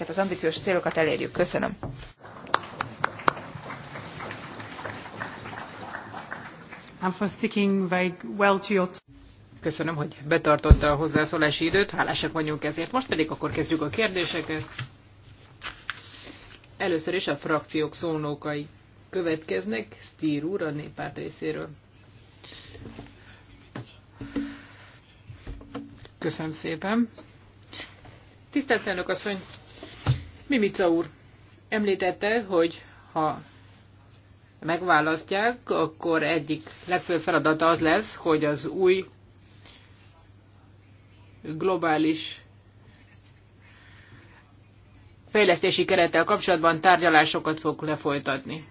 ezeket az ambiciós célokat elérjük. Köszönöm. Köszönöm, hogy betartotta a hozzászólási időt, hálásak vagyunk ezért. Most pedig akkor kezdjük a kérdéseket. Először is a frakciók szónókai következnek. Stír úr a néppárt részéről. Köszönöm szépen. Tisztelt elnök asszony, Mimica úr említette, hogy ha megválasztják, akkor egyik legfőbb feladata az lesz, hogy az új globális fejlesztési kerettel kapcsolatban tárgyalásokat fog lefolytatni.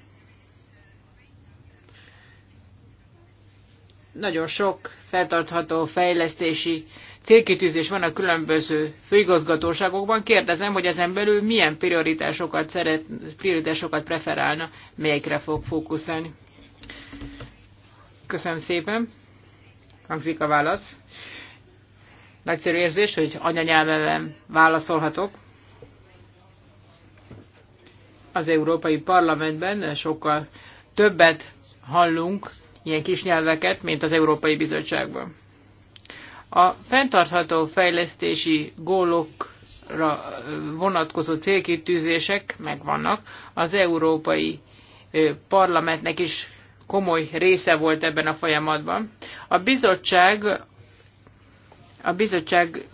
Nagyon sok feltartható fejlesztési célkitűzés van a különböző főigazgatóságokban. Kérdezem, hogy ezen belül milyen prioritásokat, szeret, prioritásokat preferálna, melyikre fog fókuszálni. Köszönöm szépen. Hangzik a válasz. Nagyszerű érzés, hogy anyanyelvemen válaszolhatok. Az Európai Parlamentben sokkal többet hallunk ilyen kis nyelveket, mint az Európai Bizottságban. A fenntartható fejlesztési gólokra vonatkozó célkitűzések megvannak. Az Európai Parlamentnek is komoly része volt ebben a folyamatban. A bizottság, a bizottság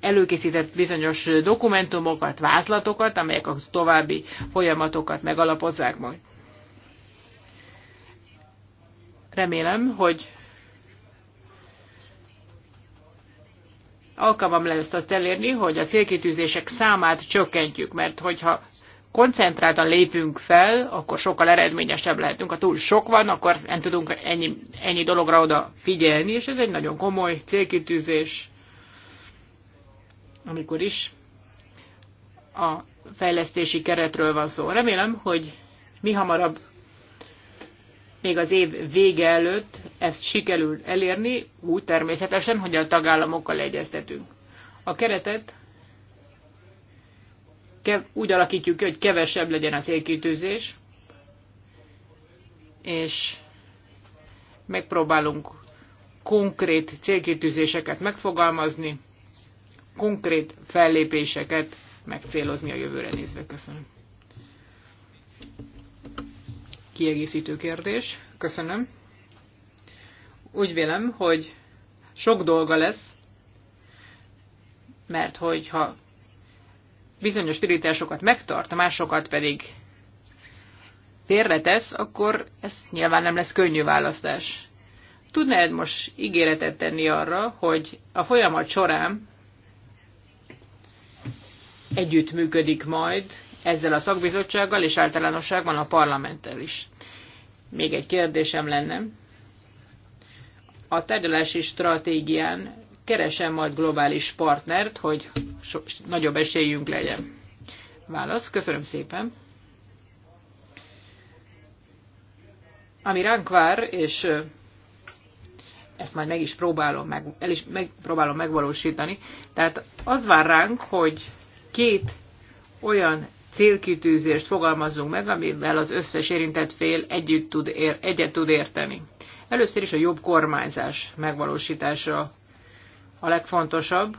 előkészített bizonyos dokumentumokat, vázlatokat, amelyek a további folyamatokat megalapozzák majd. Remélem, hogy alkalmam lesz azt elérni, hogy a célkitűzések számát csökkentjük, mert hogyha koncentráltan lépünk fel, akkor sokkal eredményesebb lehetünk. Ha túl sok van, akkor nem tudunk ennyi, ennyi dologra oda figyelni, és ez egy nagyon komoly célkitűzés, amikor is a fejlesztési keretről van szó. Remélem, hogy mi hamarabb még az év vége előtt ezt sikerül elérni, úgy természetesen, hogy a tagállamokkal egyeztetünk. A keretet úgy alakítjuk ki, hogy kevesebb legyen a célkítőzés, és megpróbálunk konkrét célkítőzéseket megfogalmazni, konkrét fellépéseket megfélozni a jövőre nézve. Köszönöm kiegészítő kérdés. Köszönöm. Úgy vélem, hogy sok dolga lesz, mert hogyha bizonyos pirításokat megtart, másokat pedig tesz, akkor ez nyilván nem lesz könnyű választás. Tudnád most ígéretet tenni arra, hogy a folyamat során együttműködik majd ezzel a szakbizottsággal és általánosságban a parlamenttel is. Még egy kérdésem lenne. A tárgyalási stratégián keresem majd globális partnert, hogy so- nagyobb esélyünk legyen. Válasz, köszönöm szépen. Ami ránk vár, és ezt majd meg is próbálom, meg, el is megpróbálom megvalósítani. Tehát az vár ránk, hogy két olyan célkitűzést fogalmazzunk meg, amivel az összes érintett fél együtt tud ér, egyet tud érteni. Először is a jobb kormányzás megvalósítása a legfontosabb,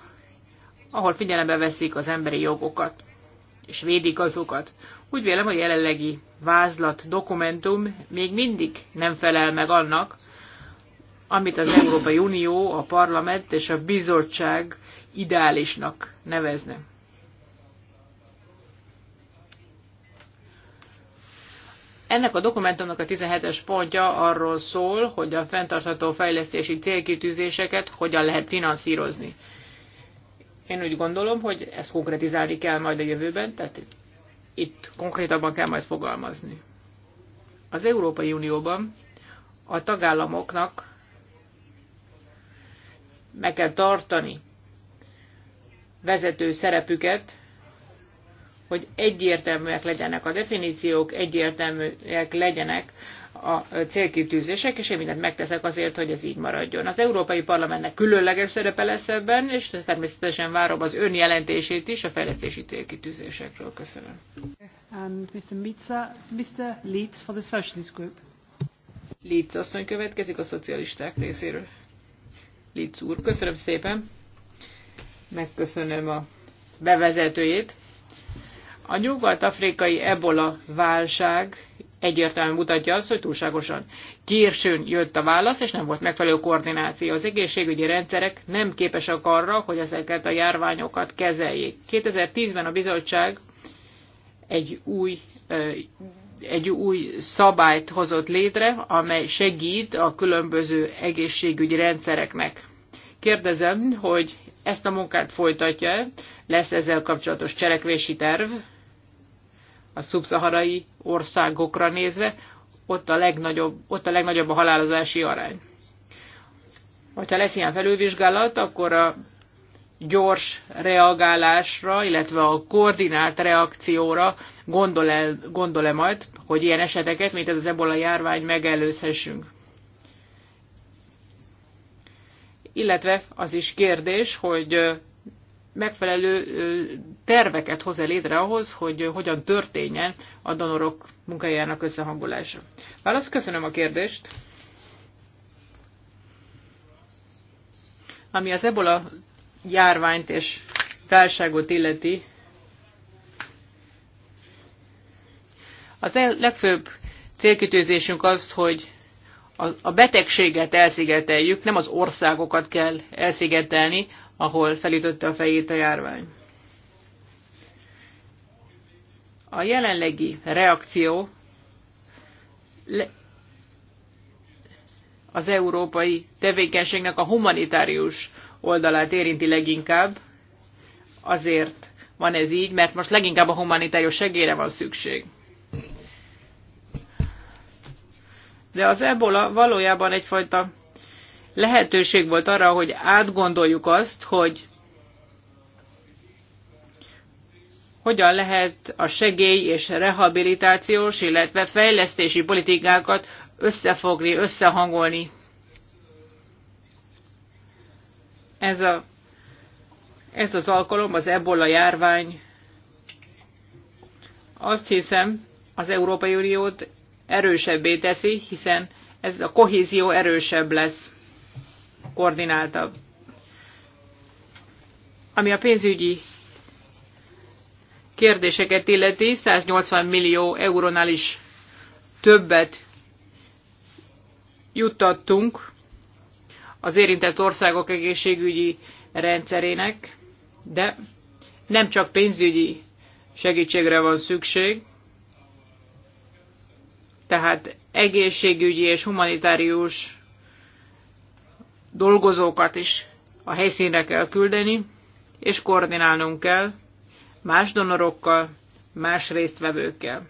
ahol figyelembe veszik az emberi jogokat, és védik azokat. Úgy vélem, hogy jelenlegi vázlat, dokumentum még mindig nem felel meg annak, amit az Európai Unió, a Parlament és a Bizottság ideálisnak nevezne. Ennek a dokumentumnak a 17-es pontja arról szól, hogy a fenntartható fejlesztési célkitűzéseket hogyan lehet finanszírozni. Én úgy gondolom, hogy ezt konkretizálni kell majd a jövőben, tehát itt konkrétabban kell majd fogalmazni. Az Európai Unióban a tagállamoknak meg kell tartani vezető szerepüket hogy egyértelműek legyenek a definíciók, egyértelműek legyenek a célkitűzések, és én mindent megteszek azért, hogy ez így maradjon. Az Európai Parlamentnek különleges szerepe lesz ebben, és természetesen várom az ön jelentését is a fejlesztési célkitűzésekről. Köszönöm. Mr. Mitza, Mr. Leeds for the Socialist Group. Leeds asszony következik a szocialisták részéről. Leeds úr, köszönöm szépen. Megköszönöm a bevezetőjét. A nyugat-afrikai ebola válság egyértelműen mutatja azt, hogy túlságosan későn jött a válasz, és nem volt megfelelő koordináció. Az egészségügyi rendszerek nem képesek arra, hogy ezeket a járványokat kezeljék. 2010-ben a bizottság egy új, egy új szabályt hozott létre, amely segít a különböző egészségügyi rendszereknek. Kérdezem, hogy ezt a munkát folytatja, lesz ezzel kapcsolatos cselekvési terv, a szubszaharai országokra nézve, ott a legnagyobb, ott a, legnagyobb a halálozási arány. Hogyha lesz ilyen felülvizsgálat, akkor a gyors reagálásra, illetve a koordinált reakcióra gondol-e gondol -e majd, hogy ilyen eseteket, mint ez az ebola járvány megelőzhessünk. Illetve az is kérdés, hogy megfelelő terveket hoz el létre ahhoz, hogy hogyan történjen a donorok munkájának összehangolása. Válasz, köszönöm a kérdést. Ami az ebola járványt és válságot illeti, az legfőbb célkitűzésünk az, hogy a betegséget elszigeteljük, nem az országokat kell elszigetelni, ahol felütötte a fejét a járvány. A jelenlegi reakció az európai tevékenységnek a humanitárius oldalát érinti leginkább. Azért van ez így, mert most leginkább a humanitárius segélyre van szükség. De az ebola valójában egyfajta lehetőség volt arra, hogy átgondoljuk azt, hogy hogyan lehet a segély és rehabilitációs, illetve fejlesztési politikákat összefogni, összehangolni. Ez, a, ez az alkalom, az ebola járvány, azt hiszem, az Európai Uniót erősebbé teszi, hiszen ez a kohézió erősebb lesz koordináltabb. Ami a pénzügyi kérdéseket illeti, 180 millió eurónál is többet juttattunk az érintett országok egészségügyi rendszerének, de nem csak pénzügyi segítségre van szükség, tehát egészségügyi és humanitárius dolgozókat is a helyszínre kell küldeni, és koordinálnunk kell más donorokkal, más résztvevőkkel.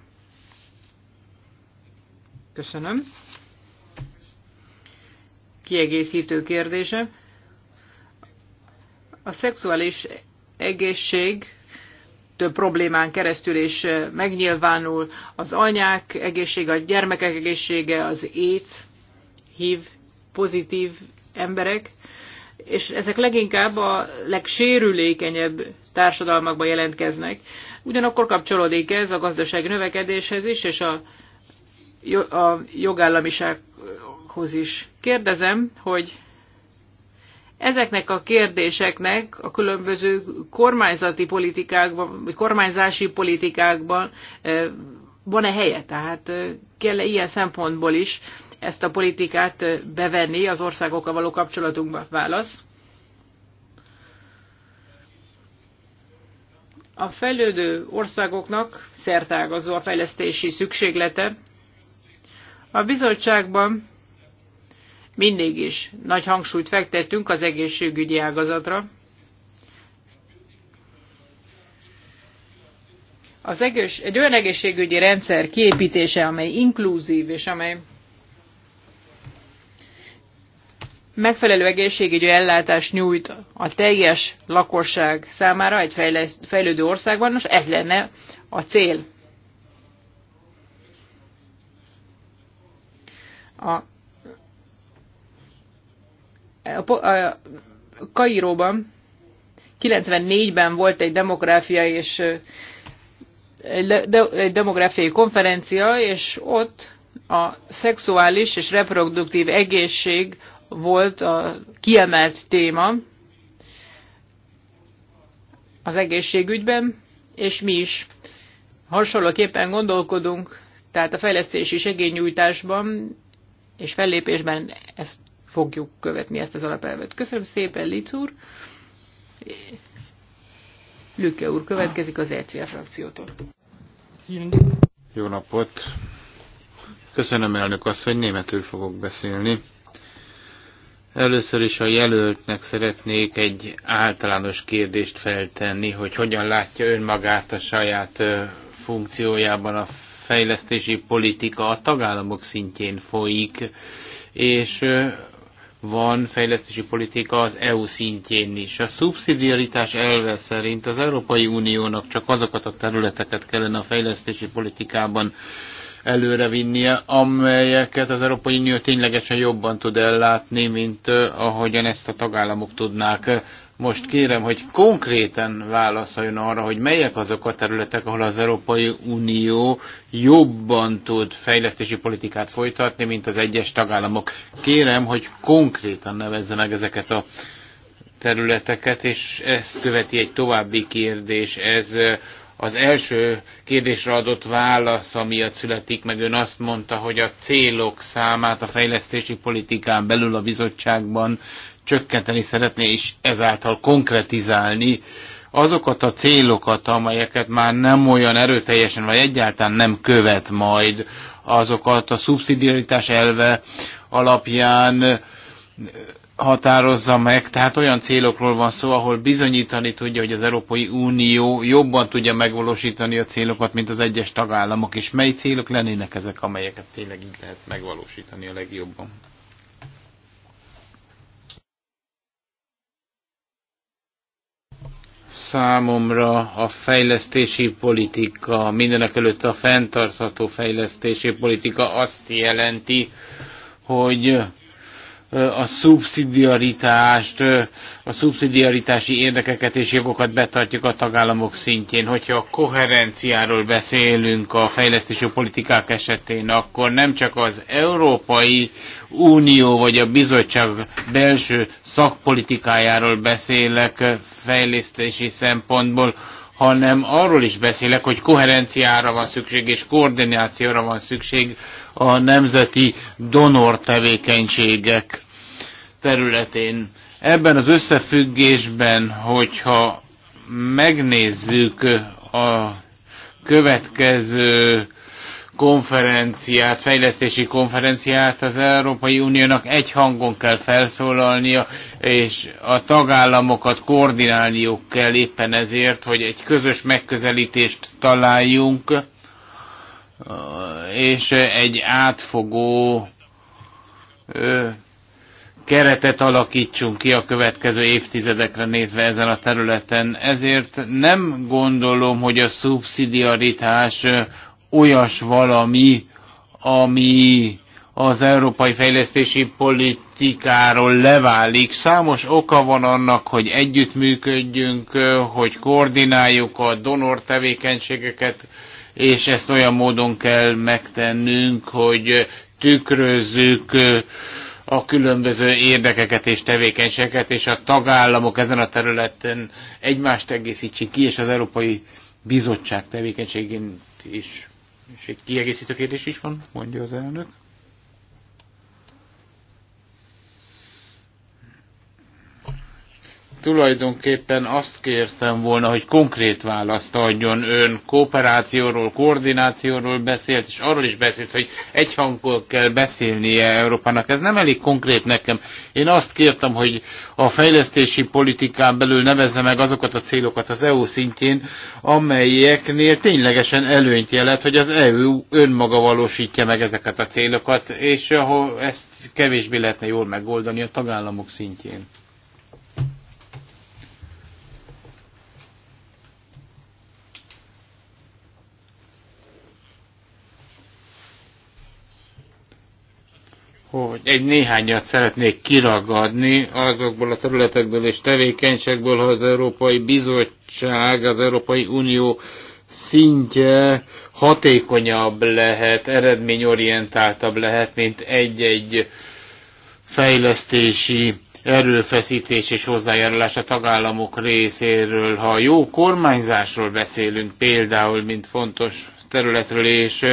Köszönöm. Kiegészítő kérdése. A szexuális egészség több problémán keresztül is megnyilvánul. Az anyák egészsége, a gyermekek egészsége, az ét, hív, pozitív emberek, és ezek leginkább a legsérülékenyebb társadalmakban jelentkeznek. Ugyanakkor kapcsolódik ez a gazdaság növekedéshez is, és a, a jogállamisághoz is. Kérdezem, hogy ezeknek a kérdéseknek a különböző kormányzati politikákban, vagy kormányzási politikákban eh, van-e helye? Tehát eh, kell -e ilyen szempontból is ezt a politikát bevenni az országokkal való kapcsolatunkba? Válasz. A fejlődő országoknak szertágazó a fejlesztési szükséglete. A bizottságban mindig is nagy hangsúlyt fektettünk az egészségügyi ágazatra. Az egész, egy olyan egészségügyi rendszer kiépítése, amely inkluzív és amely megfelelő egészségügyi ellátást nyújt a teljes lakosság számára egy fejlődő országban, most ez lenne a cél. A, a, a Kairóban 94-ben volt egy demográfia és egy demográfiai konferencia, és ott a szexuális és reproduktív egészség volt a kiemelt téma az egészségügyben, és mi is hasonlóképpen gondolkodunk, tehát a fejlesztési segélynyújtásban és fellépésben ezt fogjuk követni, ezt az alapelvet. Köszönöm szépen, Litz úr. Lüke úr következik az ECR frakciótól. Jó napot! Köszönöm elnök azt, hogy németül fogok beszélni. Először is a jelöltnek szeretnék egy általános kérdést feltenni, hogy hogyan látja önmagát a saját funkciójában a fejlesztési politika a tagállamok szintjén folyik, és van fejlesztési politika az EU szintjén is. A szubszidiaritás elve szerint az Európai Uniónak csak azokat a területeket kellene a fejlesztési politikában előrevinnie, amelyeket az Európai Unió ténylegesen jobban tud ellátni, mint ahogyan ezt a tagállamok tudnák. Most kérem, hogy konkrétan válaszoljon arra, hogy melyek azok a területek, ahol az Európai Unió jobban tud fejlesztési politikát folytatni, mint az egyes tagállamok. Kérem, hogy konkrétan nevezze meg ezeket a területeket, és ezt követi egy további kérdés, ez az első kérdésre adott válasz, amiatt születik meg, ön azt mondta, hogy a célok számát a fejlesztési politikán belül a bizottságban csökkenteni szeretné, és ezáltal konkretizálni azokat a célokat, amelyeket már nem olyan erőteljesen, vagy egyáltalán nem követ majd, azokat a szubszidiaritás elve alapján határozza meg, tehát olyan célokról van szó, ahol bizonyítani tudja, hogy az Európai Unió jobban tudja megvalósítani a célokat, mint az egyes tagállamok, és mely célok lennének ezek, amelyeket tényleg így lehet megvalósítani a legjobban. Számomra a fejlesztési politika, mindenek előtt a fenntartható fejlesztési politika azt jelenti, hogy a szubszidiaritást, a szubszidiaritási érdekeket és jogokat betartjuk a tagállamok szintjén. Hogyha a koherenciáról beszélünk a fejlesztési politikák esetén, akkor nem csak az Európai Unió vagy a bizottság belső szakpolitikájáról beszélek fejlesztési szempontból, hanem arról is beszélek, hogy koherenciára van szükség és koordinációra van szükség a nemzeti donor tevékenységek területén. Ebben az összefüggésben, hogyha megnézzük a következő konferenciát, fejlesztési konferenciát az Európai Uniónak egy hangon kell felszólalnia, és a tagállamokat koordinálniuk kell éppen ezért, hogy egy közös megközelítést találjunk és egy átfogó keretet alakítsunk ki a következő évtizedekre nézve ezen a területen. Ezért nem gondolom, hogy a szubszidiaritás olyas valami, ami az európai fejlesztési politikáról leválik. Számos oka van annak, hogy együttműködjünk, hogy koordináljuk a donor tevékenységeket, és ezt olyan módon kell megtennünk, hogy tükrözzük a különböző érdekeket és tevékenységeket, és a tagállamok ezen a területen egymást egészítsék ki, és az Európai Bizottság tevékenységén is. És egy kiegészítő kérdés is van, mondja az elnök. tulajdonképpen azt kértem volna, hogy konkrét választ adjon ön. Kooperációról, koordinációról beszélt, és arról is beszélt, hogy egy kell beszélnie Európának. Ez nem elég konkrét nekem. Én azt kértem, hogy a fejlesztési politikán belül nevezze meg azokat a célokat az EU szintjén, amelyeknél ténylegesen előnyt jelent, hogy az EU önmaga valósítja meg ezeket a célokat, és ahol ezt kevésbé lehetne jól megoldani a tagállamok szintjén. hogy egy néhányat szeretnék kiragadni azokból a területekből és tevékenységből, ha az Európai Bizottság, az Európai Unió szintje hatékonyabb lehet, eredményorientáltabb lehet, mint egy-egy fejlesztési erőfeszítés és hozzájárulás a tagállamok részéről. Ha jó kormányzásról beszélünk például, mint fontos területről, és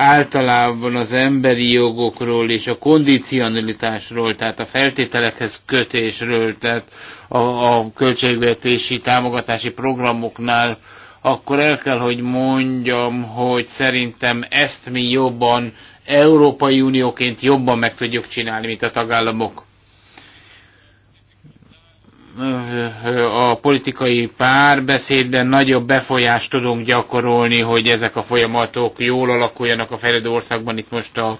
általában az emberi jogokról és a kondicionalitásról, tehát a feltételekhez kötésről, tehát a, a költségvetési támogatási programoknál, akkor el kell, hogy mondjam, hogy szerintem ezt mi jobban, Európai Unióként jobban meg tudjuk csinálni, mint a tagállamok a politikai párbeszédben nagyobb befolyást tudunk gyakorolni, hogy ezek a folyamatok jól alakuljanak a fejlődő országban. Itt most az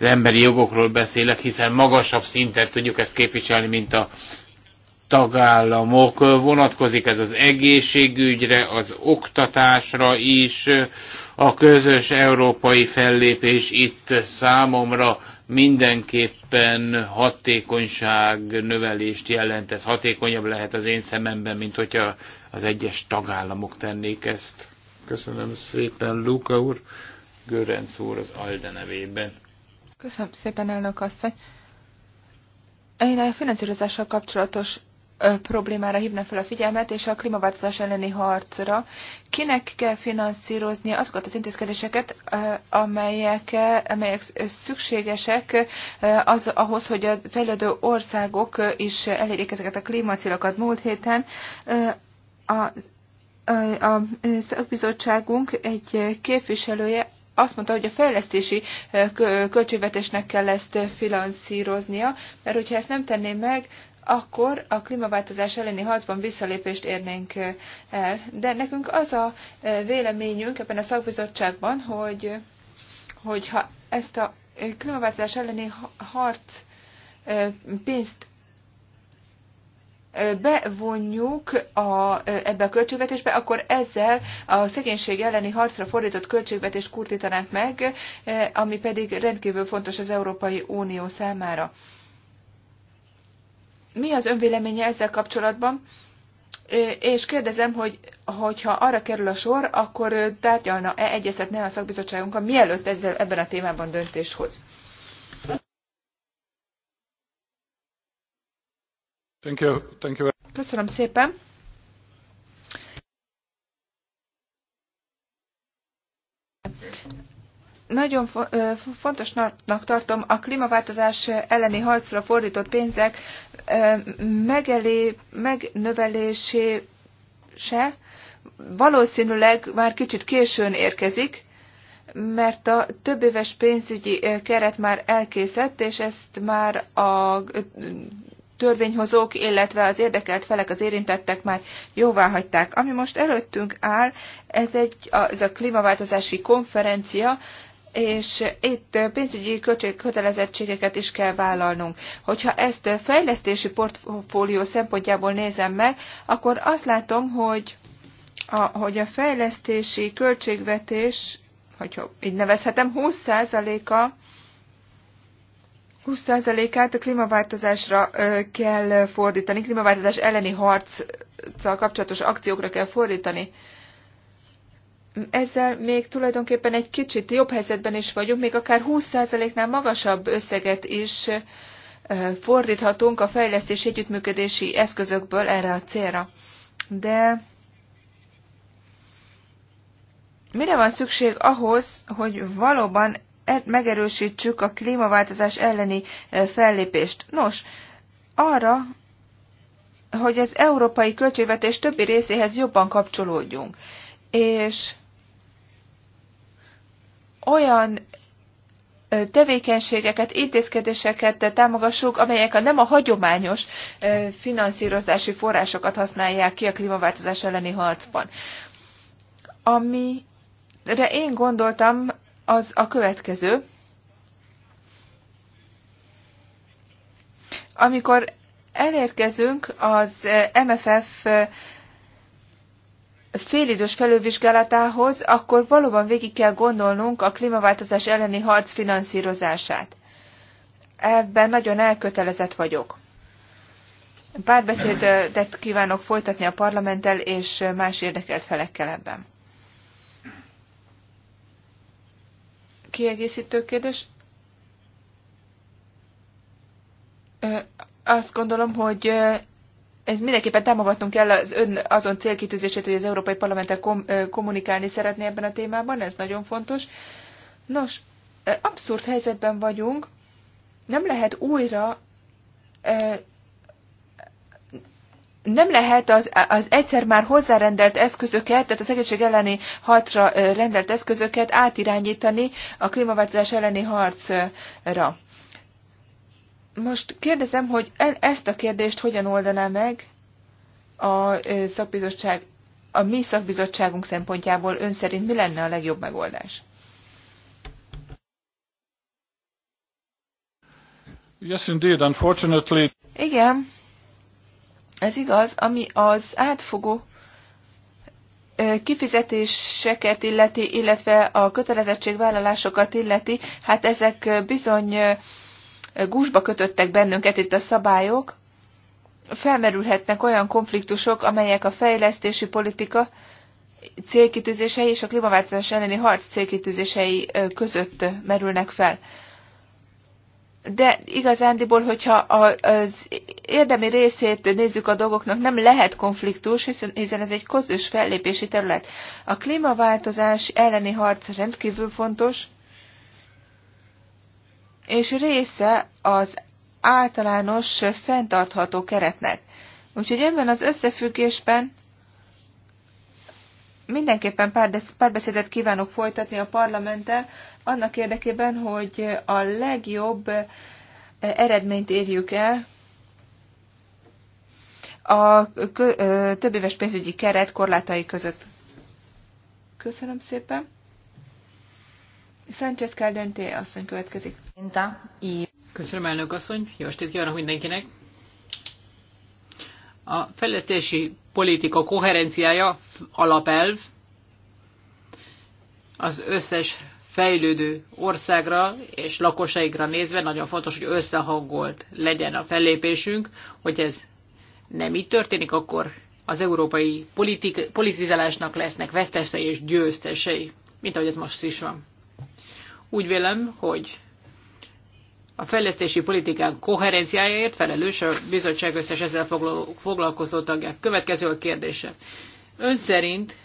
emberi jogokról beszélek, hiszen magasabb szinten tudjuk ezt képviselni, mint a tagállamok. Vonatkozik ez az egészségügyre, az oktatásra is, a közös európai fellépés itt számomra mindenképpen hatékonyság növelést jelent, ez hatékonyabb lehet az én szememben, mint hogyha az egyes tagállamok tennék ezt. Köszönöm szépen, Luka úr, Görenc úr az Alde nevében. Köszönöm szépen, elnök asszony. Én a finanszírozással kapcsolatos problémára hívna fel a figyelmet, és a klímaváltozás elleni harcra. Kinek kell finanszírozni azokat az intézkedéseket, amelyek, amelyek szükségesek az, ahhoz, hogy a fejlődő országok is elérjék ezeket a klímacélokat. Múlt héten a a szakbizottságunk egy képviselője azt mondta, hogy a fejlesztési költségvetésnek kell ezt finanszíroznia, mert hogyha ezt nem tenné meg, akkor a klímaváltozás elleni harcban visszalépést érnénk eh, el. De nekünk az a eh, véleményünk ebben a szakbizottságban, hogy hogy ha ezt a eh, klímaváltozás elleni harc pénzt bevonjuk a, ebbe a költségvetésbe, akkor ezzel a szegénység elleni harcra fordított költségvetést kurtítanánk meg, ami pedig rendkívül fontos az Európai Unió számára mi az önvéleménye ezzel kapcsolatban? És kérdezem, hogy hogyha arra kerül a sor, akkor tárgyalna-e, egyeztetne a szakbizottságunkkal, mielőtt ezzel, ebben a témában döntést hoz? Thank you. Thank you. Köszönöm szépen. Nagyon fontosnak tartom a klímaváltozás elleni harcra fordított pénzek megelé, megnövelése valószínűleg már kicsit későn érkezik, mert a több éves pénzügyi keret már elkészett, és ezt már a törvényhozók, illetve az érdekelt felek, az érintettek már jóvá hagyták. Ami most előttünk áll, ez, egy, ez a klímaváltozási konferencia, és itt pénzügyi költségkötelezettségeket is kell vállalnunk. Hogyha ezt fejlesztési portfólió szempontjából nézem meg, akkor azt látom, hogy a, hogy a fejlesztési költségvetés, hogyha így nevezhetem, 20%-a 20%-át a klímaváltozásra kell fordítani, klímaváltozás elleni harccal kapcsolatos akciókra kell fordítani ezzel még tulajdonképpen egy kicsit jobb helyzetben is vagyunk, még akár 20%-nál magasabb összeget is fordíthatunk a fejlesztési együttműködési eszközökből erre a célra. De mire van szükség ahhoz, hogy valóban e- megerősítsük a klímaváltozás elleni fellépést? Nos, arra, hogy az európai költségvetés többi részéhez jobban kapcsolódjunk. És olyan tevékenységeket, intézkedéseket támogassuk, amelyek a nem a hagyományos finanszírozási forrásokat használják ki a klímaváltozás elleni harcban. Amire én gondoltam, az a következő. Amikor elérkezünk az MFF félidős felülvizsgálatához, akkor valóban végig kell gondolnunk a klímaváltozás elleni harc finanszírozását. Ebben nagyon elkötelezett vagyok. Párbeszédet kívánok folytatni a parlamenttel és más érdekelt felekkel ebben. Kiegészítő kérdés? Azt gondolom, hogy ez mindenképpen támogatnunk kell az ön azon célkitűzését, hogy az Európai Parlamenten kom- kommunikálni szeretné ebben a témában, ez nagyon fontos. Nos, abszurd helyzetben vagyunk, nem lehet újra nem lehet az, az egyszer már hozzárendelt eszközöket, tehát az egészség elleni hatra rendelt eszközöket átirányítani a klímaváltozás elleni harcra. Most kérdezem, hogy e- ezt a kérdést hogyan oldaná meg a szakbizottság, a mi szakbizottságunk szempontjából ön szerint mi lenne a legjobb megoldás? Yes, indeed, unfortunately. Igen, ez igaz, ami az átfogó kifizetéseket illeti, illetve a kötelezettségvállalásokat illeti, hát ezek bizony gúzsba kötöttek bennünket itt a szabályok, felmerülhetnek olyan konfliktusok, amelyek a fejlesztési politika célkitűzései és a klímaváltozás elleni harc célkitűzései között merülnek fel. De igazándiból, hogyha az érdemi részét nézzük a dolgoknak, nem lehet konfliktus, hiszen ez egy közös fellépési terület. A klímaváltozás elleni harc rendkívül fontos, és része az általános fenntartható keretnek. Úgyhogy ebben az összefüggésben mindenképpen párbeszédet kívánok folytatni a parlamenttel, annak érdekében, hogy a legjobb eh, eredményt érjük el a eh, többéves pénzügyi keret korlátai között. Köszönöm szépen! Sánchez Caldente asszony következik. Köszönöm, elnök asszony. Jó estét kívánok mindenkinek. A fejlesztési politika koherenciája alapelv az összes fejlődő országra és lakosaigra nézve nagyon fontos, hogy összehangolt legyen a fellépésünk, hogy ez nem így történik, akkor az európai politik, politizálásnak lesznek vesztesei és győztesei, mint ahogy ez most is van. Úgy vélem, hogy a fejlesztési politikán koherenciájáért felelős a bizottság összes ezzel foglalkozó tagják. Következő a kérdése. Ön szerint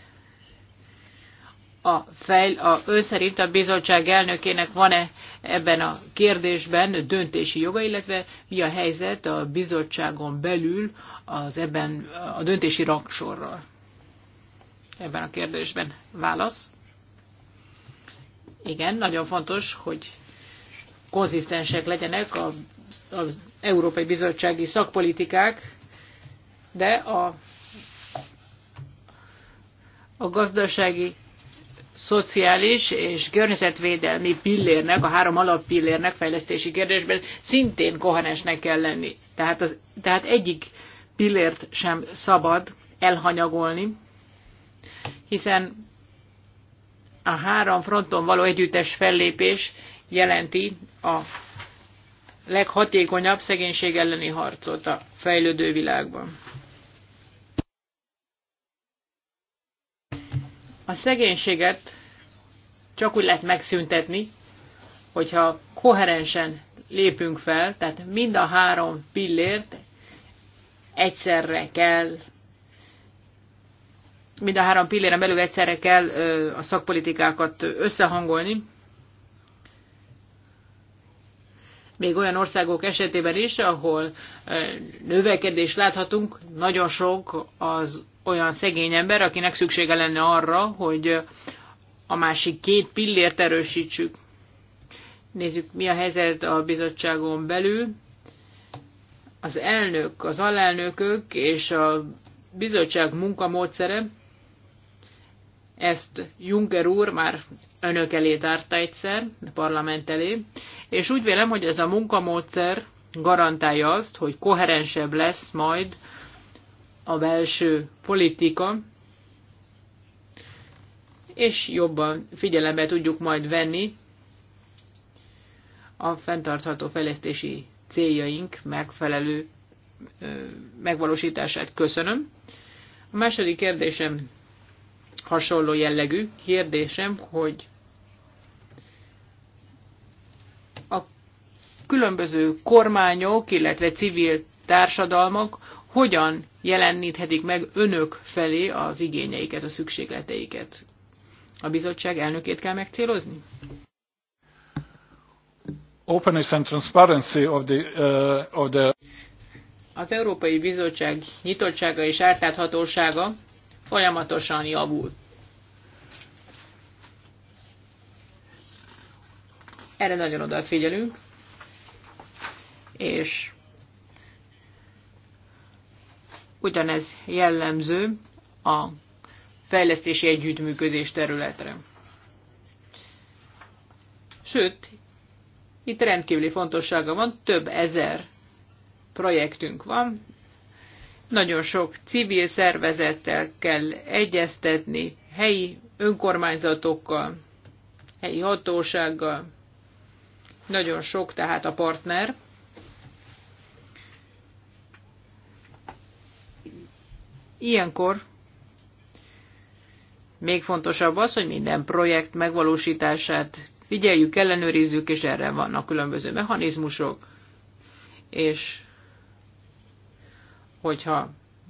a, fejl, a ön szerint a bizottság elnökének van-e ebben a kérdésben döntési joga, illetve mi a helyzet a bizottságon belül az ebben a döntési rangsorral? Ebben a kérdésben válasz igen, nagyon fontos, hogy konzisztensek legyenek az, az Európai Bizottsági szakpolitikák, de a, a gazdasági, szociális és környezetvédelmi pillérnek, a három alappillérnek fejlesztési kérdésben szintén kohanesnek kell lenni. Tehát, az, tehát egyik pillért sem szabad elhanyagolni, hiszen a három fronton való együttes fellépés jelenti a leghatékonyabb szegénység elleni harcot a fejlődő világban. A szegénységet csak úgy lehet megszüntetni, hogyha koherensen lépünk fel, tehát mind a három pillért egyszerre kell mind a három pilléren belül egyszerre kell a szakpolitikákat összehangolni. Még olyan országok esetében is, ahol növekedést láthatunk, nagyon sok az olyan szegény ember, akinek szüksége lenne arra, hogy a másik két pillért erősítsük. Nézzük, mi a helyzet a bizottságon belül. Az elnök, az alelnökök és a bizottság munkamódszere ezt Juncker úr már önök elé tárta egyszer, parlament elé, és úgy vélem, hogy ez a munkamódszer garantálja azt, hogy koherensebb lesz majd a belső politika, és jobban figyelembe tudjuk majd venni a fenntartható fejlesztési céljaink megfelelő megvalósítását. Köszönöm. A második kérdésem hasonló jellegű. Kérdésem, hogy a különböző kormányok, illetve civil társadalmak hogyan jeleníthetik meg önök felé az igényeiket, a szükségleteiket? A bizottság elnökét kell megcélozni? Openness and transparency of the, uh, of the... Az Európai Bizottság nyitottsága és átláthatósága folyamatosan javul. Erre nagyon odafigyelünk, és ugyanez jellemző a fejlesztési együttműködés területre. Sőt, itt rendkívüli fontossága van, több ezer projektünk van, nagyon sok civil szervezettel kell egyeztetni, helyi önkormányzatokkal, helyi hatósággal. Nagyon sok tehát a partner. Ilyenkor még fontosabb az, hogy minden projekt megvalósítását figyeljük, ellenőrizzük, és erre vannak különböző mechanizmusok, és hogyha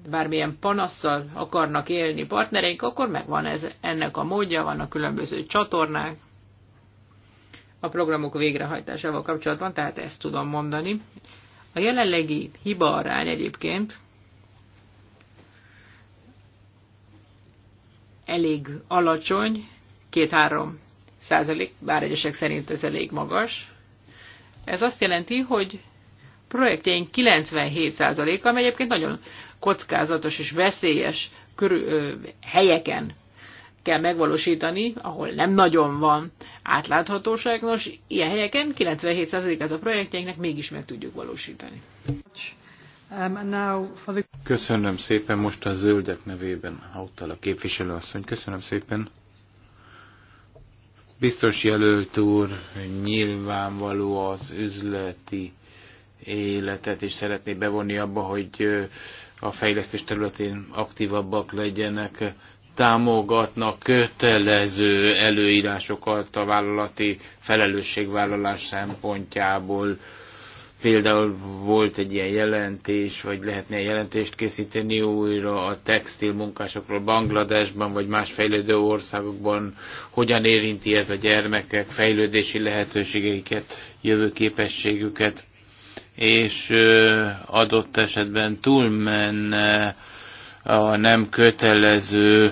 bármilyen panasszal akarnak élni partnereink, akkor megvan ez, ennek a módja, vannak különböző csatornák a programok végrehajtásával kapcsolatban, tehát ezt tudom mondani. A jelenlegi hiba arány egyébként elég alacsony, 2-3 százalék, bár egyesek szerint ez elég magas. Ez azt jelenti, hogy projektjeink 97%-a, ami egyébként nagyon kockázatos és veszélyes körül, ö, helyeken kell megvalósítani, ahol nem nagyon van átláthatóság. Nos, ilyen helyeken 97%-át a projektjeinknek mégis meg tudjuk valósítani. Um, Köszönöm szépen most a zöldek nevében, Hauttal a asszony. Köszönöm szépen. Biztos jelölt úr, nyilvánvaló az üzleti életet, és szeretné bevonni abba, hogy a fejlesztés területén aktívabbak legyenek, támogatnak kötelező előírásokat a vállalati felelősségvállalás szempontjából. Például volt egy ilyen jelentés, vagy lehetne ilyen jelentést készíteni újra a textil munkásokról Bangladesban, vagy más fejlődő országokban, hogyan érinti ez a gyermekek fejlődési lehetőségeiket, jövőképességüket és adott esetben túlmenne a nem kötelező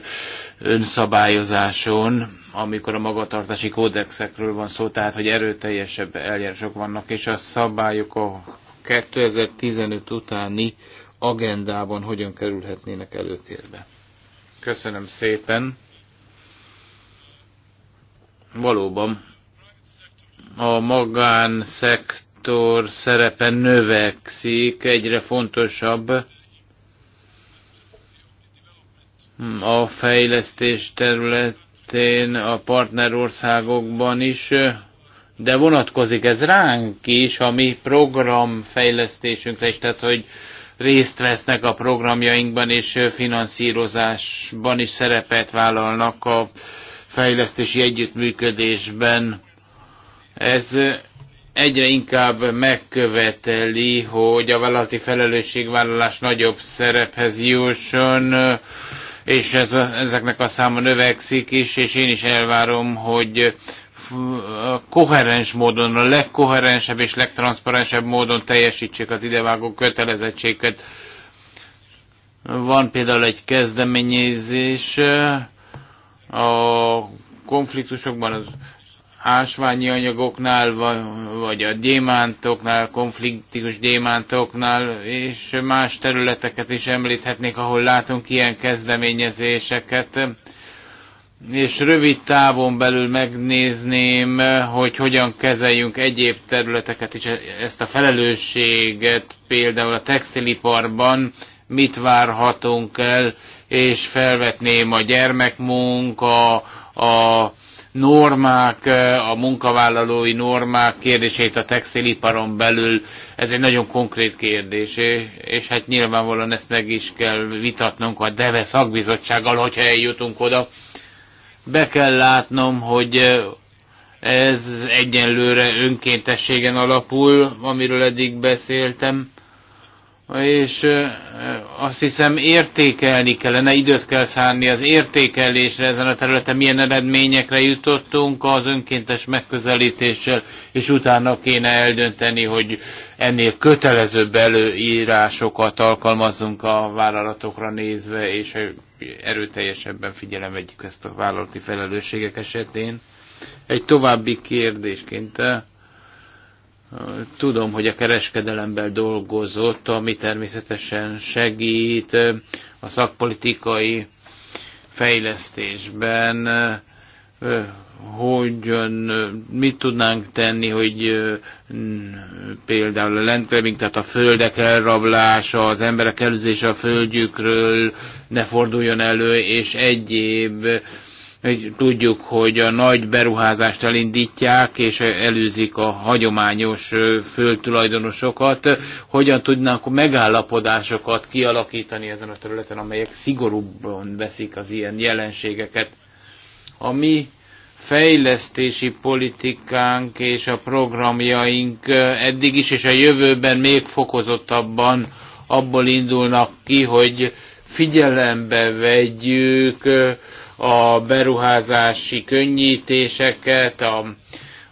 önszabályozáson, amikor a magatartási kódexekről van szó, tehát hogy erőteljesebb eljárások vannak, és a szabályok a 2015 utáni agendában hogyan kerülhetnének előtérbe. Köszönöm szépen. Valóban a magánszekt szektor szerepe növekszik, egyre fontosabb hmm, a fejlesztés területén, a partnerországokban is, de vonatkozik ez ránk is, a mi programfejlesztésünkre is, tehát hogy részt vesznek a programjainkban és finanszírozásban is szerepet vállalnak a fejlesztési együttműködésben. Ez egyre inkább megköveteli, hogy a vállalati felelősségvállalás nagyobb szerephez jusson, és ez, ezeknek a száma növekszik is, és én is elvárom, hogy koherens módon, a legkoherensebb és legtranszparensebb módon teljesítsék az idevágó kötelezettséget. Van például egy kezdeményezés a konfliktusokban az ásványi anyagoknál, vagy a gyémántoknál, konfliktikus gyémántoknál, és más területeket is említhetnék, ahol látunk ilyen kezdeményezéseket. És rövid távon belül megnézném, hogy hogyan kezeljünk egyéb területeket is, ezt a felelősséget, például a textiliparban mit várhatunk el, és felvetném a gyermekmunka, a normák, eh, a munkavállalói normák kérdését a textiliparon belül, ez egy nagyon konkrét kérdés, eh, és hát nyilvánvalóan ezt meg is kell vitatnunk a DEVE szakbizottsággal, hogyha eljutunk oda. Be kell látnom, hogy eh, ez egyenlőre önkéntességen alapul, amiről eddig beszéltem és azt hiszem értékelni kellene, időt kell szánni az értékelésre ezen a területen, milyen eredményekre jutottunk az önkéntes megközelítéssel, és utána kéne eldönteni, hogy ennél kötelezőbb előírásokat alkalmazzunk a vállalatokra nézve, és erőteljesebben figyelem vegyük ezt a vállalati felelősségek esetén. Egy további kérdésként Tudom, hogy a kereskedelemben dolgozott, ami természetesen segít a szakpolitikai fejlesztésben, hogy mit tudnánk tenni, hogy például a landgrabbing, tehát a földek elrablása, az emberek előzése a földjükről ne forduljon elő, és egyéb Tudjuk, hogy a nagy beruházást elindítják, és előzik a hagyományos földtulajdonosokat. Hogyan tudnánk megállapodásokat kialakítani ezen a területen, amelyek szigorúbban veszik az ilyen jelenségeket? A mi fejlesztési politikánk és a programjaink eddig is, és a jövőben még fokozottabban abból indulnak ki, hogy figyelembe vegyük a beruházási könnyítéseket, a,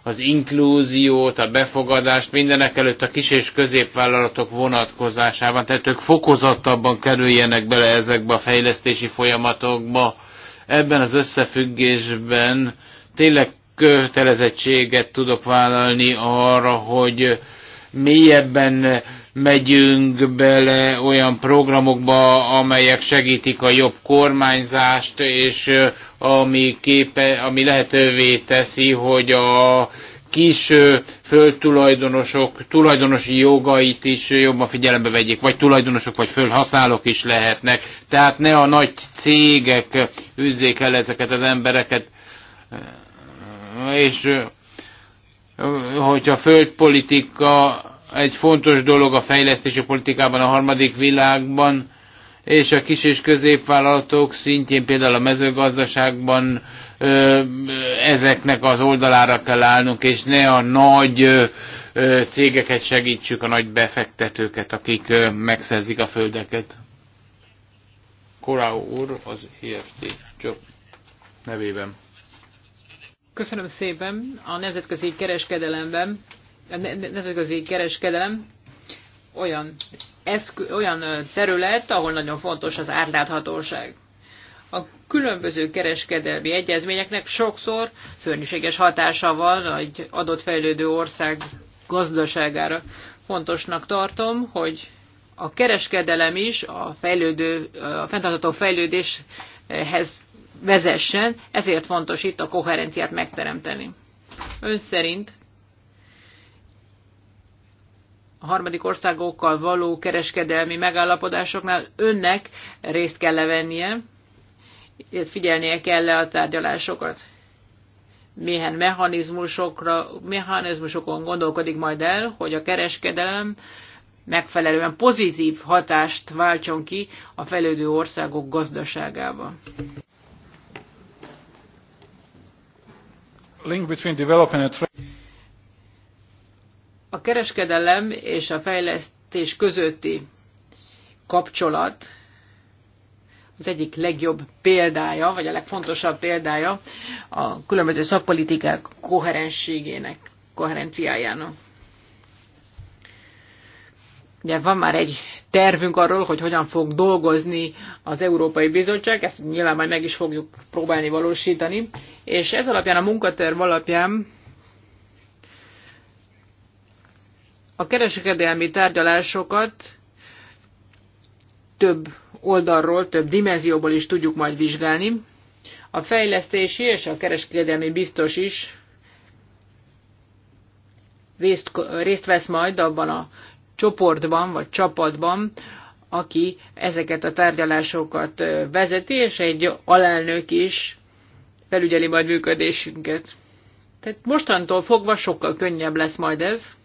az inklúziót, a befogadást, mindenek előtt a kis és középvállalatok vonatkozásában, tehát ők fokozottabban kerüljenek bele ezekbe a fejlesztési folyamatokba. Ebben az összefüggésben tényleg kötelezettséget tudok vállalni arra, hogy mélyebben megyünk bele olyan programokba, amelyek segítik a jobb kormányzást, és ami, képe, ami lehetővé teszi, hogy a kis földtulajdonosok tulajdonosi jogait is jobban figyelembe vegyék, vagy tulajdonosok, vagy fölhasználók is lehetnek. Tehát ne a nagy cégek üzzék el ezeket az embereket, és hogyha földpolitika egy fontos dolog a fejlesztési politikában a harmadik világban, és a kis és középvállalatok szintjén, például a mezőgazdaságban ezeknek az oldalára kell állnunk, és ne a nagy cégeket segítsük, a nagy befektetőket, akik megszerzik a földeket. Korau úr az IFT e csak nevében. Köszönöm szépen. A nemzetközi kereskedelemben nemzetközi kereskedelem olyan, eszkü, olyan terület, ahol nagyon fontos az átláthatóság. A különböző kereskedelmi egyezményeknek sokszor szörnyűséges hatása van egy adott fejlődő ország gazdaságára. Fontosnak tartom, hogy a kereskedelem is a, fejlődő, a fenntartható fejlődéshez vezessen, ezért fontos itt a koherenciát megteremteni. Ön szerint a harmadik országokkal való kereskedelmi megállapodásoknál önnek részt kell levennie, figyelnie kell le a tárgyalásokat. Milyen mechanizmusokra, mechanizmusokon gondolkodik majd el, hogy a kereskedelem megfelelően pozitív hatást váltson ki a fejlődő országok gazdaságába. Link between development and a kereskedelem és a fejlesztés közötti kapcsolat az egyik legjobb példája, vagy a legfontosabb példája a különböző szakpolitikák koherenségének, koherenciájának. Ugye van már egy tervünk arról, hogy hogyan fog dolgozni az Európai Bizottság, ezt nyilván majd meg is fogjuk próbálni valósítani, és ez alapján, a munkaterv alapján a kereskedelmi tárgyalásokat több oldalról, több dimenzióból is tudjuk majd vizsgálni. A fejlesztési és a kereskedelmi biztos is részt, részt vesz majd abban a csoportban vagy csapatban, aki ezeket a tárgyalásokat vezeti, és egy alelnök is felügyeli majd működésünket. Tehát mostantól fogva sokkal könnyebb lesz majd ez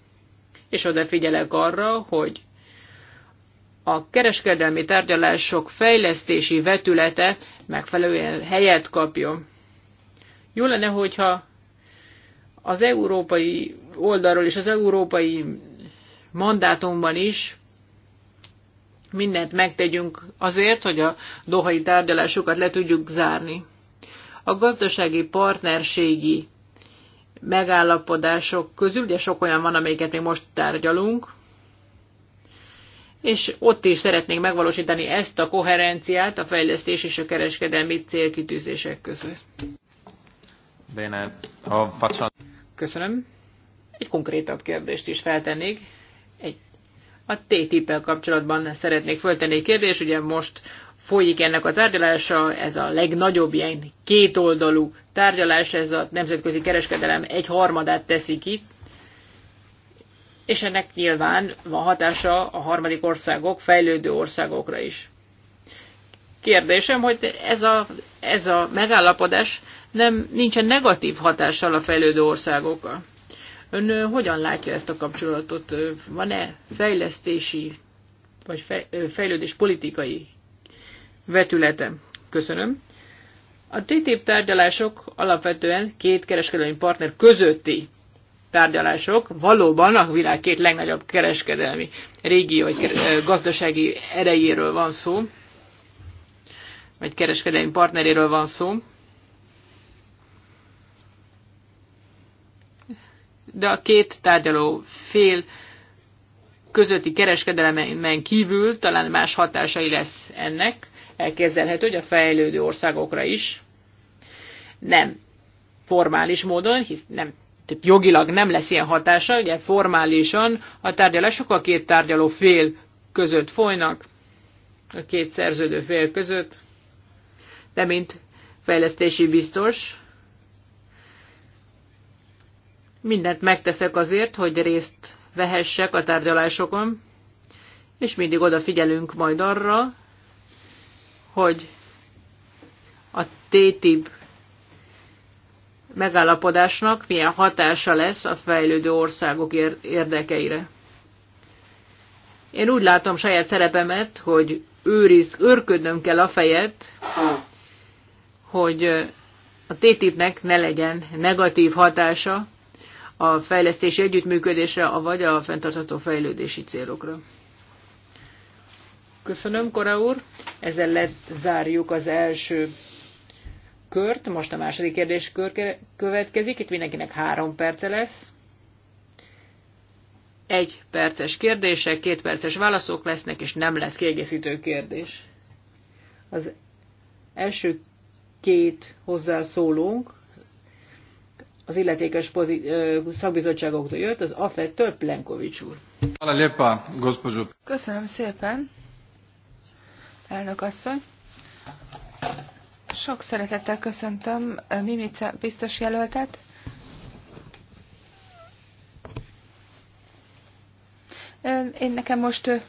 és odafigyelek arra, hogy a kereskedelmi tárgyalások fejlesztési vetülete megfelelően helyet kapjon. Jó lenne, hogyha az európai oldalról és az európai mandátumban is mindent megtegyünk azért, hogy a dohai tárgyalásokat le tudjuk zárni. A gazdasági partnerségi megállapodások közül, ugye sok olyan van, amelyiket még most tárgyalunk, és ott is szeretnénk megvalósítani ezt a koherenciát a fejlesztés és a kereskedelmi célkitűzések között. Bene, a facsa... Köszönöm. Egy konkrétabb kérdést is feltennék. Egy, a TTIP-el kapcsolatban szeretnék föltenni egy kérdést, ugye most folyik ennek a tárgyalása, ez a legnagyobb ilyen kétoldalú tárgyalás, ez a nemzetközi kereskedelem egy harmadát teszi ki, és ennek nyilván van hatása a harmadik országok, fejlődő országokra is. Kérdésem, hogy ez a, ez a megállapodás nem nincsen negatív hatással a fejlődő országokra. Ön hogyan látja ezt a kapcsolatot? Van-e fejlesztési vagy fejlődés politikai vetülete. Köszönöm. A TTIP tárgyalások alapvetően két kereskedelmi partner közötti tárgyalások, valóban a világ két legnagyobb kereskedelmi régió, vagy eh, gazdasági erejéről van szó, vagy kereskedelmi partneréről van szó. De a két tárgyaló fél közötti kereskedelemen kívül talán más hatásai lesz ennek elképzelhető, hogy a fejlődő országokra is nem formális módon, hisz nem, tehát jogilag nem lesz ilyen hatása, ugye formálisan a tárgyalások a két tárgyaló fél között folynak, a két szerződő fél között, de mint fejlesztési biztos, mindent megteszek azért, hogy részt vehessek a tárgyalásokon, és mindig odafigyelünk majd arra, hogy a TTIP megállapodásnak milyen hatása lesz a fejlődő országok érdekeire. Én úgy látom saját szerepemet, hogy őriz, őrködnöm kell a fejet, hogy a TTIP-nek ne legyen negatív hatása a fejlesztési együttműködésre, vagy a fenntartható fejlődési célokra. Köszönöm, Kora úr. Ezzel lezárjuk az első kört. Most a második kérdéskör következik. Itt mindenkinek három perce lesz. Egy perces kérdések, két perces válaszok lesznek, és nem lesz kiegészítő kérdés. Az első két hozzászólónk az illetékes szakbizottságoktól jött, az AFE több Plenkovics úr. Köszönöm szépen elnök asszony. Sok szeretettel köszöntöm eh, Mimica biztos jelöltet. Eh, én nekem most eh,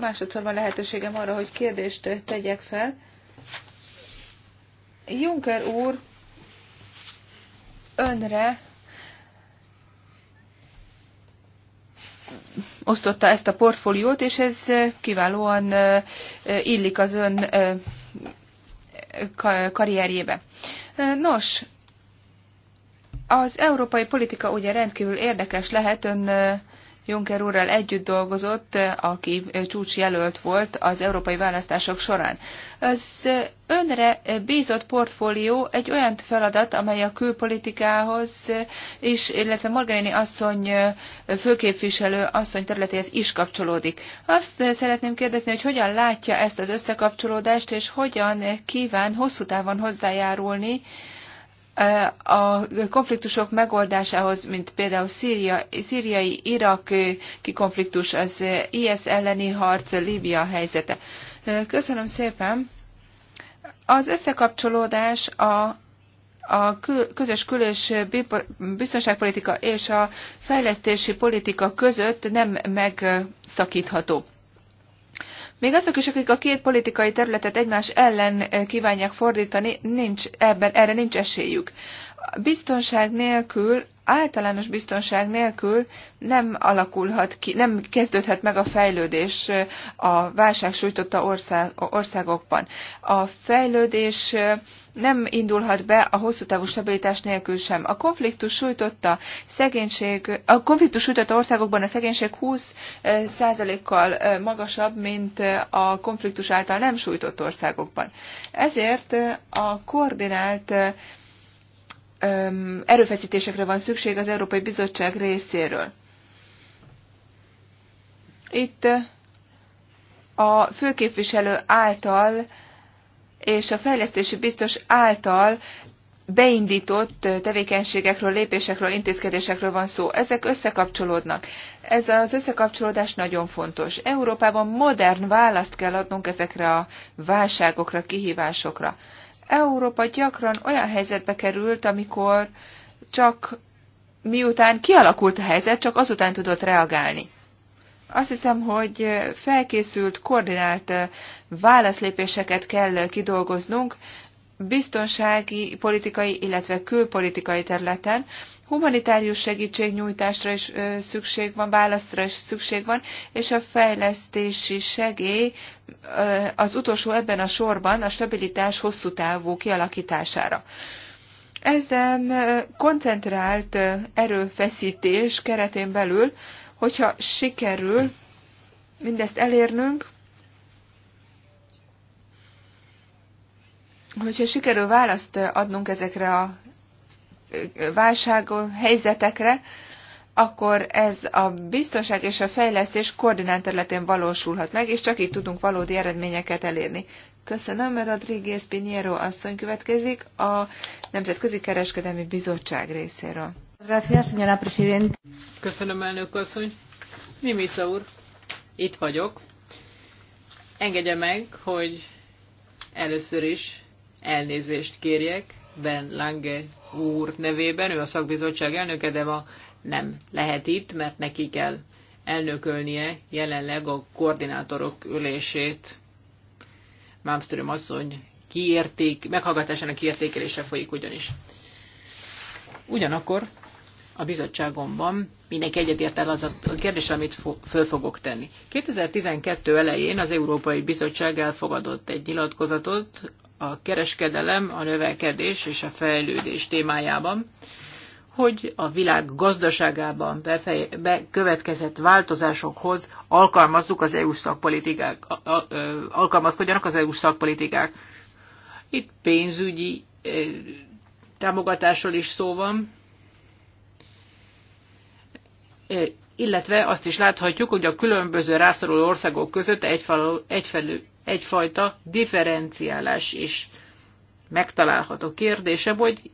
másodszor van lehetőségem arra, hogy kérdést tegyek fel. Juncker úr önre osztotta ezt a portfóliót, és ez kiválóan illik az ön karrierjébe. Nos, az európai politika ugye rendkívül érdekes lehet, ön Juncker úrral együtt dolgozott, aki csúcsjelölt volt az európai választások során. Az önre bízott portfólió egy olyan feladat, amely a külpolitikához is, illetve Margarini asszony főképviselő asszony területéhez is kapcsolódik. Azt szeretném kérdezni, hogy hogyan látja ezt az összekapcsolódást, és hogyan kíván hosszú távon hozzájárulni, a konfliktusok megoldásához, mint például Szíria, szíriai, iraki konfliktus, az IS elleni harc, Líbia helyzete. Köszönöm szépen. Az összekapcsolódás a a közös külös biztonságpolitika és a fejlesztési politika között nem megszakítható. Még azok is, akik a két politikai területet egymás ellen eh, kívánják fordítani, nincs ebben, erre nincs esélyük. Biztonság nélkül, általános biztonság nélkül nem alakulhat ki, nem kezdődhet meg a fejlődés eh, a válság sújtotta ország, országokban. A fejlődés eh, nem indulhat be a hosszú távú stabilitás nélkül sem. A konfliktus sújtotta szegénység, a konfliktus sújtotta országokban a szegénység 20%-kal magasabb, mint a konfliktus által nem sújtott országokban. Ezért a koordinált erőfeszítésekre van szükség az Európai Bizottság részéről. Itt a főképviselő által és a fejlesztési biztos által beindított tevékenységekről, lépésekről, intézkedésekről van szó. Ezek összekapcsolódnak. Ez az összekapcsolódás nagyon fontos. Európában modern választ kell adnunk ezekre a válságokra, kihívásokra. Európa gyakran olyan helyzetbe került, amikor csak miután kialakult a helyzet, csak azután tudott reagálni. Azt hiszem, hogy felkészült, koordinált válaszlépéseket kell kidolgoznunk biztonsági, politikai, illetve külpolitikai területen. Humanitárius segítségnyújtásra is szükség van, válaszra is szükség van, és a fejlesztési segély az utolsó ebben a sorban a stabilitás hosszú távú kialakítására. Ezen koncentrált erőfeszítés keretén belül Hogyha sikerül mindezt elérnünk, hogyha sikerül választ adnunk ezekre a válság helyzetekre, akkor ez a biztonság és a fejlesztés koordinált területén valósulhat meg, és csak így tudunk valódi eredményeket elérni. Köszönöm, Rodríguez Pinheiro asszony következik a Nemzetközi Kereskedelmi Bizottság részéről. Köszönöm, elnök asszony. Mimica úr, itt vagyok. Engedje meg, hogy először is elnézést kérjek Ben Lange úr nevében. Ő a szakbizottság elnöke, de ma nem lehet itt, mert neki kell elnökölnie jelenleg a koordinátorok ülését. Malmström asszony kiérték, meghallgatásának kiértékelése folyik ugyanis. Ugyanakkor a bizottságomban mindenki egyetért el az a kérdés, amit föl fogok tenni. 2012 elején az Európai Bizottság elfogadott egy nyilatkozatot a kereskedelem, a növekedés és a fejlődés témájában hogy a világ gazdaságában bekövetkezett változásokhoz alkalmazzuk az EU szakpolitikák, alkalmazkodjanak az EU szakpolitikák. Itt pénzügyi támogatásról is szó van, illetve azt is láthatjuk, hogy a különböző rászoruló országok között egyfajta, egyfajta differenciálás is megtalálható. kérdése, hogy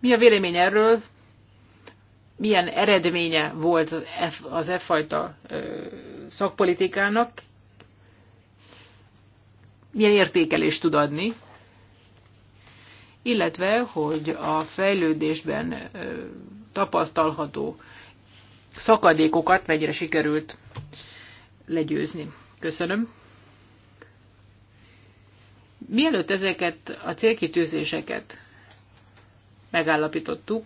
mi a vélemény erről, milyen eredménye volt az e fajta szakpolitikának, milyen értékelést tud adni, illetve, hogy a fejlődésben tapasztalható szakadékokat mennyire sikerült legyőzni. Köszönöm. Mielőtt ezeket a célkitűzéseket megállapítottuk,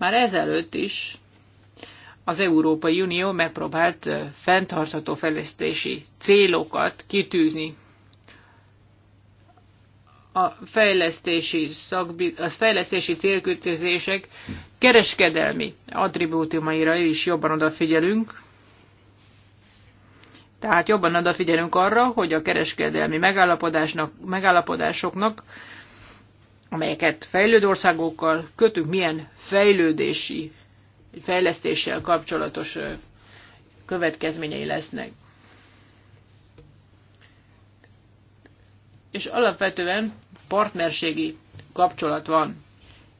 már ezelőtt is az Európai Unió megpróbált fenntartható fejlesztési célokat kitűzni. A fejlesztési, szakbi, a fejlesztési célkütőzések kereskedelmi attribútumaira is jobban odafigyelünk, tehát jobban odafigyelünk arra, hogy a kereskedelmi megállapodásnak, megállapodásoknak amelyeket fejlődő országokkal kötünk, milyen fejlődési, fejlesztéssel kapcsolatos következményei lesznek. És alapvetően partnerségi kapcsolat van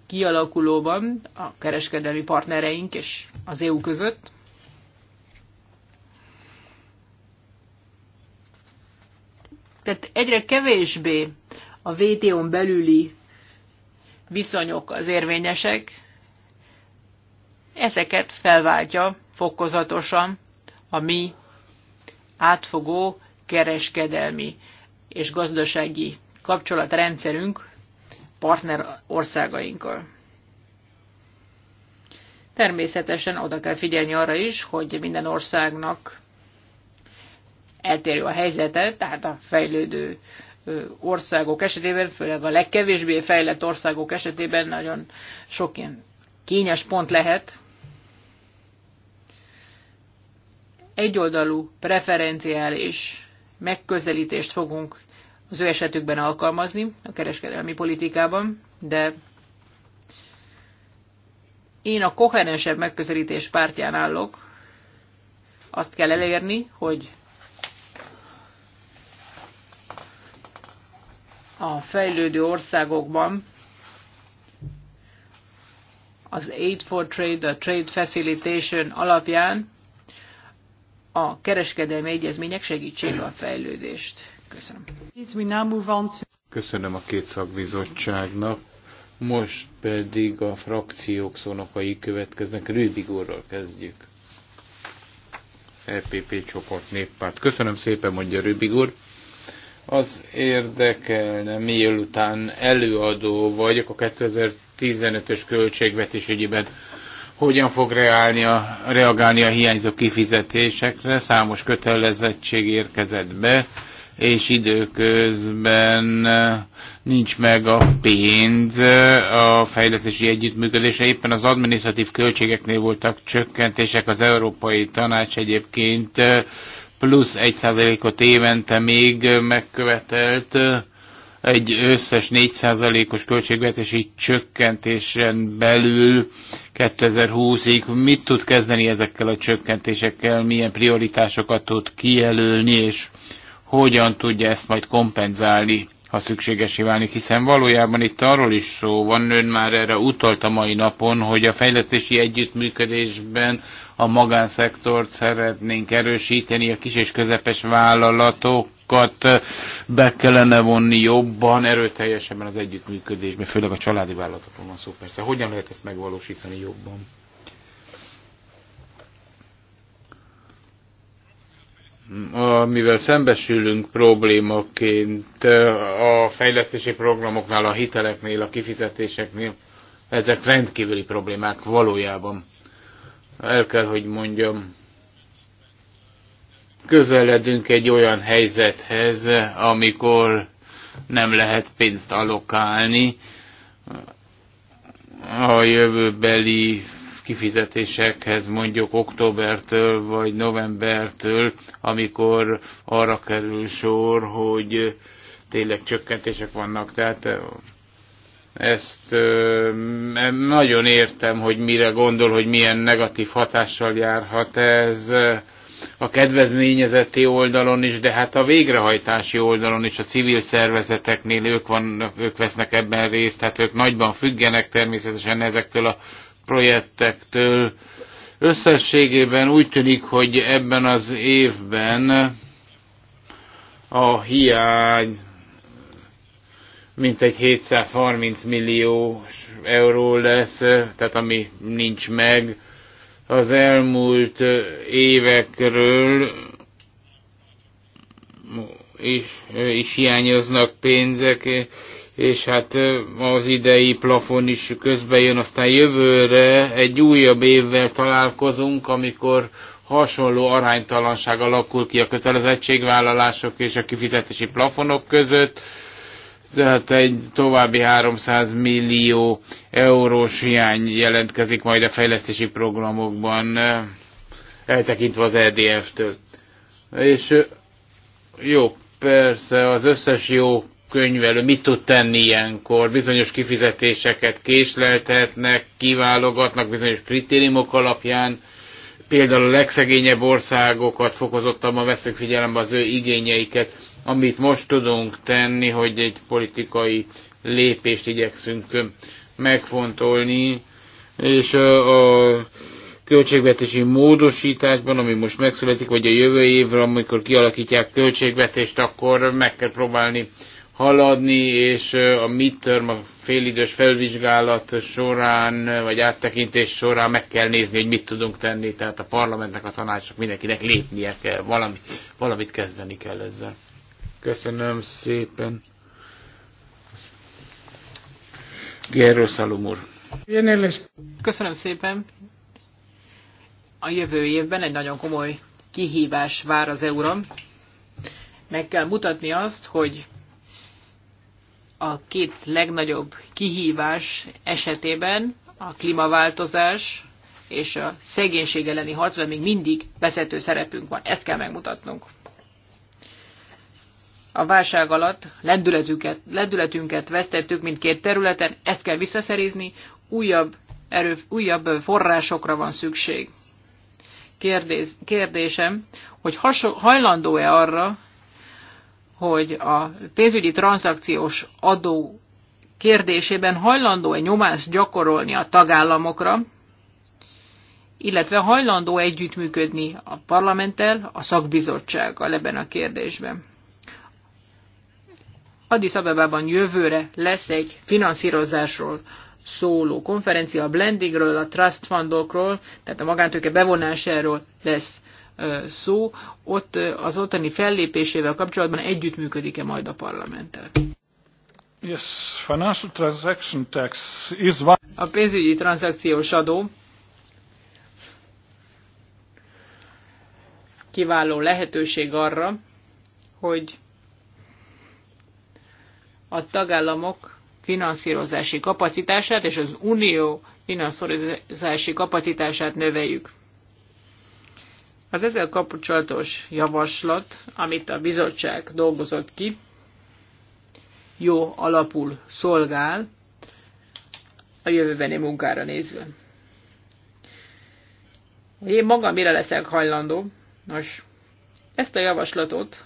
kialakulóban a kereskedelmi partnereink és az EU között. Tehát egyre kevésbé a WTO-n belüli viszonyok az érvényesek, ezeket felváltja fokozatosan a mi átfogó kereskedelmi és gazdasági kapcsolatrendszerünk partner országainkkal. Természetesen oda kell figyelni arra is, hogy minden országnak eltérő a helyzete, tehát a fejlődő országok esetében, főleg a legkevésbé fejlett országok esetében nagyon sok ilyen kényes pont lehet. Egyoldalú preferenciális megközelítést fogunk az ő esetükben alkalmazni a kereskedelmi politikában, de én a koherensebb megközelítés pártján állok. Azt kell elérni, hogy a fejlődő országokban az Aid for Trade, a Trade Facilitation alapján a kereskedelmi egyezmények segítségével a fejlődést. Köszönöm. Köszönöm a két szakbizottságnak. Most pedig a frakciók szónokai következnek. Rübig kezdjük. EPP csoport néppárt. Köszönöm szépen, mondja Rübig úr az érdekelne, mielőtán előadó vagyok a 2015-ös költségvetés ügyében, hogyan fog reálni a, reagálni a hiányzó kifizetésekre, számos kötelezettség érkezett be, és időközben nincs meg a pénz a fejlesztési együttműködése. Éppen az adminisztratív költségeknél voltak csökkentések, az Európai Tanács egyébként plusz egy százalékot évente még megkövetelt egy összes 4 százalékos költségvetési csökkentésen belül 2020-ig mit tud kezdeni ezekkel a csökkentésekkel, milyen prioritásokat tud kijelölni, és hogyan tudja ezt majd kompenzálni ha szükségesé válik, hiszen valójában itt arról is szó van, ön már erre utalt a mai napon, hogy a fejlesztési együttműködésben a magánszektort szeretnénk erősíteni, a kis és közepes vállalatokat be kellene vonni jobban, erőteljesebben az együttműködésbe, főleg a családi vállalatokon van szó persze. Hogyan lehet ezt megvalósítani jobban? amivel szembesülünk problémaként eh, a fejlesztési programoknál, a hiteleknél, a kifizetéseknél, ezek rendkívüli problémák valójában. El kell, hogy mondjam, közeledünk egy olyan helyzethez, amikor nem lehet pénzt alokálni a jövőbeli kifizetésekhez mondjuk októbertől vagy novembertől, amikor arra kerül sor, hogy tényleg csökkentések vannak. Tehát ezt nagyon értem, hogy mire gondol, hogy milyen negatív hatással járhat ez a kedvezményezeti oldalon is, de hát a végrehajtási oldalon is, a civil szervezeteknél ők, vannak, ők vesznek ebben részt, hát ők nagyban függenek természetesen ezektől a projektektől. Összességében úgy tűnik, hogy ebben az évben a hiány mintegy 730 millió euró lesz, tehát ami nincs meg az elmúlt évekről is, is hiányoznak pénzek, és hát az idei plafon is közbejön, aztán jövőre egy újabb évvel találkozunk, amikor hasonló aránytalanság alakul ki a kötelezettségvállalások és a kifizetési plafonok között, tehát egy további 300 millió eurós hiány jelentkezik majd a fejlesztési programokban, eltekintve az EDF-től. És jó, persze, az összes jó könyvelő mit tud tenni ilyenkor? Bizonyos kifizetéseket késleltetnek, kiválogatnak bizonyos kritériumok alapján, például a legszegényebb országokat fokozottabban veszük figyelembe az ő igényeiket, amit most tudunk tenni, hogy egy politikai lépést igyekszünk megfontolni, és a költségvetési módosításban, ami most megszületik, vagy a jövő évre, amikor kialakítják költségvetést, akkor meg kell próbálni haladni, és a midterm, a félidős felvizsgálat során, vagy áttekintés során meg kell nézni, hogy mit tudunk tenni, tehát a parlamentnek, a tanácsok mindenkinek lépnie kell, valami, valamit kezdeni kell ezzel. Köszönöm szépen. Gerőszalom úr. Köszönöm szépen. A jövő évben egy nagyon komoly kihívás vár az euron. Meg kell mutatni azt, hogy a két legnagyobb kihívás esetében, a klímaváltozás és a szegénység elleni harcban még mindig vezető szerepünk van. Ezt kell megmutatnunk. A válság alatt lendületünket, lendületünket vesztettük mindkét területen, ezt kell visszaszerizni, újabb, erő, újabb forrásokra van szükség. Kérdés, kérdésem, hogy hajlandó-e arra, hogy a pénzügyi tranzakciós adó kérdésében hajlandó-e nyomást gyakorolni a tagállamokra, illetve hajlandó együttműködni a parlamenttel, a szakbizottsággal ebben a kérdésben. Addis Abebában jövőre lesz egy finanszírozásról szóló konferencia, a blendingről, a trust fundokról, tehát a magántőke bevonásáról lesz szó, ott az ottani fellépésével kapcsolatban együttműködik-e majd a parlamenttel? Yes, financial transaction tax is one. A pénzügyi tranzakciós adó kiváló lehetőség arra, hogy a tagállamok finanszírozási kapacitását és az unió finanszírozási kapacitását növeljük. Az ezzel kapcsolatos javaslat, amit a bizottság dolgozott ki, jó alapul szolgál a jövőbeni munkára nézve. én magam mire leszek hajlandó? Nos, ezt a javaslatot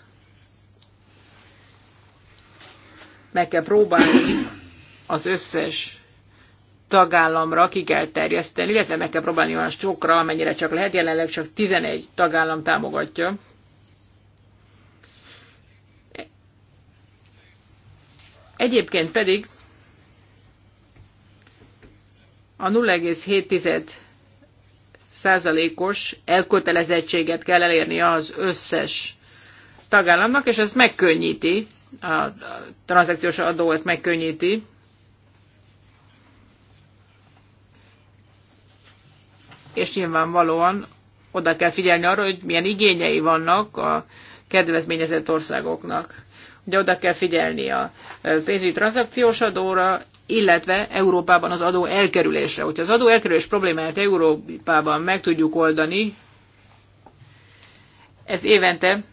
meg kell próbálni az összes tagállamra ki kell terjeszteni, illetve meg kell próbálni olyan sokra, amennyire csak lehet, jelenleg csak 11 tagállam támogatja. Egyébként pedig a 0,7 százalékos elkötelezettséget kell elérni az összes tagállamnak, és ez megkönnyíti, a tranzakciós adó ezt megkönnyíti, és nyilvánvalóan oda kell figyelni arra, hogy milyen igényei vannak a kedvezményezett országoknak. Ugye oda kell figyelni a e, pénzügyi tranzakciós adóra, illetve Európában az adó elkerülésre. Hogyha az adó elkerülés problémáját Európában meg tudjuk oldani, ez évente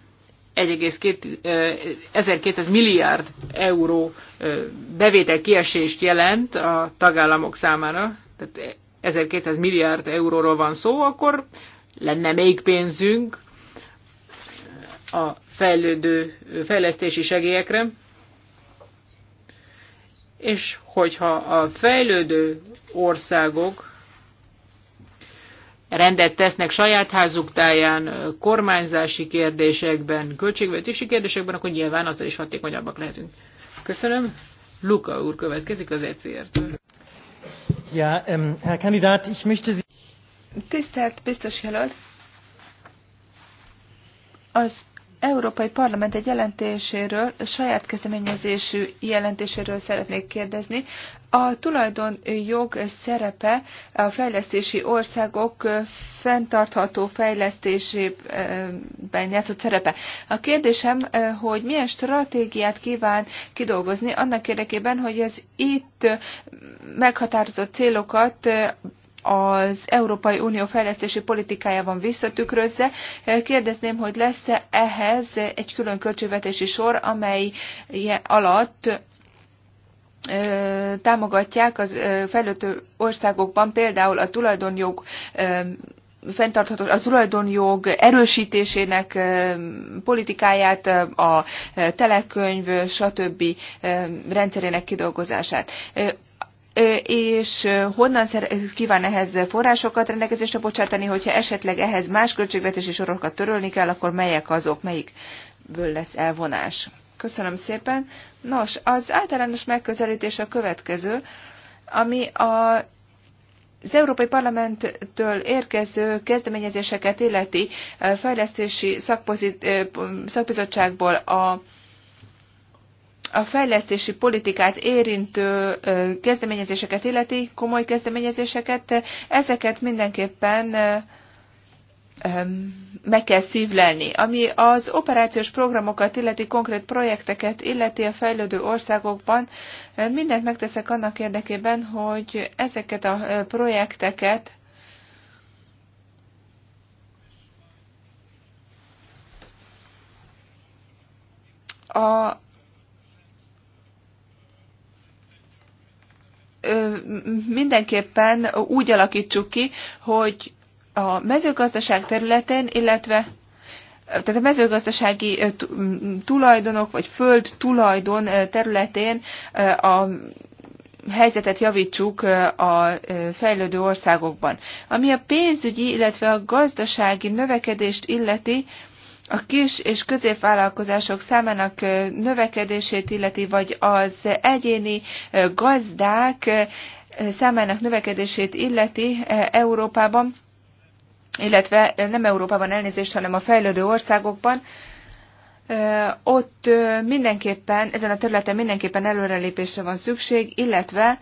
1200 e, milliárd euró e, bevétel kiesést jelent a tagállamok számára. Tehát 1200 milliárd euróról van szó, akkor lenne még pénzünk a fejlődő fejlesztési segélyekre, és hogyha a fejlődő országok rendet tesznek saját házuk táján, kormányzási kérdésekben, költségvetési kérdésekben, akkor nyilván azzal is hatékonyabbak lehetünk. Köszönöm. Luka úr következik az ECR-től. Ja, ähm, Herr Kandidat, ich möchte Sie... Tisztelt biztos jelölt! Az Európai Parlament egy jelentéséről, saját kezdeményezésű jelentéséről szeretnék kérdezni. A tulajdonjog szerepe a fejlesztési országok fenntartható fejlesztésében játszott szerepe. A kérdésem, hogy milyen stratégiát kíván kidolgozni annak érdekében, hogy az itt meghatározott célokat az Európai Unió fejlesztési politikájában visszatükrözze. Kérdezném, hogy lesz-e ehhez egy külön költségvetési sor, amely alatt támogatják az fejlődő országokban például a tulajdonjog fenntartható a tulajdonjog erősítésének politikáját, a telekönyv, stb. rendszerének kidolgozását és honnan kíván ehhez forrásokat rendelkezésre bocsátani, hogyha esetleg ehhez más költségvetési sorokat törölni kell, akkor melyek azok, melyikből lesz elvonás. Köszönöm szépen. Nos, az általános megközelítés a következő, ami a az Európai Parlamenttől érkező kezdeményezéseket illeti fejlesztési szakbizottságból a a fejlesztési politikát érintő kezdeményezéseket illeti, komoly kezdeményezéseket, ezeket mindenképpen meg kell szívlelni. Ami az operációs programokat illeti, konkrét projekteket illeti a fejlődő országokban, mindent megteszek annak érdekében, hogy ezeket a projekteket a mindenképpen úgy alakítsuk ki, hogy a mezőgazdaság területén, illetve tehát a mezőgazdasági tulajdonok vagy föld tulajdon területén a helyzetet javítsuk a fejlődő országokban. Ami a pénzügyi, illetve a gazdasági növekedést illeti, a kis és középvállalkozások számának növekedését illeti, vagy az egyéni gazdák számának növekedését illeti Európában, illetve nem Európában elnézést, hanem a fejlődő országokban, ott mindenképpen, ezen a területen mindenképpen előrelépésre van szükség, illetve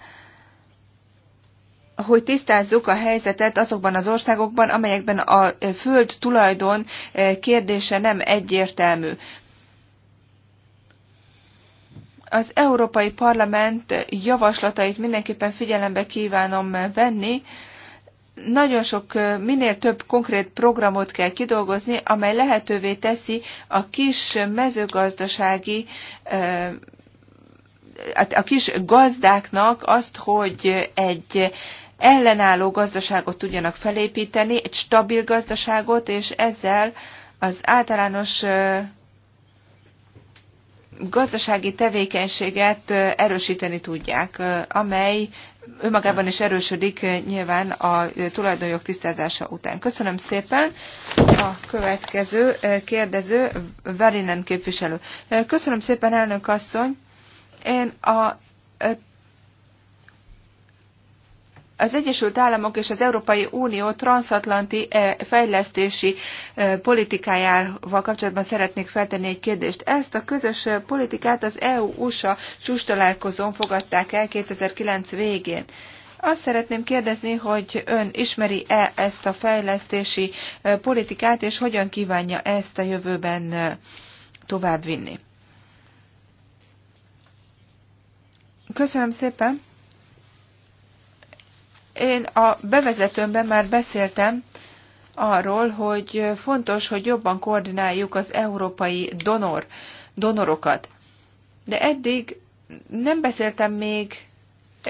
hogy tisztázzuk a helyzetet azokban az országokban, amelyekben a föld tulajdon eh, kérdése nem egyértelmű. Az Európai Parlament javaslatait mindenképpen figyelembe kívánom venni. Nagyon sok, eh, minél több konkrét programot kell kidolgozni, amely lehetővé teszi a kis mezőgazdasági eh, a kis gazdáknak azt, hogy egy ellenálló gazdaságot tudjanak felépíteni, egy stabil gazdaságot, és ezzel az általános gazdasági tevékenységet erősíteni tudják, amely önmagában is erősödik nyilván a tulajdonjog tisztázása után. Köszönöm szépen a következő kérdező, Verinen képviselő. Köszönöm szépen, elnök asszony. Én a az Egyesült Államok és az Európai Unió transatlanti eh, fejlesztési eh, politikájával kapcsolatban szeretnék feltenni egy kérdést. Ezt a közös eh, politikát az EU-USA csústalálkozón fogadták el 2009 végén. Azt szeretném kérdezni, hogy ön ismeri-e ezt a fejlesztési politikát, és hogyan kívánja ezt a jövőben továbbvinni. Köszönöm szépen! Én a bevezetőmben már beszéltem arról, hogy fontos, hogy jobban koordináljuk az európai donor, donorokat. De eddig nem beszéltem még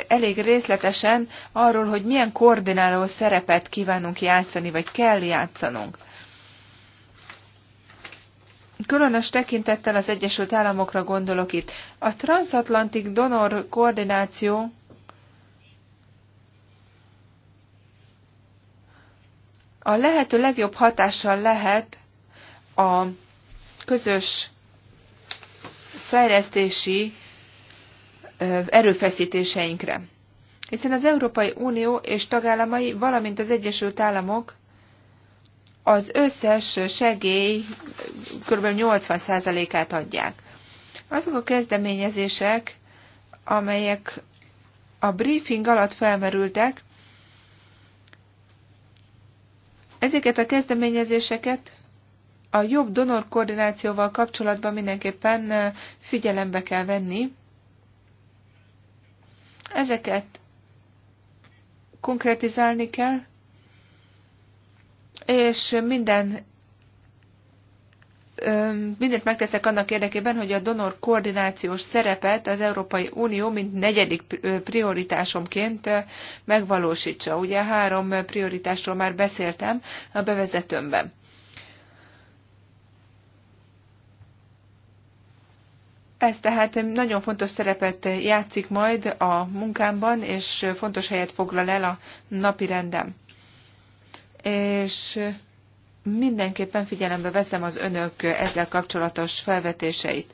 elég részletesen arról, hogy milyen koordináló szerepet kívánunk játszani, vagy kell játszanunk. Különös tekintettel az Egyesült Államokra gondolok itt. A transatlantik donor koordináció a lehető legjobb hatással lehet a közös fejlesztési erőfeszítéseinkre. Hiszen az Európai Unió és tagállamai, valamint az Egyesült Államok az összes segély kb. 80%-át adják. Azok a kezdeményezések, amelyek a briefing alatt felmerültek, Ezeket a kezdeményezéseket a jobb donor koordinációval kapcsolatban mindenképpen figyelembe kell venni. Ezeket konkretizálni kell, és minden mindent megteszek annak érdekében, hogy a donor koordinációs szerepet az Európai Unió mint negyedik prioritásomként megvalósítsa. Ugye három prioritásról már beszéltem a bevezetőmben. Ez tehát nagyon fontos szerepet játszik majd a munkámban, és fontos helyet foglal el a napi rendem. És mindenképpen figyelembe veszem az önök ezzel kapcsolatos felvetéseit.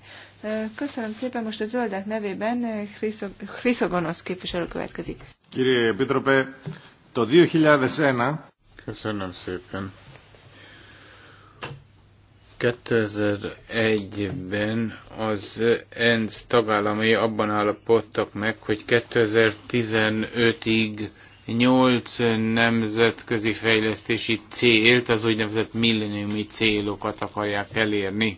Köszönöm szépen, most a zöldek nevében Hriszogonosz képviselő következik. Kérje Pitrope, a 2001... Köszönöm szépen. 2001-ben az ENSZ tagállamai abban állapodtak meg, hogy 2015-ig nyolc nemzetközi fejlesztési célt, az úgynevezett milleniumi célokat akarják elérni.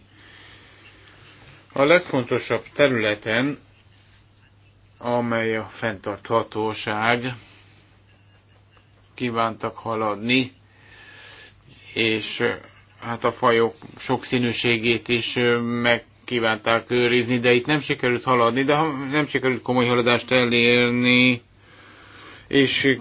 A legfontosabb területen, amely a fenntarthatóság, kívántak haladni, és hát a fajok sokszínűségét is meg kívánták őrizni, de itt nem sikerült haladni, de nem sikerült komoly haladást elérni, és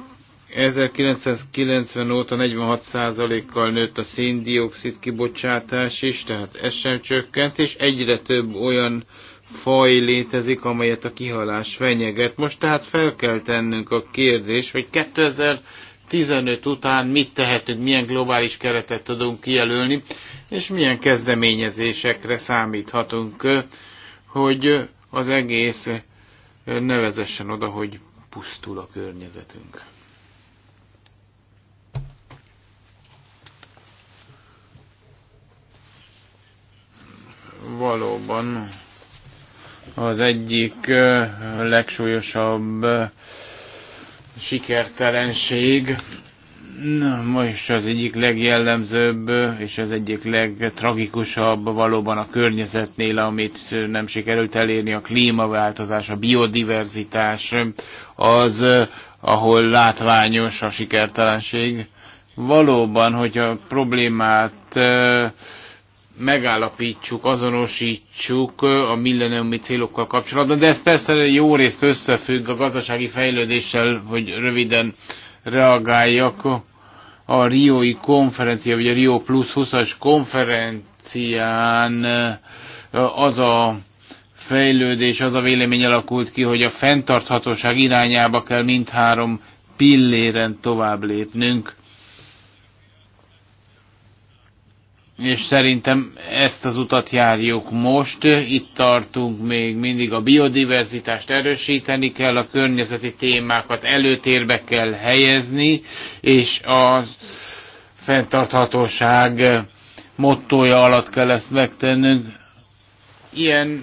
1990 óta 46%-kal nőtt a széndiokszid kibocsátás is, tehát ez sem csökkent, és egyre több olyan faj létezik, amelyet a kihalás fenyeget. Most tehát fel kell tennünk a kérdés, hogy 2015 után mit tehetünk, milyen globális keretet tudunk kijelölni, és milyen kezdeményezésekre számíthatunk, hogy az egész nevezessen oda, hogy pusztul a környezetünk. Valóban az egyik legsúlyosabb sikertelenség Na, ma is az egyik legjellemzőbb és az egyik legtragikusabb valóban a környezetnél, amit nem sikerült elérni, a klímaváltozás, a biodiverzitás, az, ahol látványos a sikertelenség. Valóban, hogy a problémát megállapítsuk, azonosítsuk a millenniumi célokkal kapcsolatban, de ez persze jó részt összefügg a gazdasági fejlődéssel, hogy röviden reagáljak a Riói konferencia, vagy a Rio Plus 20-as konferencián az a fejlődés, az a vélemény alakult ki, hogy a fenntarthatóság irányába kell mindhárom pilléren tovább lépnünk. és szerintem ezt az utat járjuk most. Itt tartunk még mindig a biodiverzitást erősíteni kell, a környezeti témákat előtérbe kell helyezni, és a fenntarthatóság mottoja alatt kell ezt megtennünk. Ilyen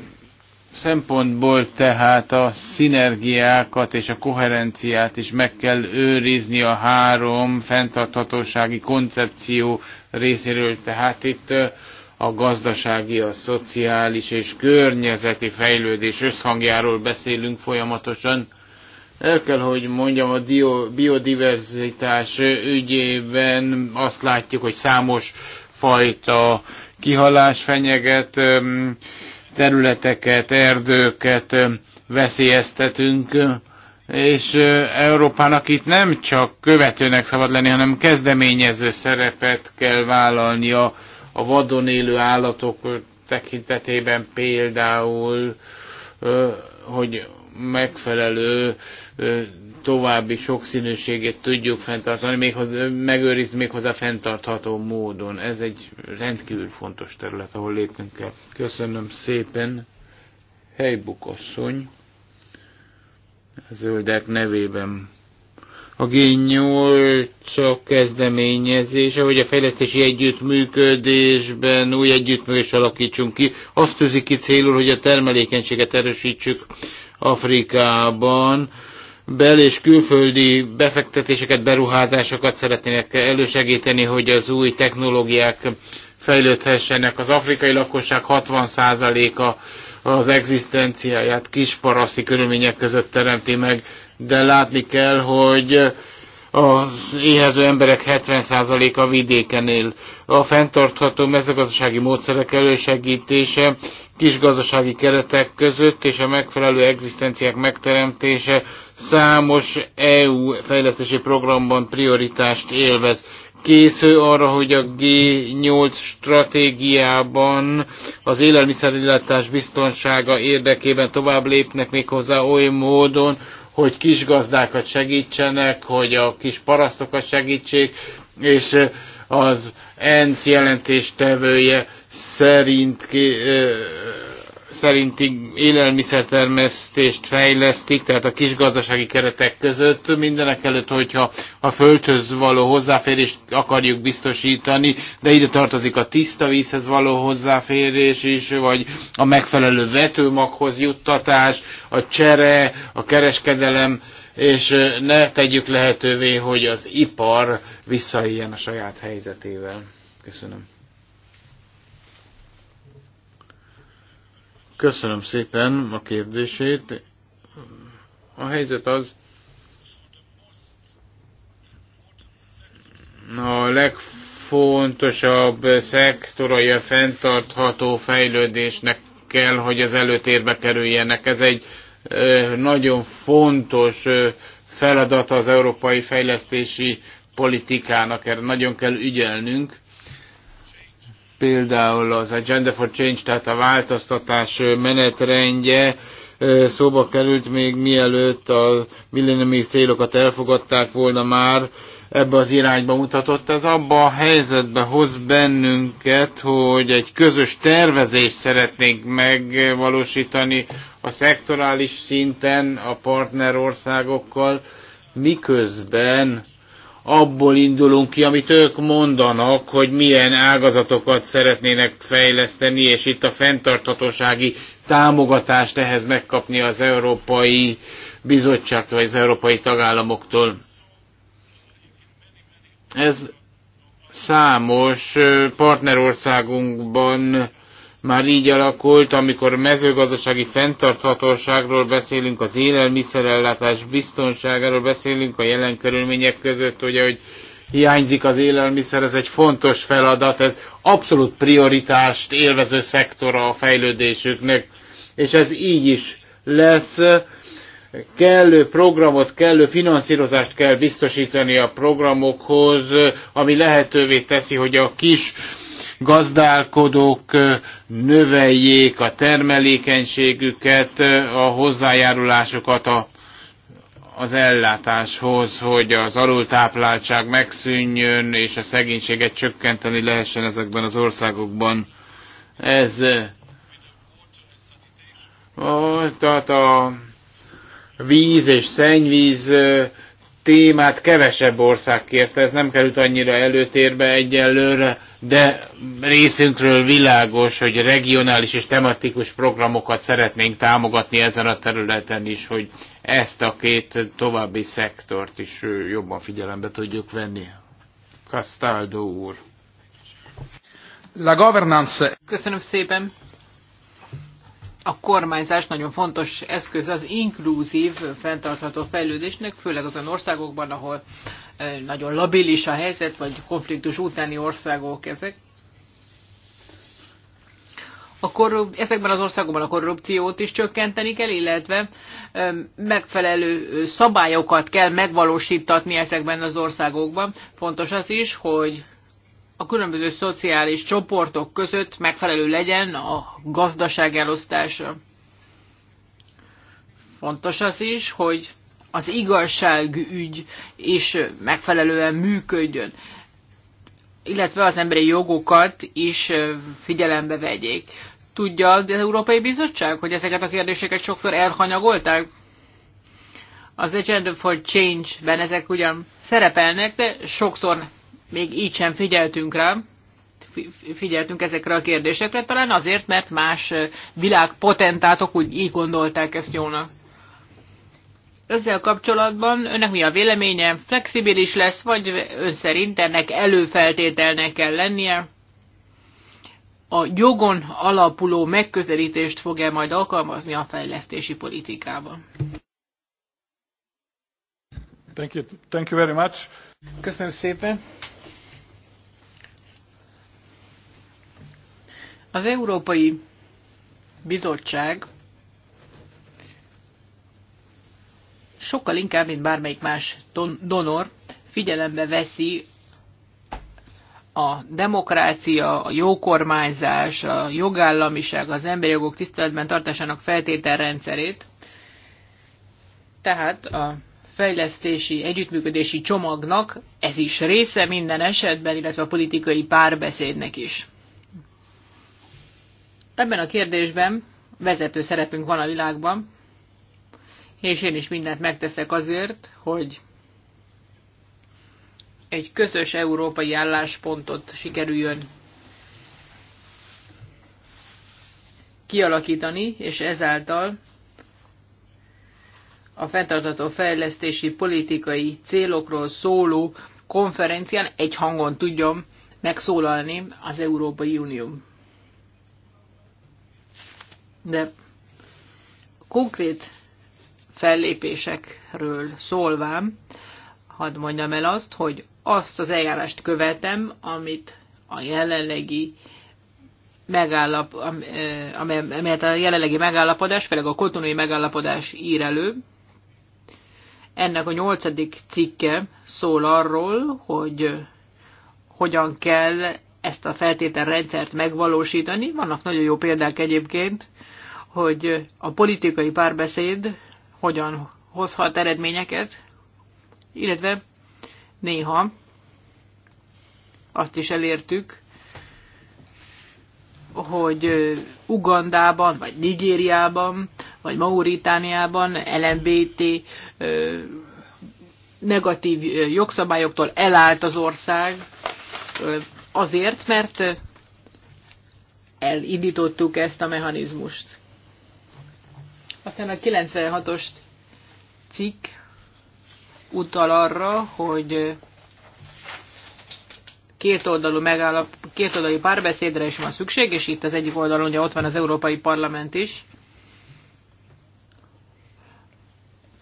szempontból tehát a szinergiákat és a koherenciát is meg kell őrizni a három fenntarthatósági koncepció részéről. Tehát itt a gazdasági, a szociális és környezeti fejlődés összhangjáról beszélünk folyamatosan. El kell, hogy mondjam, a biodiverzitás ügyében azt látjuk, hogy számos fajta kihalás fenyeget, területeket, erdőket veszélyeztetünk, és Európának itt nem csak követőnek szabad lenni, hanem kezdeményező szerepet kell vállalnia a vadon élő állatok tekintetében például, hogy megfelelő további sokszínűségét tudjuk fenntartani, méghoz, megőrizni méghozzá fenntartható módon. Ez egy rendkívül fontos terület, ahol lépnünk kell. Köszönöm szépen, Helybuk a zöldek nevében. A G8 -a kezdeményezés, hogy a fejlesztési együttműködésben új együttműködés alakítsunk ki, azt tűzi ki célul, hogy a termelékenységet erősítsük Afrikában bel- és külföldi befektetéseket, beruházásokat szeretnének elősegíteni, hogy az új technológiák fejlődhessenek. Az afrikai lakosság 60%-a az egzisztenciáját kisparaszti körülmények között teremti meg, de látni kell, hogy az éhező emberek 70%-a vidéken él. A fenntartható mezőgazdasági módszerek elősegítése, kisgazdasági gazdasági keretek között és a megfelelő egzisztenciák megteremtése számos EU fejlesztési programban prioritást élvez. Készül arra, hogy a G8 stratégiában az élelmiszerillátás biztonsága érdekében tovább lépnek méghozzá oly módon, hogy kis gazdákat segítsenek, hogy a kis parasztokat segítsék, és az ENSZ jelentéstevője szerint ki szerinti élelmiszertermesztést fejlesztik, tehát a kisgazdasági keretek között mindenek előtt, hogyha a földhöz való hozzáférést akarjuk biztosítani, de ide tartozik a tiszta vízhez való hozzáférés is, vagy a megfelelő vetőmaghoz juttatás, a csere, a kereskedelem, és ne tegyük lehetővé, hogy az ipar visszaéljen a saját helyzetével. Köszönöm. Köszönöm szépen a kérdését. A helyzet az, a legfontosabb szektorai a fenntartható fejlődésnek kell, hogy az előtérbe kerüljenek. Ez egy nagyon fontos feladat az európai fejlesztési politikának, erre nagyon kell ügyelnünk például az Agenda for Change, tehát a változtatás menetrendje szóba került még mielőtt a millenniumi célokat elfogadták volna már, ebbe az irányba mutatott. Ez abba a helyzetbe hoz bennünket, hogy egy közös tervezést szeretnénk megvalósítani a szektorális szinten a partnerországokkal, miközben abból indulunk ki, amit ők mondanak, hogy milyen ágazatokat szeretnének fejleszteni, és itt a fenntarthatósági támogatást ehhez megkapni az Európai Bizottságtól, vagy az Európai Tagállamoktól. Ez számos partnerországunkban már így alakult, amikor mezőgazdasági fenntarthatóságról beszélünk, az élelmiszerellátás biztonságáról beszélünk a jelen körülmények között, ugye, hogy hiányzik az élelmiszer, ez egy fontos feladat, ez abszolút prioritást élvező szektora a fejlődésüknek, és ez így is lesz. Kellő programot, kellő finanszírozást kell biztosítani a programokhoz, ami lehetővé teszi, hogy a kis gazdálkodók növeljék a termelékenységüket, a hozzájárulásokat a az ellátáshoz, hogy az alultápláltság megszűnjön, és a szegénységet csökkenteni lehessen ezekben az országokban. Ez a, tehát a víz és szennyvíz témát kevesebb ország kérte, ez nem került annyira előtérbe egyelőre, de részünkről világos, hogy regionális és tematikus programokat szeretnénk támogatni ezen a területen is, hogy ezt a két további szektort is jobban figyelembe tudjuk venni. Castaldo úr. La governance. Köszönöm szépen a kormányzás nagyon fontos eszköz az inkluzív fenntartható fejlődésnek, főleg azon országokban, ahol eh, nagyon labilis a helyzet, vagy konfliktus utáni országok ezek. A korrup- ezekben az országokban a korrupciót is csökkenteni kell, illetve eh, megfelelő eh, szabályokat kell megvalósítatni ezekben az országokban. Fontos az is, hogy a különböző szociális csoportok között megfelelő legyen a gazdaság elosztása. Fontos az is, hogy az ügy is megfelelően működjön, illetve az emberi jogokat is figyelembe vegyék. Tudja az Európai Bizottság, hogy ezeket a kérdéseket sokszor elhanyagolták? Az Agenda for Change-ben ezek ugyan szerepelnek, de sokszor még így sem figyeltünk rá, figyeltünk ezekre a kérdésekre, talán azért, mert más világpotentátok úgy így gondolták ezt jónak. Ezzel kapcsolatban önnek mi a véleménye? Flexibilis lesz, vagy ön szerint ennek előfeltételnek kell lennie? A jogon alapuló megközelítést fog-e majd alkalmazni a fejlesztési politikában? Thank you. Thank you very much. Köszönöm szépen. Az Európai Bizottság sokkal inkább, mint bármelyik más donor figyelembe veszi a demokrácia, a jókormányzás, a jogállamiság, az emberi jogok tiszteletben tartásának feltételrendszerét. Tehát a fejlesztési, együttműködési csomagnak ez is része minden esetben, illetve a politikai párbeszédnek is. Ebben a kérdésben vezető szerepünk van a világban, és én is mindent megteszek azért, hogy egy közös európai álláspontot sikerüljön kialakítani, és ezáltal a fenntartató fejlesztési politikai célokról szóló konferencián egy hangon tudjon megszólalni az Európai Unió de konkrét fellépésekről szólvám, hadd mondjam el azt, hogy azt az eljárást követem, amit a jelenlegi megállap, eh, amelyet a jelenlegi megállapodás, főleg a kotonói megállapodás ír elő. Ennek a nyolcadik cikke szól arról, hogy hogyan kell ezt a feltételrendszert megvalósítani. Vannak nagyon jó példák egyébként, hogy a politikai párbeszéd hogyan hozhat eredményeket, illetve néha azt is elértük, hogy Ugandában, vagy Nigériában, vagy Mauritániában LMBT negatív jogszabályoktól elállt az ország, azért, mert elindítottuk ezt a mechanizmust. Aztán a 96-os cikk utal arra, hogy kétoldalú megállap, kétoldalú párbeszédre is van szükség, és itt az egyik oldalon ugye ott van az Európai Parlament is.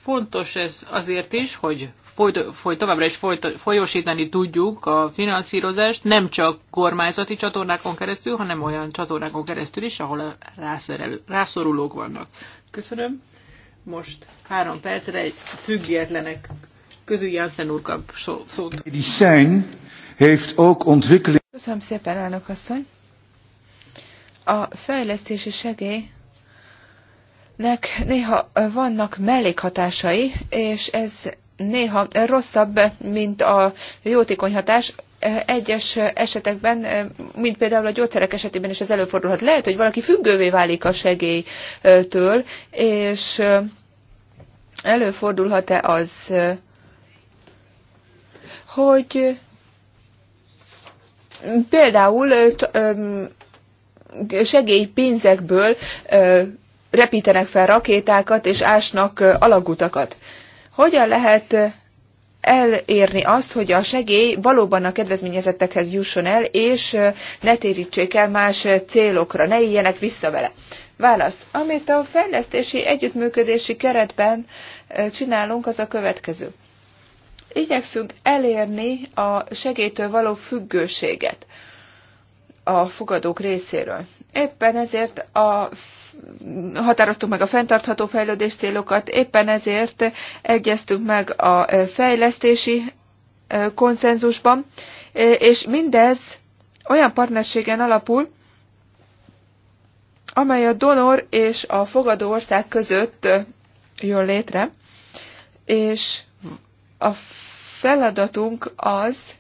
Fontos ez azért is, hogy folyt, folyt, továbbra is folyt, folyosítani tudjuk a finanszírozást, nem csak kormányzati csatornákon keresztül, hanem olyan csatornákon keresztül is, ahol a rászorulók, rászorulók vannak. Köszönöm. Most három percre egy függetlenek közül Janssen úr kap szót. Köszönöm szépen, elnök asszony. A fejlesztési segély nek néha vannak mellékhatásai, és ez néha rosszabb, mint a jótékony hatás, egyes esetekben, mint például a gyógyszerek esetében is ez előfordulhat. Lehet, hogy valaki függővé válik a segélytől, és előfordulhat-e az, hogy például segélypénzekből repítenek fel rakétákat és ásnak alagutakat. Hogyan lehet elérni azt, hogy a segély valóban a kedvezményezettekhez jusson el, és ne térítsék el más célokra, ne éljenek vissza vele. Válasz. Amit a fejlesztési együttműködési keretben csinálunk, az a következő. Igyekszünk elérni a segélytől való függőséget a fogadók részéről. Éppen ezért a határoztuk meg a fenntartható fejlődés célokat, éppen ezért egyeztünk meg a e, fejlesztési e, konszenzusban, e, és mindez olyan partnerségen alapul, amely a donor és a fogadó ország között jön létre, és a feladatunk az,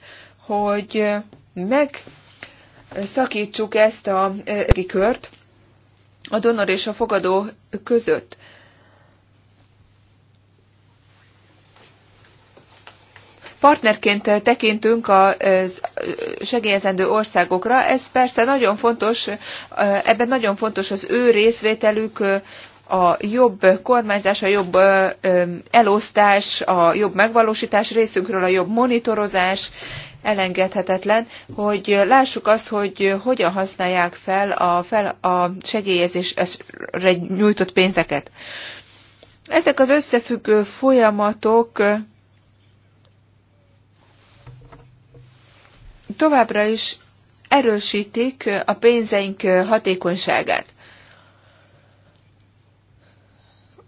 hogy meg szakítsuk ezt a e, e, kört a donor és a fogadó között. partnerként tekintünk a e, segélyezendő országokra. Ez persze nagyon fontos, ebben nagyon fontos az ő részvételük, a jobb kormányzás, a jobb elosztás, a jobb megvalósítás részünkről, a jobb monitorozás, elengedhetetlen, hogy lássuk azt, hogy hogyan használják fel a, fel a segélyezésre nyújtott pénzeket. Ezek az összefüggő folyamatok továbbra is erősítik a pénzeink hatékonyságát.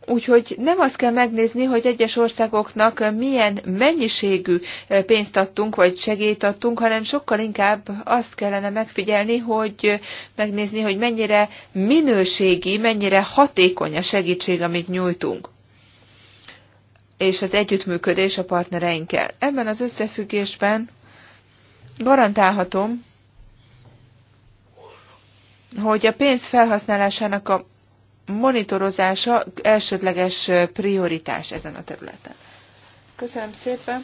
Úgyhogy nem azt kell megnézni, hogy egyes országoknak milyen mennyiségű eh, pénzt adtunk, vagy segélyt adtunk, hanem sokkal inkább azt kellene megfigyelni, hogy eh, megnézni, hogy mennyire minőségi, mennyire hatékony a segítség, amit nyújtunk és az együttműködés a partnereinkkel. Ebben az összefüggésben garantálhatom, hogy a pénz felhasználásának a monitorozása elsődleges prioritás ezen a területen. Köszönöm szépen.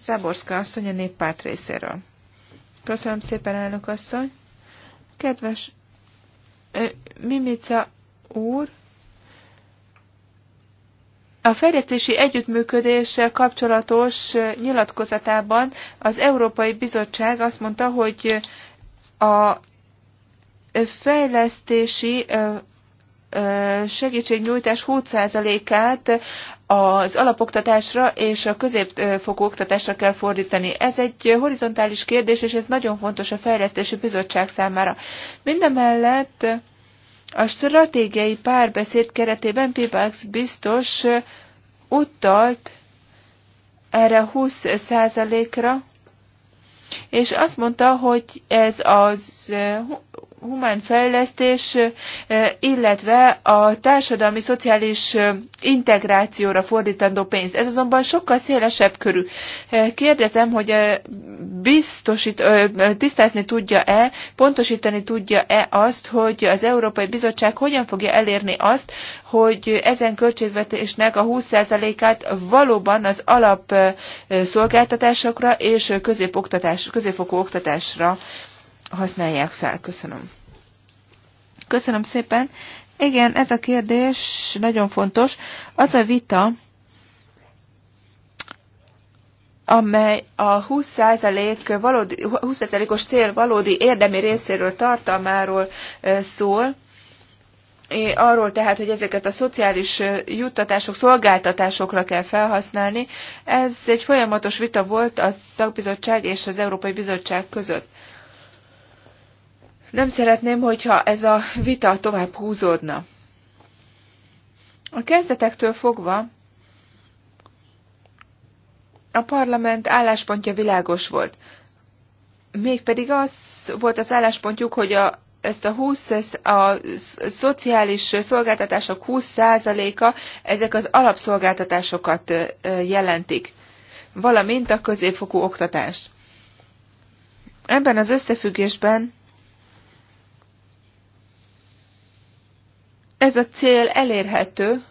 Záborszka asszony a néppárt részéről. Köszönöm szépen, elnök asszony. Kedves Mimica úr, a fejlesztési együttműködéssel kapcsolatos nyilatkozatában az Európai Bizottság azt mondta, hogy a fejlesztési segítségnyújtás 20%-át az alapoktatásra és a középfokú oktatásra kell fordítani. Ez egy horizontális kérdés, és ez nagyon fontos a Fejlesztési Bizottság számára. Mindemellett a stratégiai párbeszéd keretében Pibax biztos utalt erre 20%-ra, és azt mondta, hogy ez az humán fejlesztés, illetve a társadalmi szociális integrációra fordítandó pénz. Ez azonban sokkal szélesebb körű. Kérdezem, hogy biztosít, tisztázni tudja-e, pontosítani tudja-e azt, hogy az Európai Bizottság hogyan fogja elérni azt, hogy ezen költségvetésnek a 20%-át valóban az alap szolgáltatásokra és középoktatás, középfokú oktatásra használják fel. Köszönöm. Köszönöm szépen. Igen, ez a kérdés nagyon fontos. Az a vita, amely a 20%, valódi, 20%-os cél valódi érdemi részéről, tartalmáról szól, arról tehát, hogy ezeket a szociális juttatások, szolgáltatásokra kell felhasználni. Ez egy folyamatos vita volt a szakbizottság és az Európai Bizottság között. Nem szeretném, hogyha ez a vita tovább húzódna. A kezdetektől fogva a parlament álláspontja világos volt. Mégpedig az volt az álláspontjuk, hogy a, ezt a 20, a szociális szolgáltatások 20%-a ezek az alapszolgáltatásokat jelentik, valamint a középfokú oktatást. Ebben az összefüggésben ez a cél elérhető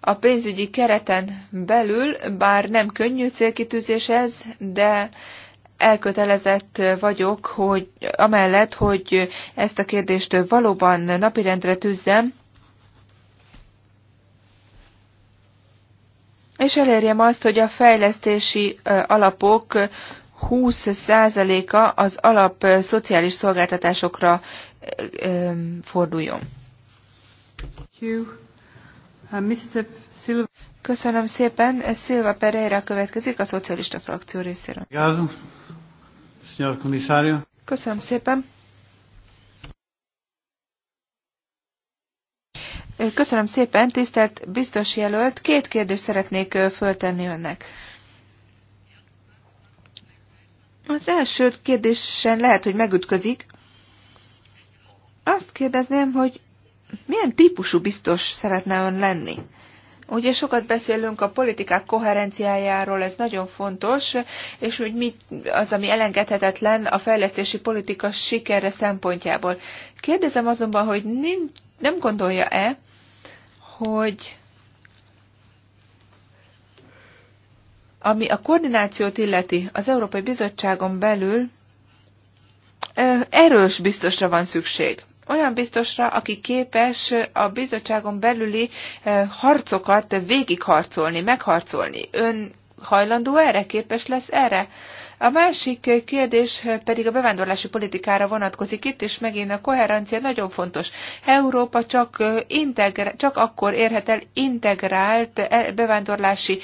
a pénzügyi kereten belül, bár nem könnyű célkitűzés ez, de elkötelezett vagyok, hogy amellett, hogy ezt a kérdést valóban napirendre tűzzem, és elérjem azt, hogy a fejlesztési alapok 20%-a az alap szociális szolgáltatásokra forduljon. Uh, köszönöm szépen. Silva Pereira következik a szocialista frakció részéről. Köszönöm szépen. Köszönöm szépen, tisztelt biztos jelölt. Két kérdést szeretnék föltenni önnek. Az első kérdésen lehet, hogy megütközik. Azt kérdezném, hogy milyen típusú biztos szeretne ön lenni? Ugye sokat beszélünk a politikák koherenciájáról, ez nagyon fontos, és hogy mi az, ami elengedhetetlen a fejlesztési politika sikerre szempontjából. Kérdezem azonban, hogy nem gondolja-e, hogy Ami a koordinációt illeti, az Európai Bizottságon belül erős biztosra van szükség. Olyan biztosra, aki képes a bizottságon belüli harcokat végigharcolni, megharcolni. Ön hajlandó erre, képes lesz erre? A másik kérdés pedig a bevándorlási politikára vonatkozik. Itt is megint a koherencia nagyon fontos. Európa csak, integra- csak akkor érhet el integrált e, bevándorlási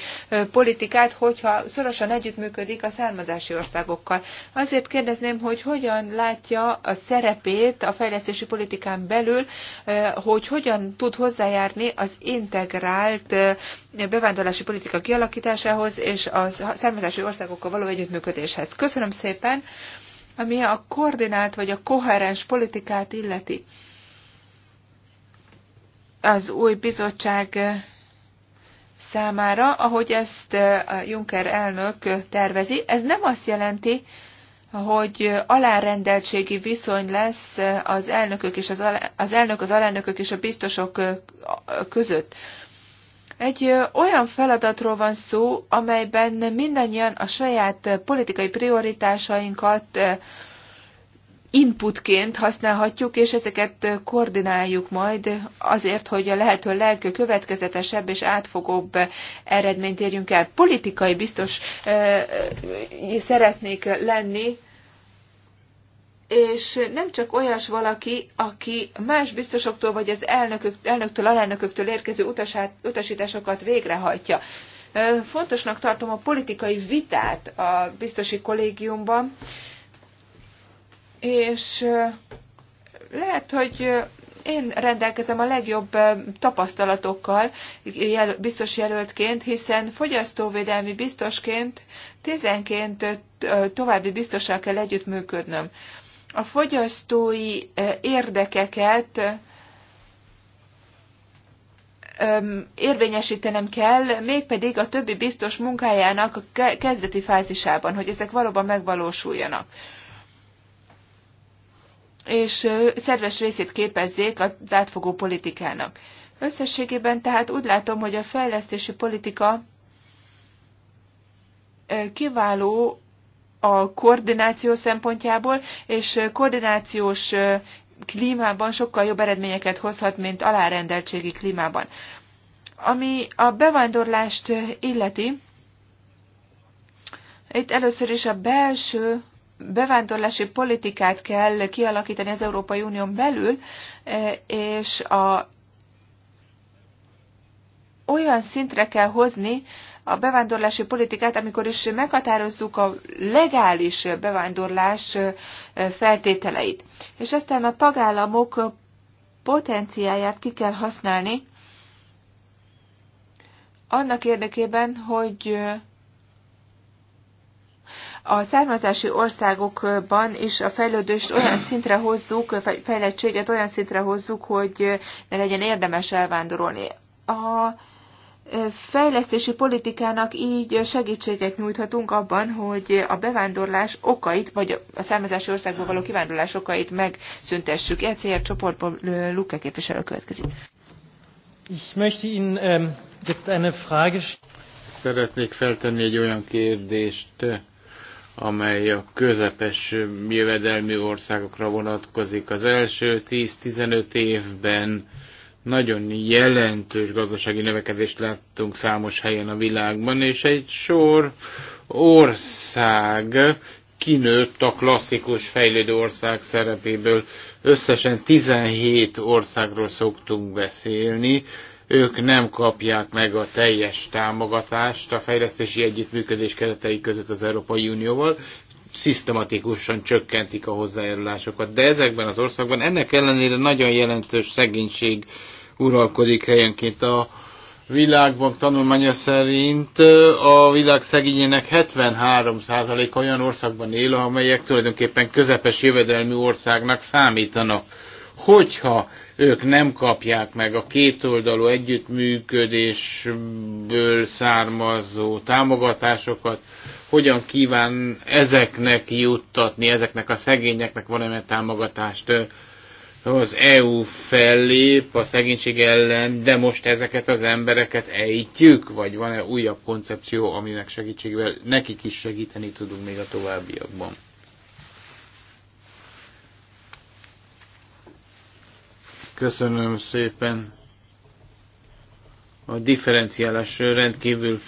politikát, hogyha szorosan együttműködik a származási országokkal. Azért kérdezném, hogy hogyan látja a szerepét a fejlesztési politikán belül, hogy hogyan tud hozzájárni az integrált bevándorlási politika kialakításához és a származási országokkal való együttműködéshez. Köszönöm szépen, ami a koordinált vagy a koherens politikát illeti. Az új bizottság számára, ahogy ezt eh, a Juncker elnök tervezi. Ez nem azt jelenti, hogy alárendeltségi viszony lesz az elnökök és az, alá, az elnök, az alelnökök és a biztosok eh, között. Egy olyan feladatról van szó, amelyben mindannyian a saját politikai prioritásainkat inputként használhatjuk, és ezeket koordináljuk majd azért, hogy a lehető legkövetkezetesebb és átfogóbb eredményt érjünk el. Politikai biztos szeretnék lenni, és nem csak olyas valaki, aki más biztosoktól vagy az elnökök, elnöktől, alelnököktől érkező utasát, utasításokat végrehajtja. Fontosnak tartom a politikai vitát a biztosi kollégiumban, és lehet, hogy én rendelkezem a legjobb tapasztalatokkal biztos jelöltként, hiszen fogyasztóvédelmi biztosként tizenként további biztossal kell együttműködnöm a fogyasztói érdekeket érvényesítenem kell, mégpedig a többi biztos munkájának a kezdeti fázisában, hogy ezek valóban megvalósuljanak és szerves részét képezzék az átfogó politikának. Összességében tehát úgy látom, hogy a fejlesztési politika kiváló a koordináció szempontjából, és koordinációs klímában sokkal jobb eredményeket hozhat, mint alárendeltségi klímában. Ami a bevándorlást illeti, itt először is a belső bevándorlási politikát kell kialakítani az Európai Unión belül, és a olyan szintre kell hozni, a bevándorlási politikát, amikor is meghatározzuk a legális bevándorlás feltételeit. És aztán a tagállamok potenciáját ki kell használni annak érdekében, hogy a származási országokban is a fejlődést olyan szintre hozzuk, fejlettséget olyan szintre hozzuk, hogy ne legyen érdemes elvándorolni. A fejlesztési politikának így segítséget nyújthatunk abban, hogy a bevándorlás okait, vagy a származási országból való kivándorlás okait megszüntessük. ECR csoportból Luke képviselő következik. Ich möchte Ihnen ähm, jetzt eine Frage Szeretnék feltenni egy olyan kérdést, amely a közepes jövedelmi országokra vonatkozik. Az első 10-15 évben nagyon jelentős gazdasági növekedést láttunk számos helyen a világban, és egy sor ország kinőtt a klasszikus fejlődő ország szerepéből. Összesen 17 országról szoktunk beszélni. Ők nem kapják meg a teljes támogatást a fejlesztési együttműködés keretei között az Európai Unióval, szisztematikusan csökkentik a hozzájárulásokat. De ezekben az országban ennek ellenére nagyon jelentős szegénység uralkodik helyenként a világban tanulmánya szerint a világ szegényének 73 olyan országban él, amelyek tulajdonképpen közepes jövedelmi országnak számítanak. Hogyha ők nem kapják meg a kétoldalú együttműködésből származó támogatásokat, hogyan kíván ezeknek juttatni, ezeknek a szegényeknek valamilyen támogatást az EU fellép a szegénység ellen, de most ezeket az embereket ejtjük, vagy van-e újabb koncepció, aminek segítségével nekik is segíteni tudunk még a továbbiakban? Köszönöm szépen. A differenciálás rendkívül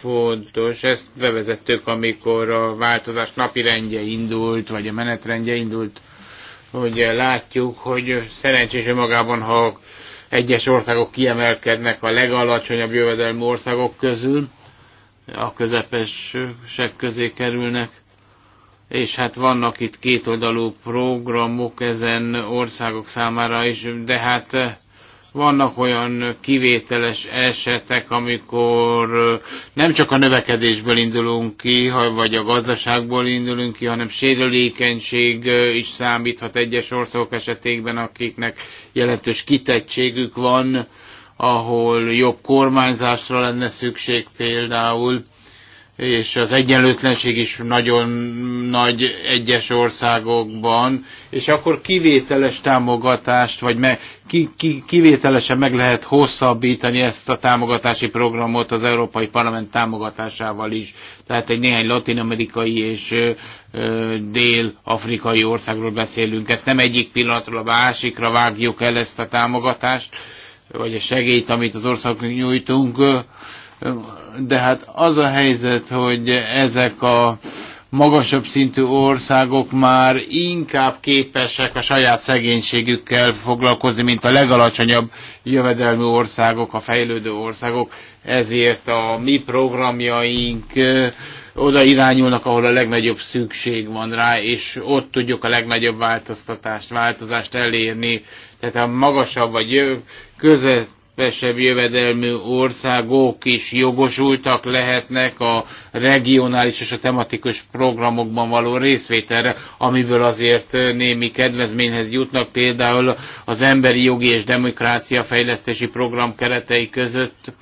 fontos. Ezt bevezettük, amikor a változás napirendje indult, vagy a menetrendje indult hogy látjuk, hogy szerencsés magában, ha egyes országok kiemelkednek a legalacsonyabb jövedelmi országok közül, a közepesek közé kerülnek, és hát vannak itt kétoldalú programok ezen országok számára is, de hát vannak olyan kivételes esetek, amikor nem csak a növekedésből indulunk ki, vagy a gazdaságból indulunk ki, hanem sérülékenység is számíthat egyes országok esetében, akiknek jelentős kitettségük van, ahol jobb kormányzásra lenne szükség például és az egyenlőtlenség is nagyon nagy egyes országokban, és akkor kivételes támogatást, vagy me, ki, ki, kivételesen meg lehet hosszabbítani ezt a támogatási programot az Európai Parlament támogatásával is. Tehát egy néhány latinamerikai és dél-afrikai országról beszélünk. Ezt nem egyik pillanatról a másikra vágjuk el ezt a támogatást, vagy a segélyt, amit az országnak nyújtunk de hát az a helyzet, hogy ezek a magasabb szintű országok már inkább képesek a saját szegénységükkel foglalkozni, mint a legalacsonyabb jövedelmű országok, a fejlődő országok. Ezért a mi programjaink oda irányulnak, ahol a legnagyobb szükség van rá, és ott tudjuk a legnagyobb változtatást, változást elérni. Tehát a magasabb vagy közel, kevesebb jövedelmű országok is jogosultak lehetnek a regionális és a tematikus programokban való részvételre, amiből azért némi kedvezményhez jutnak, például az Emberi Jogi és Demokrácia Fejlesztési Program keretei között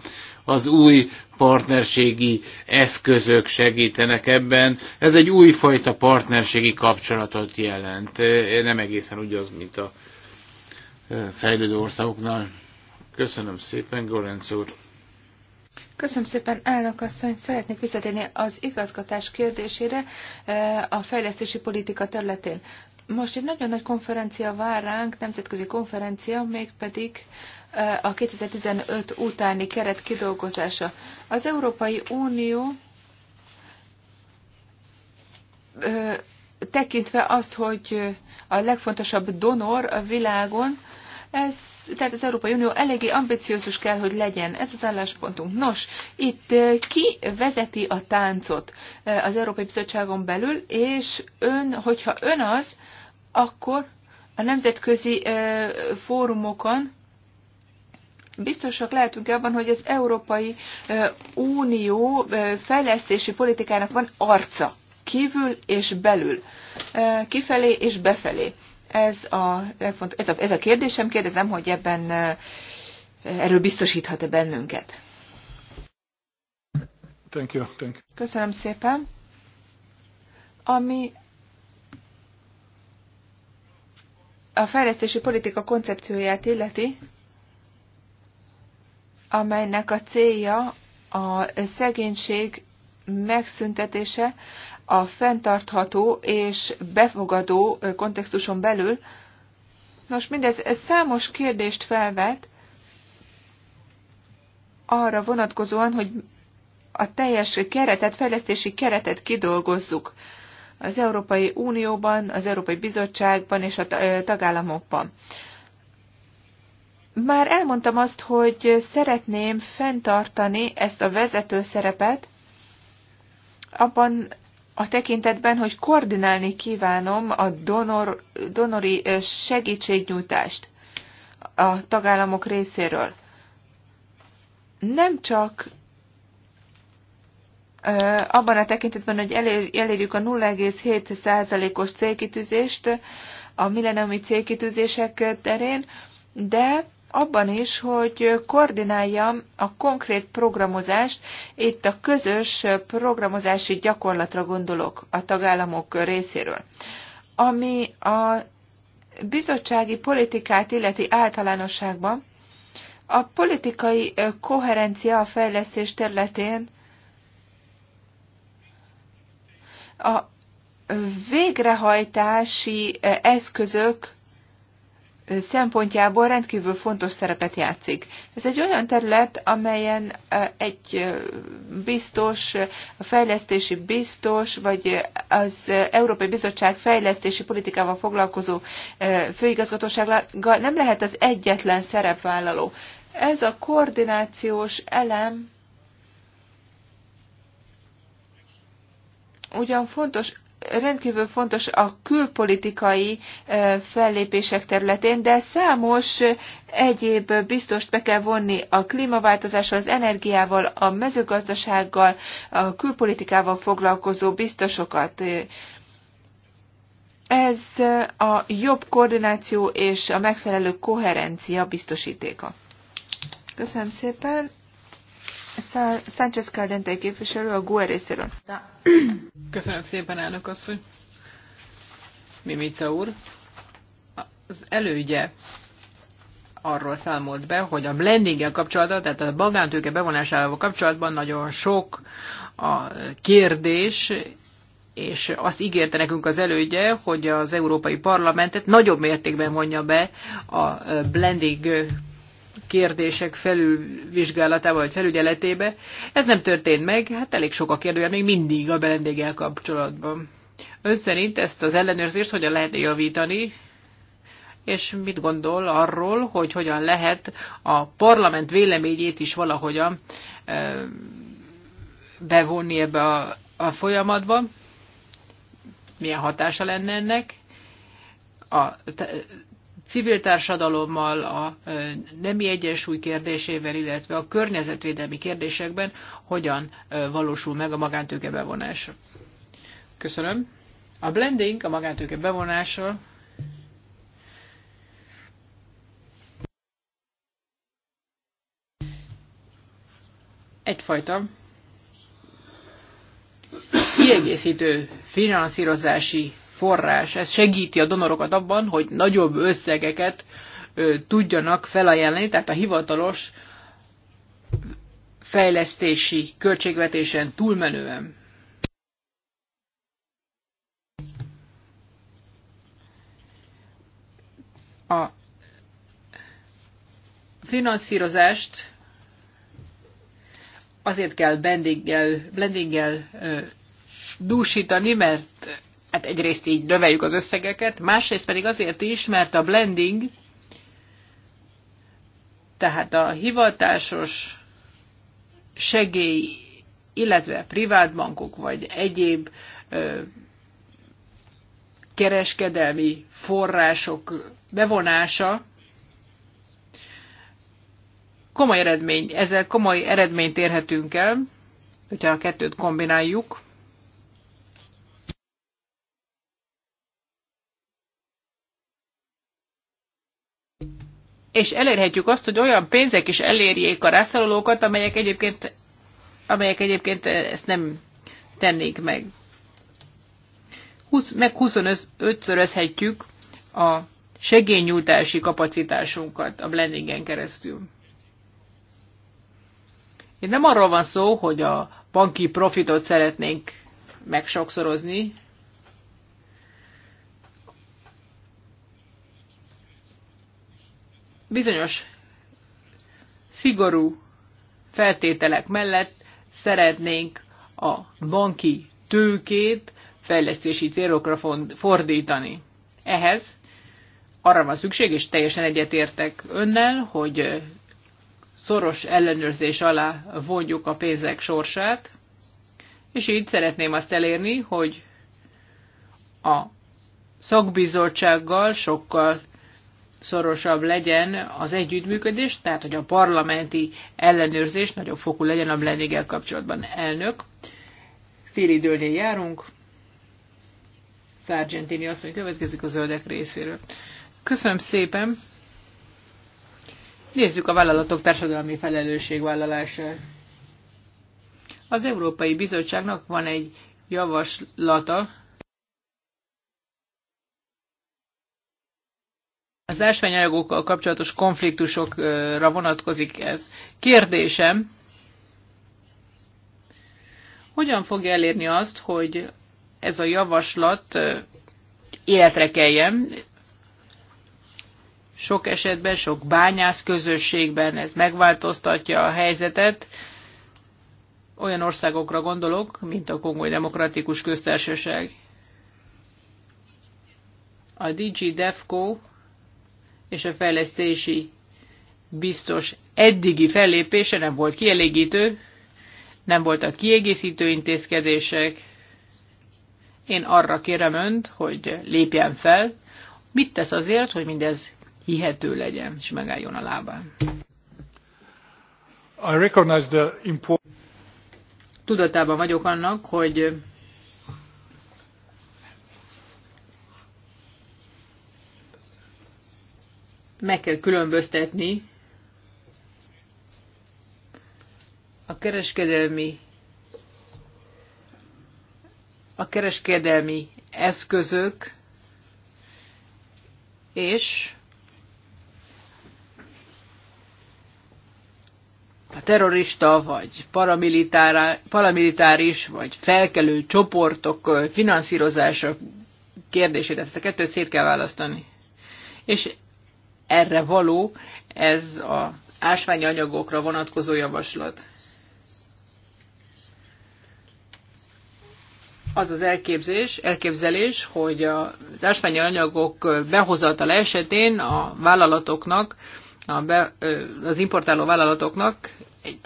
az új partnerségi eszközök segítenek ebben. Ez egy újfajta partnerségi kapcsolatot jelent, nem egészen ugyanaz, mint a fejlődő országoknál. Köszönöm szépen, Gorenc úr. Köszönöm szépen, elnök asszony. Szeretnék visszatérni az igazgatás kérdésére eh, a fejlesztési politika területén. Most egy nagyon nagy konferencia vár ránk, nemzetközi konferencia, mégpedig eh, a 2015 utáni keret kidolgozása. Az Európai Unió eh, tekintve azt, hogy a legfontosabb donor a világon, ez, tehát az Európai Unió eléggé ambiciózus kell, hogy legyen. Ez az álláspontunk. Nos, itt eh, ki vezeti a táncot eh, az Európai Bizottságon belül, és ön, hogyha ön az, akkor a nemzetközi eh, fórumokon biztosak lehetünk abban, hogy az Európai Unió fejlesztési politikának van arca, kívül és belül, kifelé és befelé. Ez a, ez a, ez a kérdésem, kérdezem, hogy ebben erről biztosíthat-e bennünket. Thank you, thank you. Köszönöm szépen. Ami a fejlesztési politika koncepcióját illeti, amelynek a célja a szegénység megszüntetése, a fenntartható és befogadó kontextuson belül. Nos, mindez számos kérdést felvet arra vonatkozóan, hogy a teljes keretet, fejlesztési keretet kidolgozzuk az Európai Unióban, az Európai Bizottságban és a tagállamokban. Már elmondtam azt, hogy szeretném fenntartani ezt a vezető szerepet, abban a tekintetben, hogy koordinálni kívánom a donor, donori segítségnyújtást a tagállamok részéről. Nem csak abban a tekintetben, hogy elérjük a 0,7%-os célkitűzést a millenniumi célkitűzések terén, de abban is, hogy koordinálja a konkrét programozást, itt a közös programozási gyakorlatra gondolok a tagállamok részéről. Ami a bizottsági politikát illeti általánosságban, a politikai koherencia a fejlesztés területén a végrehajtási eszközök szempontjából rendkívül fontos szerepet játszik. Ez egy olyan terület, amelyen egy biztos, a fejlesztési biztos, vagy az Európai Bizottság fejlesztési politikával foglalkozó főigazgatóság nem lehet az egyetlen szerepvállaló. Ez a koordinációs elem ugyan fontos rendkívül fontos a külpolitikai fellépések területén, de számos egyéb biztost be kell vonni a klímaváltozással, az energiával, a mezőgazdasággal, a külpolitikával foglalkozó biztosokat. Ez a jobb koordináció és a megfelelő koherencia biztosítéka. Köszönöm szépen. Sánchez Caldente képviselő a GUE részéről. Köszönöm szépen, elnök asszony. Mimica úr, az elődje arról számolt be, hogy a blendinggel kapcsolatban, tehát a magántőke bevonásával kapcsolatban nagyon sok a kérdés, és azt ígérte nekünk az elődje, hogy az Európai Parlamentet nagyobb mértékben vonja be a blending kérdések felülvizsgálatába vagy felügyeletébe. Ez nem történt meg, hát elég sok a kérdője még mindig a belendéggel kapcsolatban. Ön szerint ezt az ellenőrzést hogyan lehet javítani, és mit gondol arról, hogy hogyan lehet a parlament véleményét is valahogyan bevonni ebbe a, a folyamatba, milyen hatása lenne ennek, a civil társadalommal, a nemi egyensúly kérdésével, illetve a környezetvédelmi kérdésekben hogyan valósul meg a magántőke bevonása. Köszönöm. A blending, a magántőke bevonása egyfajta kiegészítő finanszírozási forrás. Ez segíti a donorokat abban, hogy nagyobb összegeket ö, tudjanak felajánlani, tehát a hivatalos fejlesztési költségvetésen túlmenően. A finanszírozást azért kell blendinggel, blendinggel dúsítani, mert hát egyrészt így növeljük az összegeket, másrészt pedig azért is, mert a blending, tehát a hivatásos segély, illetve privát bankok vagy egyéb ö, kereskedelmi források bevonása komoly eredmény, ezzel komoly eredményt érhetünk el, hogyha a kettőt kombináljuk. és elérhetjük azt, hogy olyan pénzek is elérjék a rászorulókat, amelyek egyébként, amelyek egyébként ezt nem tennék meg. 20, meg 25-szörözhetjük a segényújtási kapacitásunkat a blendingen keresztül. Én nem arról van szó, hogy a banki profitot szeretnénk megsokszorozni, bizonyos szigorú feltételek mellett szeretnénk a banki tőkét fejlesztési célokra fordítani. Ehhez arra van szükség, és teljesen egyetértek önnel, hogy szoros ellenőrzés alá vonjuk a pénzek sorsát, és így szeretném azt elérni, hogy a szakbizottsággal sokkal szorosabb legyen az együttműködés, tehát hogy a parlamenti ellenőrzés nagyobb fokú legyen a Blenigel kapcsolatban. Elnök, fél időnél járunk. Sargentini mondja, következik a zöldek részéről. Köszönöm szépen. Nézzük a vállalatok társadalmi felelősségvállalását. Az Európai Bizottságnak van egy javaslata az ásványanyagokkal kapcsolatos konfliktusokra vonatkozik ez. Kérdésem, hogyan fogja elérni azt, hogy ez a javaslat életre keljen? Sok esetben, sok bányász közösségben ez megváltoztatja a helyzetet. Olyan országokra gondolok, mint a Kongói Demokratikus Köztársaság. A DG DEFCO és a fejlesztési biztos eddigi fellépése nem volt kielégítő, nem voltak kiegészítő intézkedések. Én arra kérem önt, hogy lépjen fel. Mit tesz azért, hogy mindez hihető legyen, és megálljon a lábán? Tudatában vagyok annak, hogy meg kell különböztetni a kereskedelmi a kereskedelmi eszközök és a terrorista vagy paramilitáris vagy felkelő csoportok finanszírozása kérdését, ezt a kettőt szét kell választani. És erre való ez az ásványanyagokra vonatkozó javaslat. az az elképzés, elképzelés, hogy az ásványi anyagok behozatala esetén a vállalatoknak, a be, az importáló vállalatoknak egy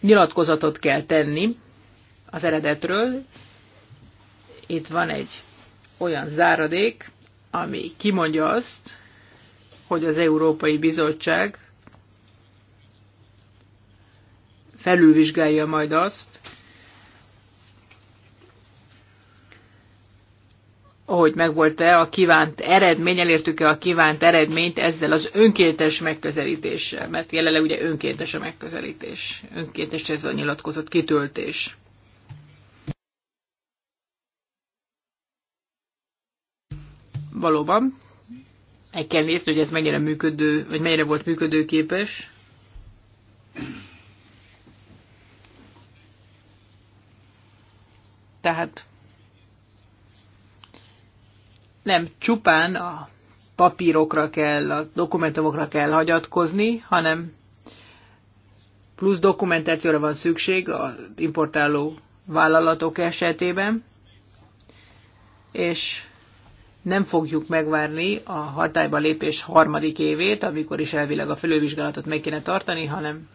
nyilatkozatot kell tenni az eredetről. Itt van egy olyan záradék, ami kimondja azt, hogy az Európai Bizottság felülvizsgálja majd azt, ahogy megvolt-e a kívánt eredmény, elértük-e a kívánt eredményt ezzel az önkéntes megközelítéssel, mert jelenleg ugye önkéntes a megközelítés, önkéntes ez a nyilatkozat kitöltés. Valóban, meg kell nézni, hogy ez mennyire működő, vagy mennyire volt működőképes. Tehát nem csupán a papírokra kell, a dokumentumokra kell hagyatkozni, hanem plusz dokumentációra van szükség az importáló vállalatok esetében, és nem fogjuk megvárni a hatályba lépés harmadik évét, amikor is elvileg a fölővizsgálatot meg kéne tartani, hanem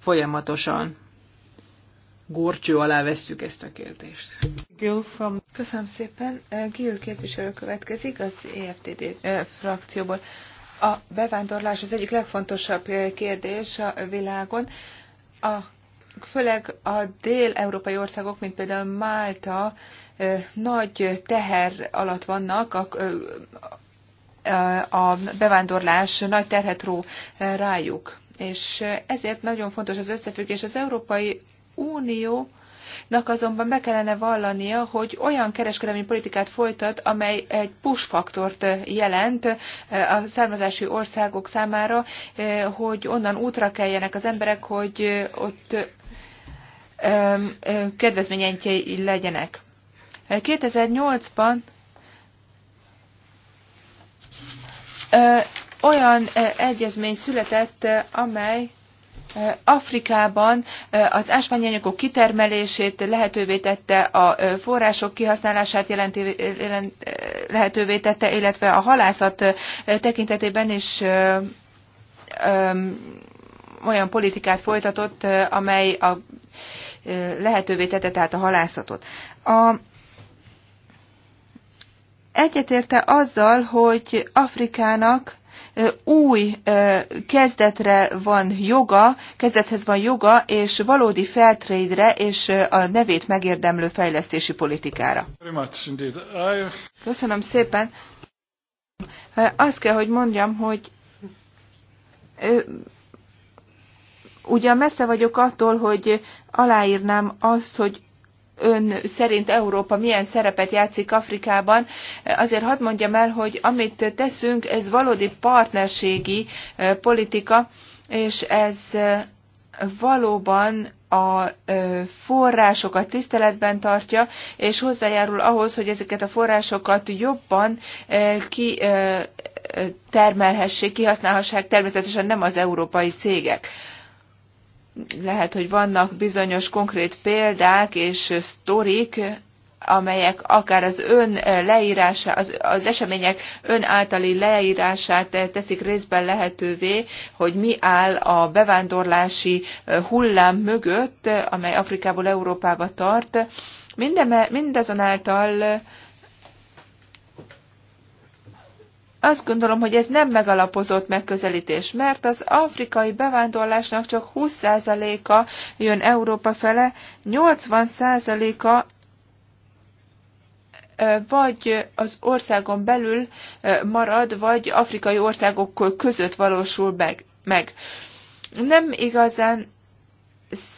folyamatosan górcső alá vesszük ezt a kérdést. Köszönöm szépen. Gil képviselő következik az EFTD eh, frakcióból. A bevándorlás az egyik legfontosabb eh, kérdés a világon. A, főleg a dél-európai országok, mint például Málta, nagy teher alatt vannak, a, a bevándorlás nagy terhet ró rájuk. És ezért nagyon fontos az összefüggés. Az Európai Unió Nak azonban be kellene vallania, hogy olyan kereskedelmi politikát folytat, amely egy push faktort jelent a származási országok számára, hogy onnan útra keljenek az emberek, hogy ott kedvezményentjei legyenek. 2008-ban olyan egyezmény született, amely Afrikában az ásványanyagok kitermelését lehetővé tette, a források kihasználását jelenti, jelent, lehetővé tette, illetve a halászat tekintetében is olyan politikát folytatott, amely a lehetővé tette tehát a halászatot. A egyetérte azzal, hogy Afrikának új kezdetre van joga, kezdethez van joga, és valódi fairtrade-re és a nevét megérdemlő fejlesztési politikára. Köszönöm szépen. Azt kell, hogy mondjam, hogy ugyan messze vagyok attól, hogy aláírnám azt, hogy ön szerint Európa milyen szerepet játszik Afrikában. Azért hadd mondjam el, hogy amit teszünk, ez valódi partnerségi politika, és ez valóban a forrásokat tiszteletben tartja, és hozzájárul ahhoz, hogy ezeket a forrásokat jobban ki termelhessék, kihasználhassák természetesen nem az európai cégek lehet, hogy vannak bizonyos konkrét példák és sztorik, amelyek akár az ön leírása, az, az események ön általi leírását teszik részben lehetővé, hogy mi áll a bevándorlási hullám mögött, amely Afrikából Európába tart. Minde, mindazonáltal azt gondolom, hogy ez nem megalapozott megközelítés, mert az afrikai bevándorlásnak csak 20%-a jön Európa fele, 80%-a vagy az országon belül marad, vagy afrikai országok között valósul meg. meg. Nem igazán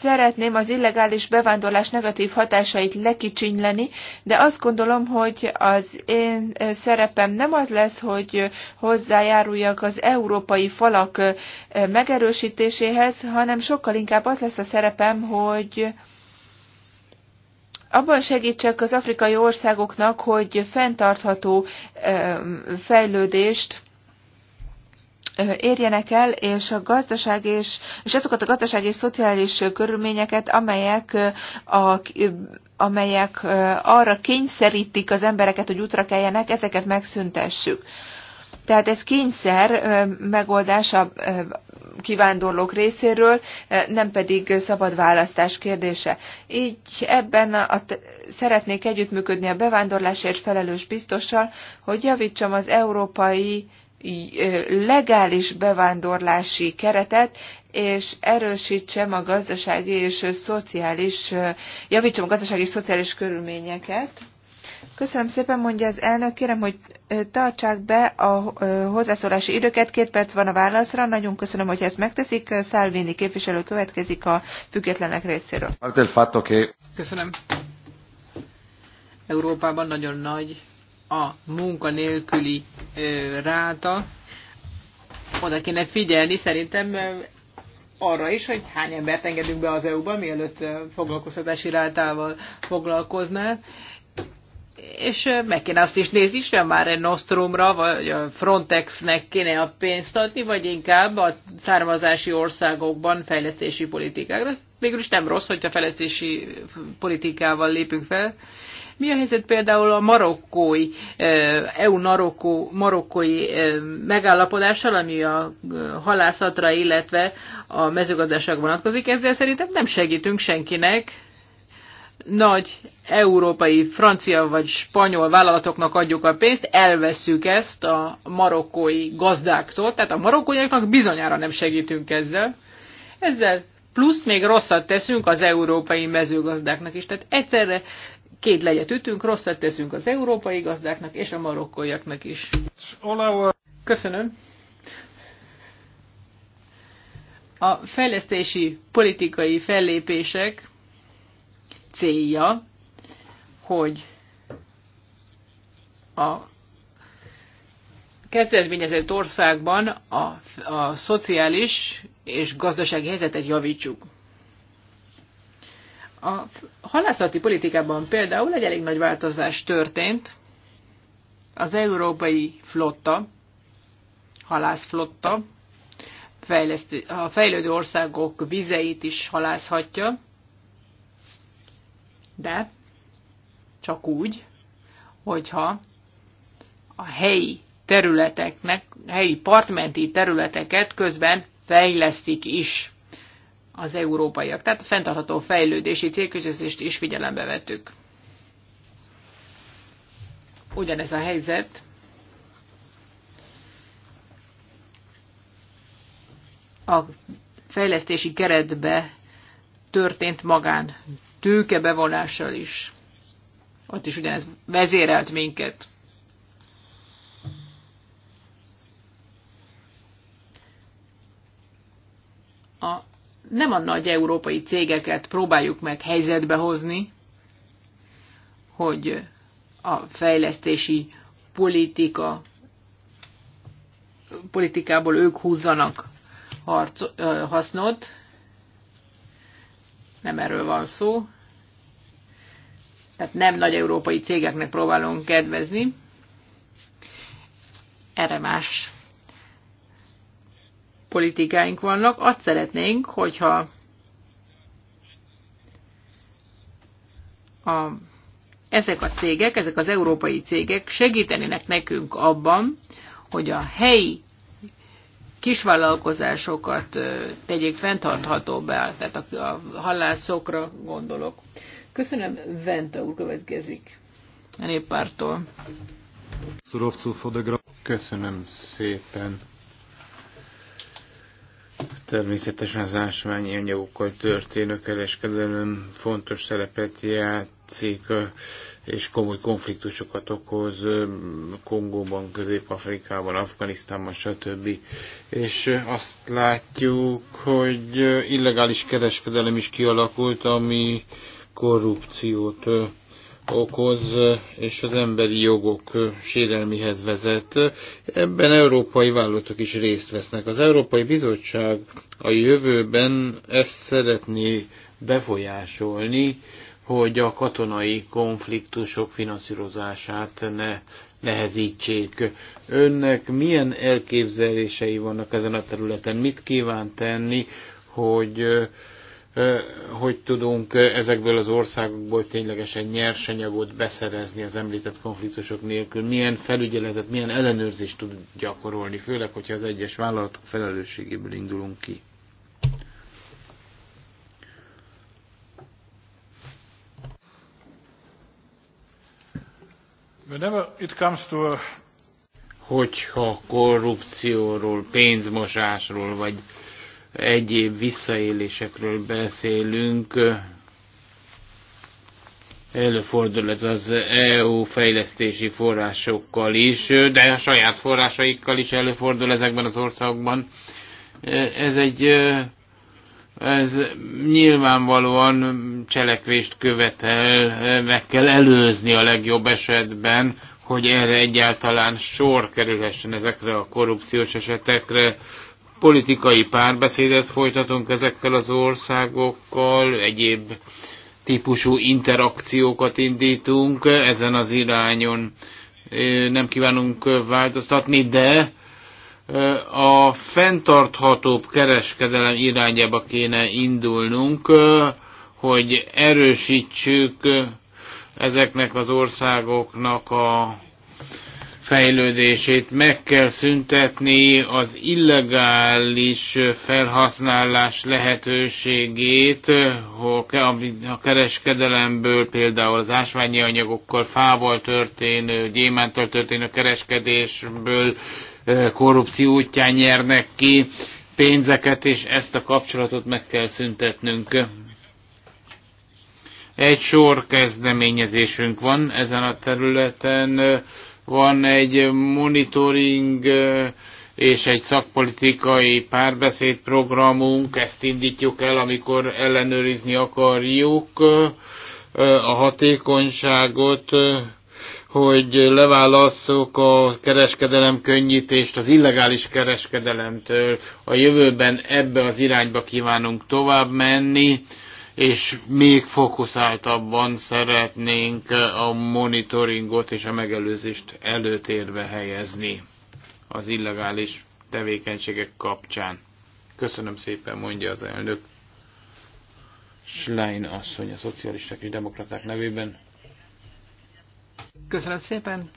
szeretném az illegális bevándorlás negatív hatásait lekicsinyleni, de azt gondolom, hogy az én szerepem nem az lesz, hogy hozzájáruljak az európai falak megerősítéséhez, hanem sokkal inkább az lesz a szerepem, hogy abban segítsek az afrikai országoknak, hogy fenntartható fejlődést érjenek el, és a gazdaság és, és azokat a gazdasági és szociális körülményeket, amelyek, a, amelyek arra kényszerítik az embereket, hogy útra keljenek, ezeket megszüntessük. Tehát ez kényszer megoldása kivándorlók részéről, nem pedig szabad választás kérdése. Így ebben a, szeretnék együttműködni a bevándorlásért felelős biztossal, hogy javítsam az európai legális bevándorlási keretet, és erősítsem a gazdasági és szociális, javítsam a gazdasági és szociális körülményeket. Köszönöm szépen, mondja az elnök. Kérem, hogy tartsák be a hozzászólási időket. Két perc van a válaszra. Nagyon köszönöm, hogy ezt megteszik. Szálvini képviselő következik a függetlenek részéről. Köszönöm. Európában nagyon nagy a munkanélküli ráta. Oda kéne figyelni szerintem arra is, hogy hány embert engedünk be az EU-ba, mielőtt foglalkoztatási rátával foglalkoznál. És meg kéne azt is nézni, sem már egy Nostromra, vagy a Frontexnek kéne a pénzt adni, vagy inkább a származási országokban fejlesztési politikákra. Végül is nem rossz, hogyha fejlesztési politikával lépünk fel. Mi a helyzet például a marokkói, EU-marokkói marokkói megállapodással, ami a halászatra, illetve a mezőgazdaság vonatkozik? Ezzel szerintem nem segítünk senkinek, nagy európai, francia vagy spanyol vállalatoknak adjuk a pénzt, elveszük ezt a marokkói gazdáktól, tehát a marokkóiaknak bizonyára nem segítünk ezzel. Ezzel plusz még rosszat teszünk az európai mezőgazdáknak is. Tehát egyszerre két legyet ütünk, rosszat teszünk az európai gazdáknak és a marokkóiaknak is. Köszönöm. A fejlesztési politikai fellépések célja, hogy a kezdeményezett országban a, a szociális és gazdasági helyzetet javítsuk. A halászati politikában például egy elég nagy változás történt. Az európai flotta, halászflotta, a fejlődő országok vizeit is halászhatja, de csak úgy, hogyha a helyi területeknek, helyi partmenti területeket közben fejlesztik is az európaiak. Tehát a fenntartható fejlődési célközözést is figyelembe vettük. Ugyanez a helyzet a fejlesztési keretbe történt magán tőke bevonással is. Ott is ugyanez vezérelt minket. nem a nagy európai cégeket próbáljuk meg helyzetbe hozni, hogy a fejlesztési politika, politikából ők húzzanak harc, hasznot. Nem erről van szó. Tehát nem nagy európai cégeknek próbálunk kedvezni. Erre más politikáink vannak. Azt szeretnénk, hogyha a, ezek a cégek, ezek az európai cégek segítenének nekünk abban, hogy a helyi kisvállalkozásokat tegyék fenntarthatóbbá, tehát a halászokra gondolok. Köszönöm, Venta úr következik a néppártól. Köszönöm szépen. Természetesen az ásványi anyagokkal történő kereskedelem fontos szerepet játszik, és komoly konfliktusokat okoz Kongóban, Közép-Afrikában, Afganisztánban, stb. És azt látjuk, hogy illegális kereskedelem is kialakult, ami korrupciót okoz, és az emberi jogok sérelmihez vezet. Ebben európai vállalatok is részt vesznek. Az Európai Bizottság a jövőben ezt szeretné befolyásolni, hogy a katonai konfliktusok finanszírozását ne nehezítsék. Önnek milyen elképzelései vannak ezen a területen? Mit kíván tenni, hogy hogy tudunk ezekből az országokból ténylegesen nyersanyagot beszerezni az említett konfliktusok nélkül, milyen felügyeletet, milyen ellenőrzést tud gyakorolni, főleg, hogyha az egyes vállalatok felelősségéből indulunk ki. Whenever it comes to a... Hogyha korrupcióról, pénzmosásról, vagy egyéb visszaélésekről beszélünk. Előfordulhat az EU fejlesztési forrásokkal is, de a saját forrásaikkal is előfordul ezekben az országokban. Ez egy ez nyilvánvalóan cselekvést követel, meg kell előzni a legjobb esetben, hogy erre egyáltalán sor kerülhessen ezekre a korrupciós esetekre. Politikai párbeszédet folytatunk ezekkel az országokkal, egyéb típusú interakciókat indítunk ezen az irányon. Nem kívánunk változtatni, de a fenntarthatóbb kereskedelem irányába kéne indulnunk, hogy erősítsük ezeknek az országoknak a fejlődését, meg kell szüntetni az illegális felhasználás lehetőségét, a kereskedelemből például az ásványi anyagokkal, fával történő, gyémántal történő kereskedésből e, korrupció útján nyernek ki pénzeket, és ezt a kapcsolatot meg kell szüntetnünk. Egy sor kezdeményezésünk van ezen a területen, van egy monitoring és egy szakpolitikai párbeszéd programunk, ezt indítjuk el, amikor ellenőrizni akarjuk a hatékonyságot, hogy leválasszuk a kereskedelem könnyítést az illegális kereskedelemtől. A jövőben ebbe az irányba kívánunk tovább menni, és még fokuszáltabban szeretnénk a monitoringot és a megelőzést előtérbe helyezni az illegális tevékenységek kapcsán. Köszönöm szépen, mondja az elnök. Schlein asszony a szocialisták és demokraták nevében. Köszönöm szépen.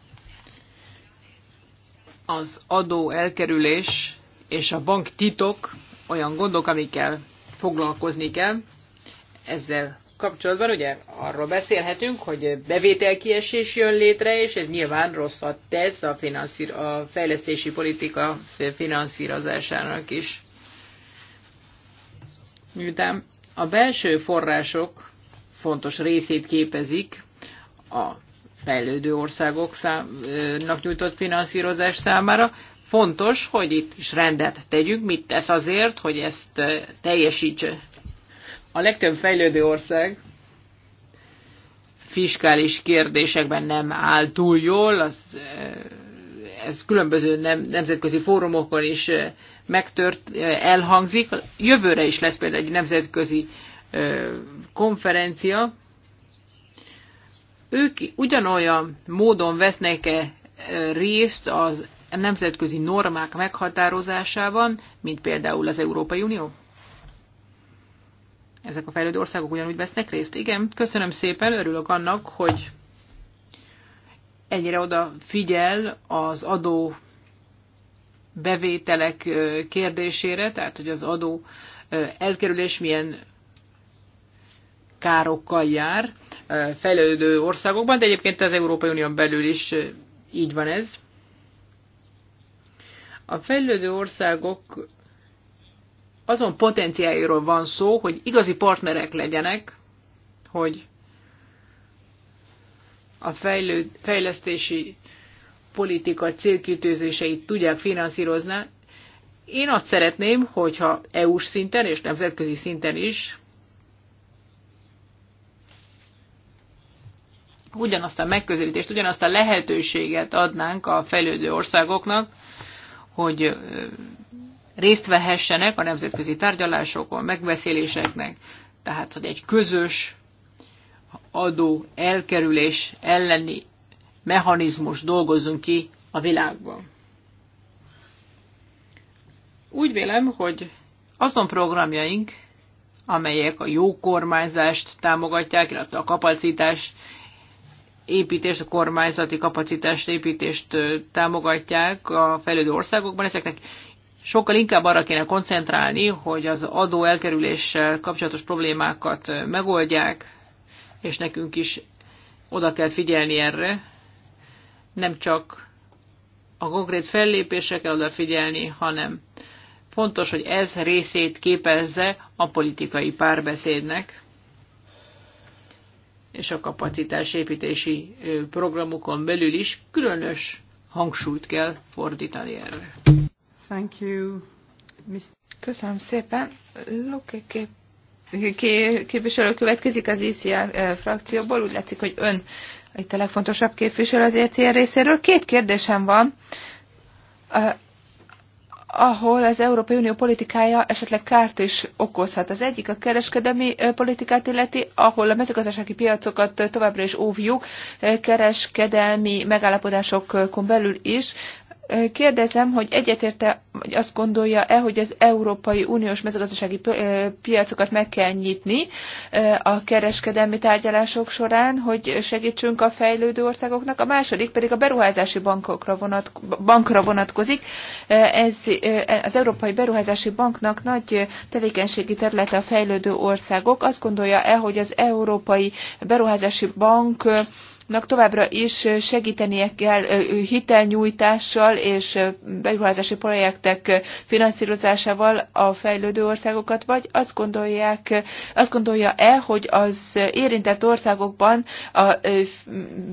Az adó elkerülés és a bank titok olyan gondok, amikkel foglalkozni kell ezzel kapcsolatban ugye arról beszélhetünk, hogy bevételkiesés jön létre, és ez nyilván rosszat tesz a, finanszír, a fejlesztési politika finanszírozásának is. Miután a belső források fontos részét képezik a fejlődő országoknak nyújtott finanszírozás számára, fontos, hogy itt is rendet tegyünk, mit tesz azért, hogy ezt teljesítse a legtöbb fejlődő ország fiskális kérdésekben nem áll túl jól, az, eh, ez különböző nem, nemzetközi fórumokon is eh, megtört, eh, elhangzik. Jövőre is lesz például egy nemzetközi konferencia. Ők ugyanolyan módon vesznek-e részt az nemzetközi normák meghatározásában, mint például az Európai Unió? ezek a fejlődő országok ugyanúgy vesznek részt. Igen, köszönöm szépen, örülök annak, hogy ennyire odafigyel az adó bevételek kérdésére, tehát hogy az adó elkerülés milyen károkkal jár fejlődő országokban, de egyébként az Európai Unión belül is így van ez. A fejlődő országok azon potenciáiról van szó, hogy igazi partnerek legyenek, hogy a fejlő, fejlesztési politika célkitűzéseit tudják finanszírozni. Én azt szeretném, hogyha EU-s szinten és nemzetközi szinten is ugyanazt a megközelítést, ugyanazt a lehetőséget adnánk a fejlődő országoknak, hogy részt vehessenek a nemzetközi tárgyalásokon, megbeszéléseknek, tehát hogy egy közös adó elkerülés elleni mechanizmus dolgozunk ki a világban. Úgy vélem, hogy azon programjaink, amelyek a jó kormányzást támogatják, illetve a kapacitás építést, a kormányzati kapacitás építést támogatják a fejlődő országokban, ezeknek sokkal inkább arra kéne koncentrálni, hogy az adó elkerüléssel kapcsolatos problémákat megoldják, és nekünk is oda kell figyelni erre. Nem csak a konkrét fellépésre kell odafigyelni, hanem fontos, hogy ez részét képezze a politikai párbeszédnek és a kapacitásépítési programokon belül is különös hangsúlyt kell fordítani erre. Thank you. Ms. Köszönöm szépen. Luke kép, képviselő következik az ICR e eh, frakcióból. Úgy látszik, hogy ön itt a legfontosabb képviselő az ECR részéről. Két kérdésem van eh, ahol az Európai Unió politikája esetleg kárt is okozhat. Az egyik a kereskedelmi eh, politikát illeti, ahol a mezőgazdasági piacokat továbbra is óvjuk, kereskedelmi megállapodásokon belül is. Kérdezem, hogy egyetérte, vagy azt gondolja-e, hogy az Európai Uniós mezőgazdasági piacokat meg kell nyitni a kereskedelmi tárgyalások során, hogy segítsünk a fejlődő országoknak. A második pedig a beruházási bankokra vonat, bankra vonatkozik. Ez az Európai Beruházási Banknak nagy tevékenységi területe a fejlődő országok. Azt gondolja-e, hogy az Európai Beruházási Bank továbbra is segítenie kell hitelnyújtással és beruházási projektek finanszírozásával a fejlődő országokat, vagy azt gondolják, azt gondolja-e, hogy az érintett országokban a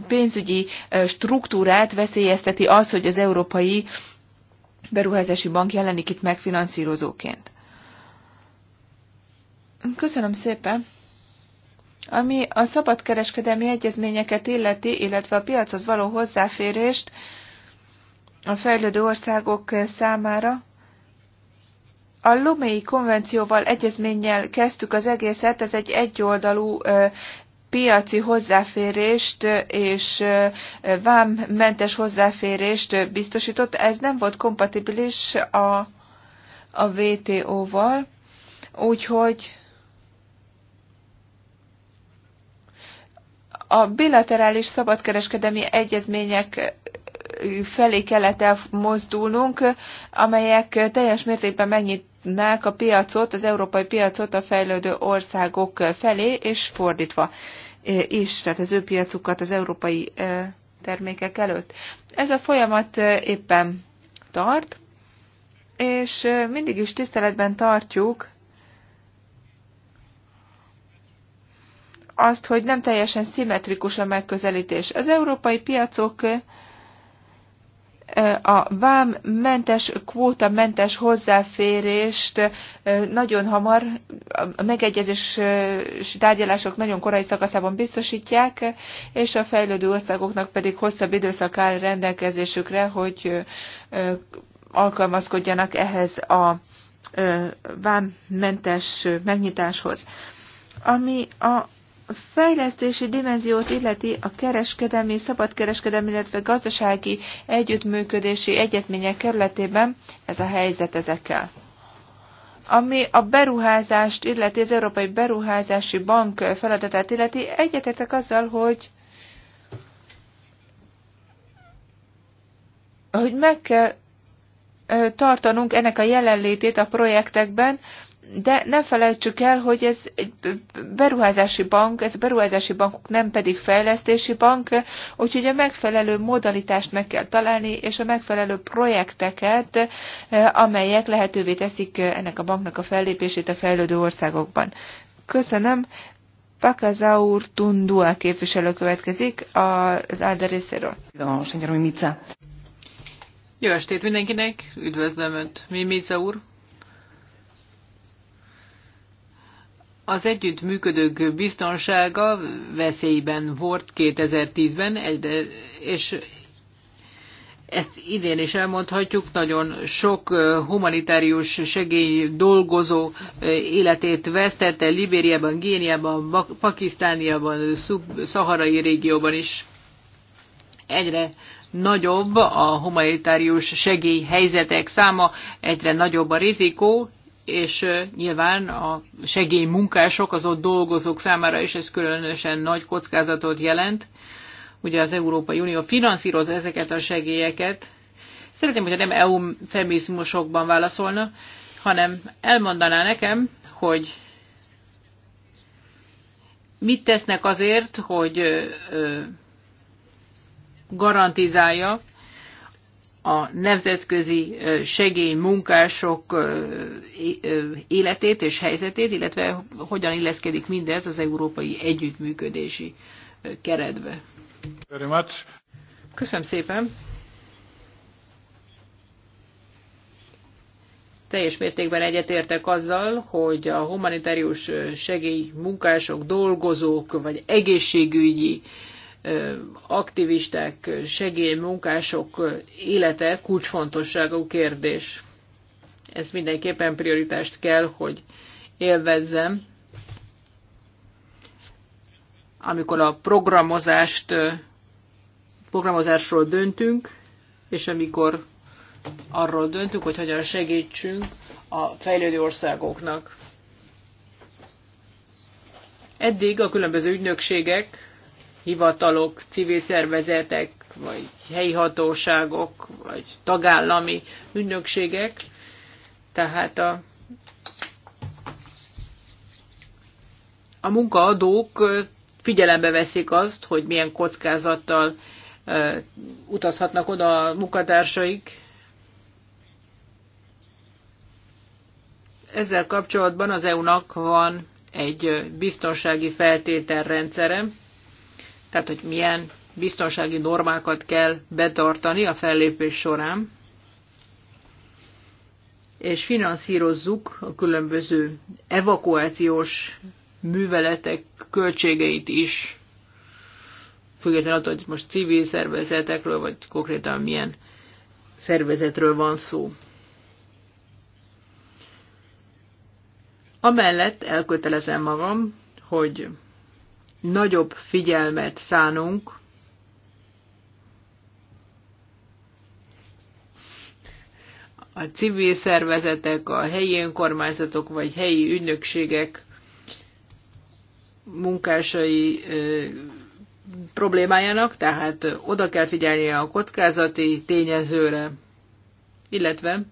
pénzügyi struktúrát veszélyezteti az, hogy az Európai Beruházási Bank jelenik itt megfinanszírozóként. Köszönöm szépen! Ami a szabadkereskedelmi egyezményeket illeti, illetve a piachoz való hozzáférést a fejlődő országok számára, a Lomei konvencióval, egyezménnyel kezdtük az egészet, ez egy egyoldalú piaci hozzáférést és vámmentes hozzáférést biztosított. Ez nem volt kompatibilis a, a VTO-val, úgyhogy A bilaterális szabadkereskedelmi egyezmények felé kellett elmozdulnunk, amelyek teljes mértékben megnyitnák a piacot, az európai piacot a fejlődő országok felé, és fordítva is, tehát az ő piacukat az európai termékek előtt. Ez a folyamat éppen tart, és mindig is tiszteletben tartjuk azt, hogy nem teljesen szimmetrikus a megközelítés. Az európai piacok a vámmentes, mentes hozzáférést nagyon hamar, a megegyezés tárgyalások nagyon korai szakaszában biztosítják, és a fejlődő országoknak pedig hosszabb időszak áll rendelkezésükre, hogy alkalmazkodjanak ehhez a vámmentes megnyitáshoz. Ami a fejlesztési dimenziót illeti a kereskedelmi, szabadkereskedelmi, illetve gazdasági együttműködési egyezmények kerületében ez a helyzet ezekkel. Ami a beruházást illeti, az Európai Beruházási Bank feladatát illeti, egyetértek azzal, hogy hogy meg kell tartanunk ennek a jelenlétét a projektekben, de ne felejtsük el, hogy ez egy beruházási bank, ez a beruházási bankok nem pedig fejlesztési bank, úgyhogy a megfelelő modalitást meg kell találni, és a megfelelő projekteket, eh, amelyek lehetővé teszik eh, ennek a banknak a fellépését a fejlődő országokban. Köszönöm. Pakazaur Tundua képviselő következik az Alda részéről. Jó estét mindenkinek, üdvözlöm Önt, Mimica úr. Az együttműködők biztonsága veszélyben volt 2010-ben, és ezt idén is elmondhatjuk, nagyon sok humanitárius segély dolgozó életét vesztette Libériában, Géniában, Pakisztániában, szaharai régióban is. Egyre nagyobb a humanitárius segély helyzetek száma, egyre nagyobb a rizikó, és nyilván a segélymunkások, az ott dolgozók számára is ez különösen nagy kockázatot jelent. Ugye az Európai Unió finanszíroz ezeket a segélyeket. Szeretném, hogyha nem EU feminizmusokban válaszolna, hanem elmondaná nekem, hogy mit tesznek azért, hogy garantizálja a nemzetközi munkások életét és helyzetét, illetve hogyan illeszkedik mindez az európai együttműködési keretbe. Köszönöm szépen! Teljes mértékben egyetértek azzal, hogy a humanitárius segély munkások dolgozók vagy egészségügyi aktivisták, segélymunkások élete kulcsfontosságú kérdés. Ez mindenképpen prioritást kell, hogy élvezzem. Amikor a programozást, programozásról döntünk, és amikor arról döntünk, hogy hogyan segítsünk a fejlődő országoknak. Eddig a különböző ügynökségek hivatalok, civil szervezetek, vagy helyi hatóságok, vagy tagállami ügynökségek. Tehát a, a munkaadók figyelembe veszik azt, hogy milyen kockázattal utazhatnak oda a munkatársaik. Ezzel kapcsolatban az EU-nak van egy biztonsági feltételrendszere, tehát hogy milyen biztonsági normákat kell betartani a fellépés során, és finanszírozzuk a különböző evakuációs műveletek költségeit is, függetlenül attól, hogy most civil szervezetekről, vagy konkrétan milyen szervezetről van szó. Amellett elkötelezem magam, hogy nagyobb figyelmet szánunk a civil szervezetek, a helyi önkormányzatok vagy helyi ügynökségek munkásai ö, problémájának, tehát oda kell figyelni a kockázati tényezőre, illetve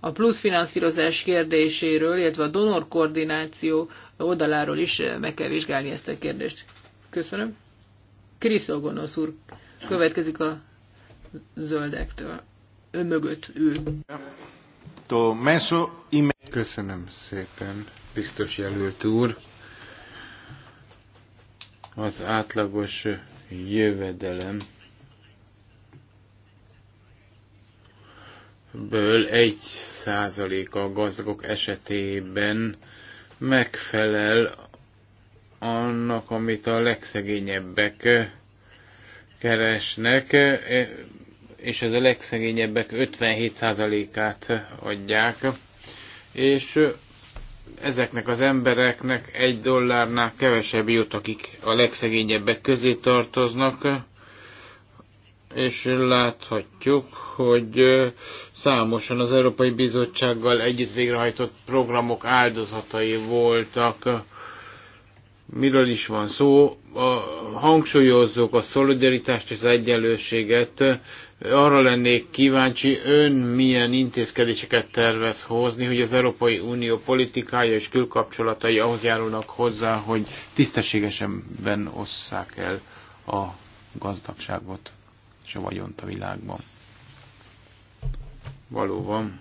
a plusz finanszírozás kérdéséről, illetve a donor koordináció oldaláról is eh, meg kell vizsgálni ezt a kérdést. Köszönöm. Kriszogonosz úr következik a zöldektől. Ön mögött ül. Köszönöm szépen, biztos jelölt úr. Az átlagos jövedelem ből egy százaléka a gazdagok esetében megfelel annak, amit a legszegényebbek eh, keresnek, eh, és ez a legszegényebbek 57%-át adják, és eh, ezeknek az embereknek egy dollárnál kevesebb jut, akik a legszegényebbek közé tartoznak, és láthatjuk, hogy számosan az Európai Bizottsággal együtt végrehajtott programok áldozatai voltak. Miről is van szó? A, hangsúlyozzuk a szolidaritást és az egyenlőséget. Arra lennék kíváncsi, ön milyen intézkedéseket tervez hozni, hogy az Európai Unió politikája és külkapcsolatai ahhoz járulnak hozzá, hogy tisztességesen osszák el a gazdagságot és a vagyont a világban. Valóban.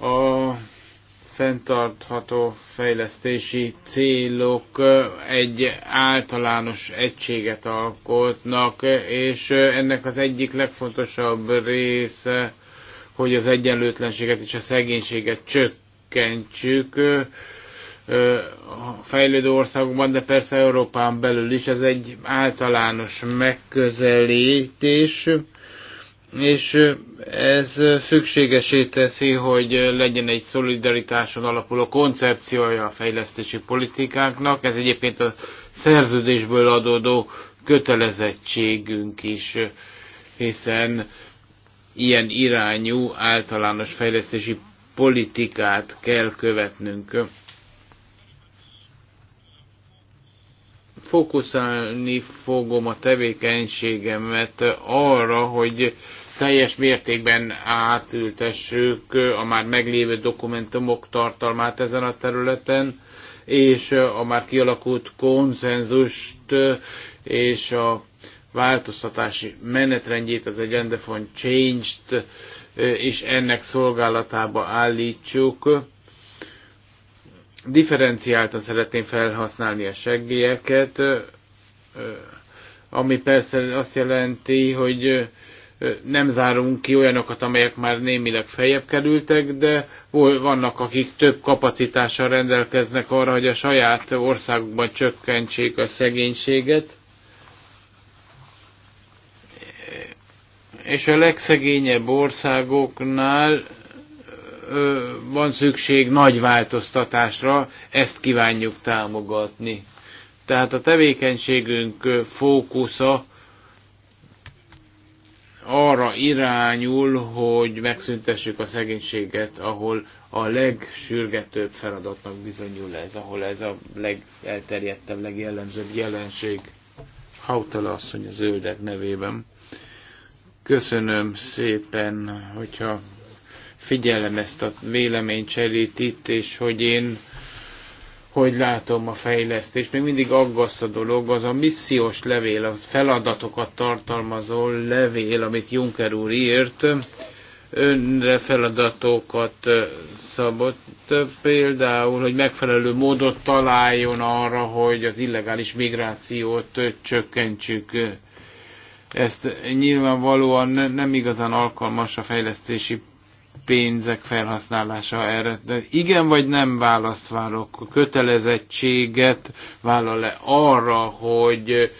A fenntartható fejlesztési célok egy általános egységet alkotnak, és ennek az egyik legfontosabb része, hogy az egyenlőtlenséget és a szegénységet csökkentsük, a fejlődő országokban, de persze Európán belül is ez egy általános megközelítés, és ez szükségesé teszi, hogy legyen egy szolidaritáson alapuló koncepciója a fejlesztési politikáknak. Ez egyébként a szerződésből adódó kötelezettségünk is, hiszen ilyen irányú általános fejlesztési politikát kell követnünk. fókuszálni fogom a tevékenységemet arra, hogy teljes mértékben átültessük a már meglévő dokumentumok tartalmát ezen a területen, és a már kialakult konszenzust és a változtatási menetrendjét, az Agenda for Change-t, és ennek szolgálatába állítsuk differenciáltan szeretném felhasználni a segélyeket, ami persze azt jelenti, hogy nem zárunk ki olyanokat, amelyek már némileg feljebb kerültek, de vannak, akik több kapacitással rendelkeznek arra, hogy a saját országukban csökkentsék a szegénységet. És a legszegényebb országoknál van szükség nagy változtatásra, ezt kívánjuk támogatni. Tehát a tevékenységünk fókusza arra irányul, hogy megszüntessük a szegénységet, ahol a legsürgetőbb feladatnak bizonyul ez, ahol ez a legelterjedtebb, legjellemzőbb jelenség. Hautala asszony a zöldek nevében. Köszönöm szépen, hogyha figyelem ezt a véleménycserét itt, és hogy én hogy látom a fejlesztést. Még mindig aggaszt a dolog, az a missziós levél, az feladatokat tartalmazó levél, amit Juncker úr írt, önre feladatokat szabott, például, hogy megfelelő módot találjon arra, hogy az illegális migrációt csökkentsük. Ezt nyilvánvalóan nem igazán alkalmas a fejlesztési pénzek felhasználása erre. De igen vagy nem választ várok, a kötelezettséget vállal-e arra, hogy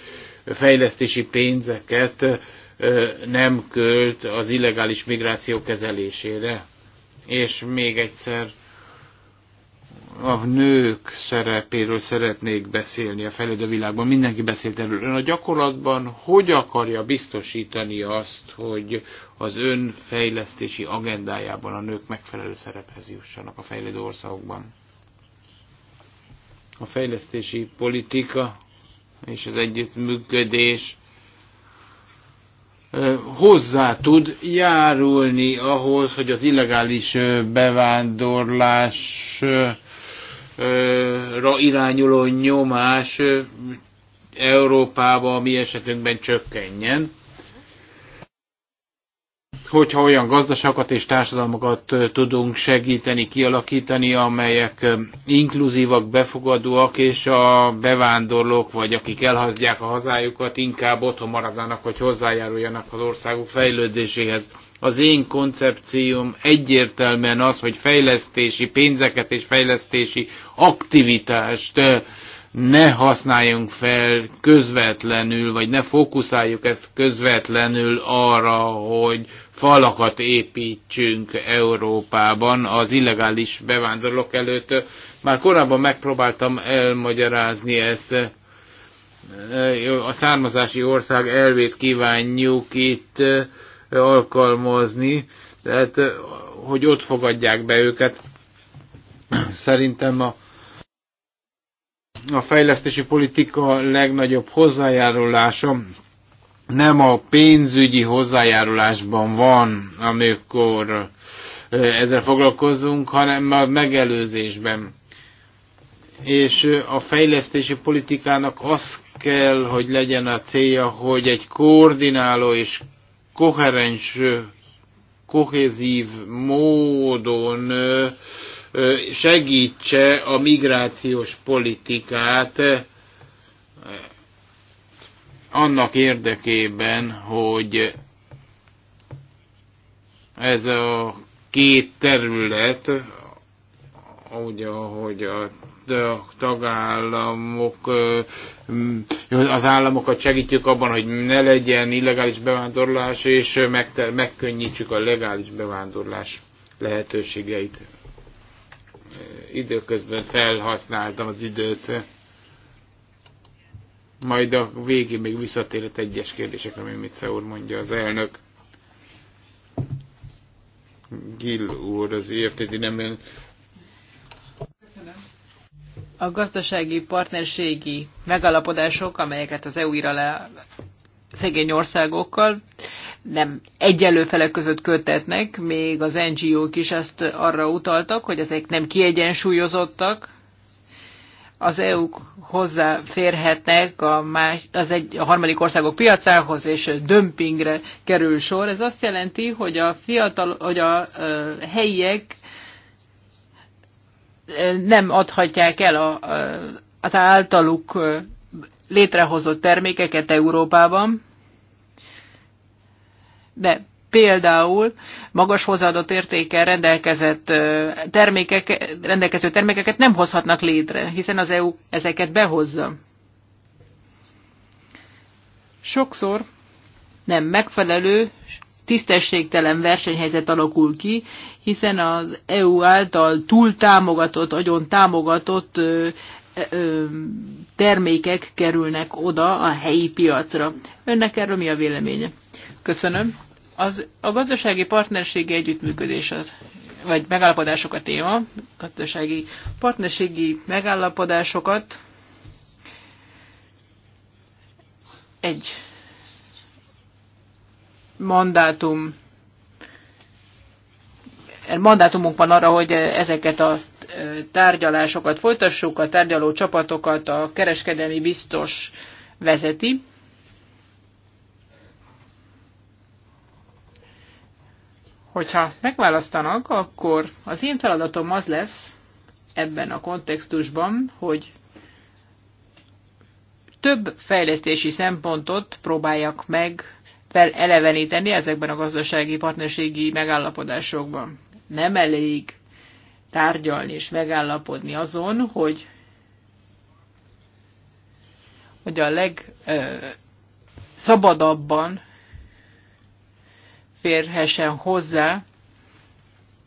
fejlesztési pénzeket nem költ az illegális migráció kezelésére. És még egyszer a nők szerepéről szeretnék beszélni a fejlődő világban. Mindenki beszélt erről. Ön a gyakorlatban hogy akarja biztosítani azt, hogy az ön fejlesztési agendájában a nők megfelelő szerephez jussanak a fejlődő országokban? A fejlesztési politika és az együttműködés hozzá tud járulni ahhoz, hogy az illegális bevándorlás ra irányuló nyomás Európába mi esetünkben csökkenjen. Hogyha olyan gazdaságokat és társadalmakat tudunk segíteni, kialakítani, amelyek inkluzívak, befogadóak, és a bevándorlók, vagy akik elhazdják a hazájukat, inkább otthon maradnának, hogy hozzájáruljanak az országok fejlődéséhez az én koncepcióm egyértelműen az, hogy fejlesztési pénzeket és fejlesztési aktivitást ne használjunk fel közvetlenül, vagy ne fókuszáljuk ezt közvetlenül arra, hogy falakat építsünk Európában az illegális bevándorlók előtt. Már korábban megpróbáltam elmagyarázni ezt, a származási ország elvét kívánjuk itt alkalmazni, tehát hogy ott fogadják be őket. Szerintem a a fejlesztési politika legnagyobb hozzájárulása nem a pénzügyi hozzájárulásban van, amikor ezzel foglalkozunk, hanem a megelőzésben. És a fejlesztési politikának az kell, hogy legyen a célja, hogy egy koordináló és koherens, kohézív módon segítse a migrációs politikát annak érdekében, hogy ez a két terület, ahogy a hogy a tagállamok, az államokat segítjük abban, hogy ne legyen illegális bevándorlás, és megkönnyítsük a legális bevándorlás lehetőségeit időközben felhasználtam az időt. Majd a végén még visszatérhet egyes kérdésekre, ami mit úr mondja az elnök. Gil úr az IFTT nem Köszönöm. A gazdasági partnerségi megalapodások, amelyeket az EU ír alá szegény országokkal, nem egyenlő felek között kötetnek, még az NGO-k is ezt arra utaltak, hogy ezek nem kiegyensúlyozottak, az EU-k hozzáférhetnek a, más, az egy, a harmadik országok piacához, és dömpingre kerül sor. Ez azt jelenti, hogy a, fiatal, hogy a, ö, helyiek nem adhatják el a, a, az általuk létrehozott termékeket Európában, de például magas hozzáadott értékkel rendelkezett termékek, rendelkező termékeket nem hozhatnak létre, hiszen az EU ezeket behozza. Sokszor nem megfelelő, tisztességtelen versenyhelyzet alakul ki, hiszen az EU által túl támogatott, agyon támogatott ö, ö, termékek kerülnek oda a helyi piacra. Önnek erről mi a véleménye? Köszönöm. Az, a gazdasági partnerségi együttműködés, az, vagy megállapodások a téma, gazdasági partnerségi megállapodásokat egy mandátum mandátumunk van arra, hogy ezeket a e, tárgyalásokat folytassuk, a tárgyaló csapatokat a kereskedelmi biztos vezeti. Hogyha megválasztanak, akkor az én feladatom az lesz ebben a kontextusban, hogy több fejlesztési szempontot próbáljak meg eleveníteni ezekben a gazdasági partnerségi megállapodásokban. Nem elég tárgyalni és megállapodni azon, hogy, hogy a legszabadabban férhessen hozzá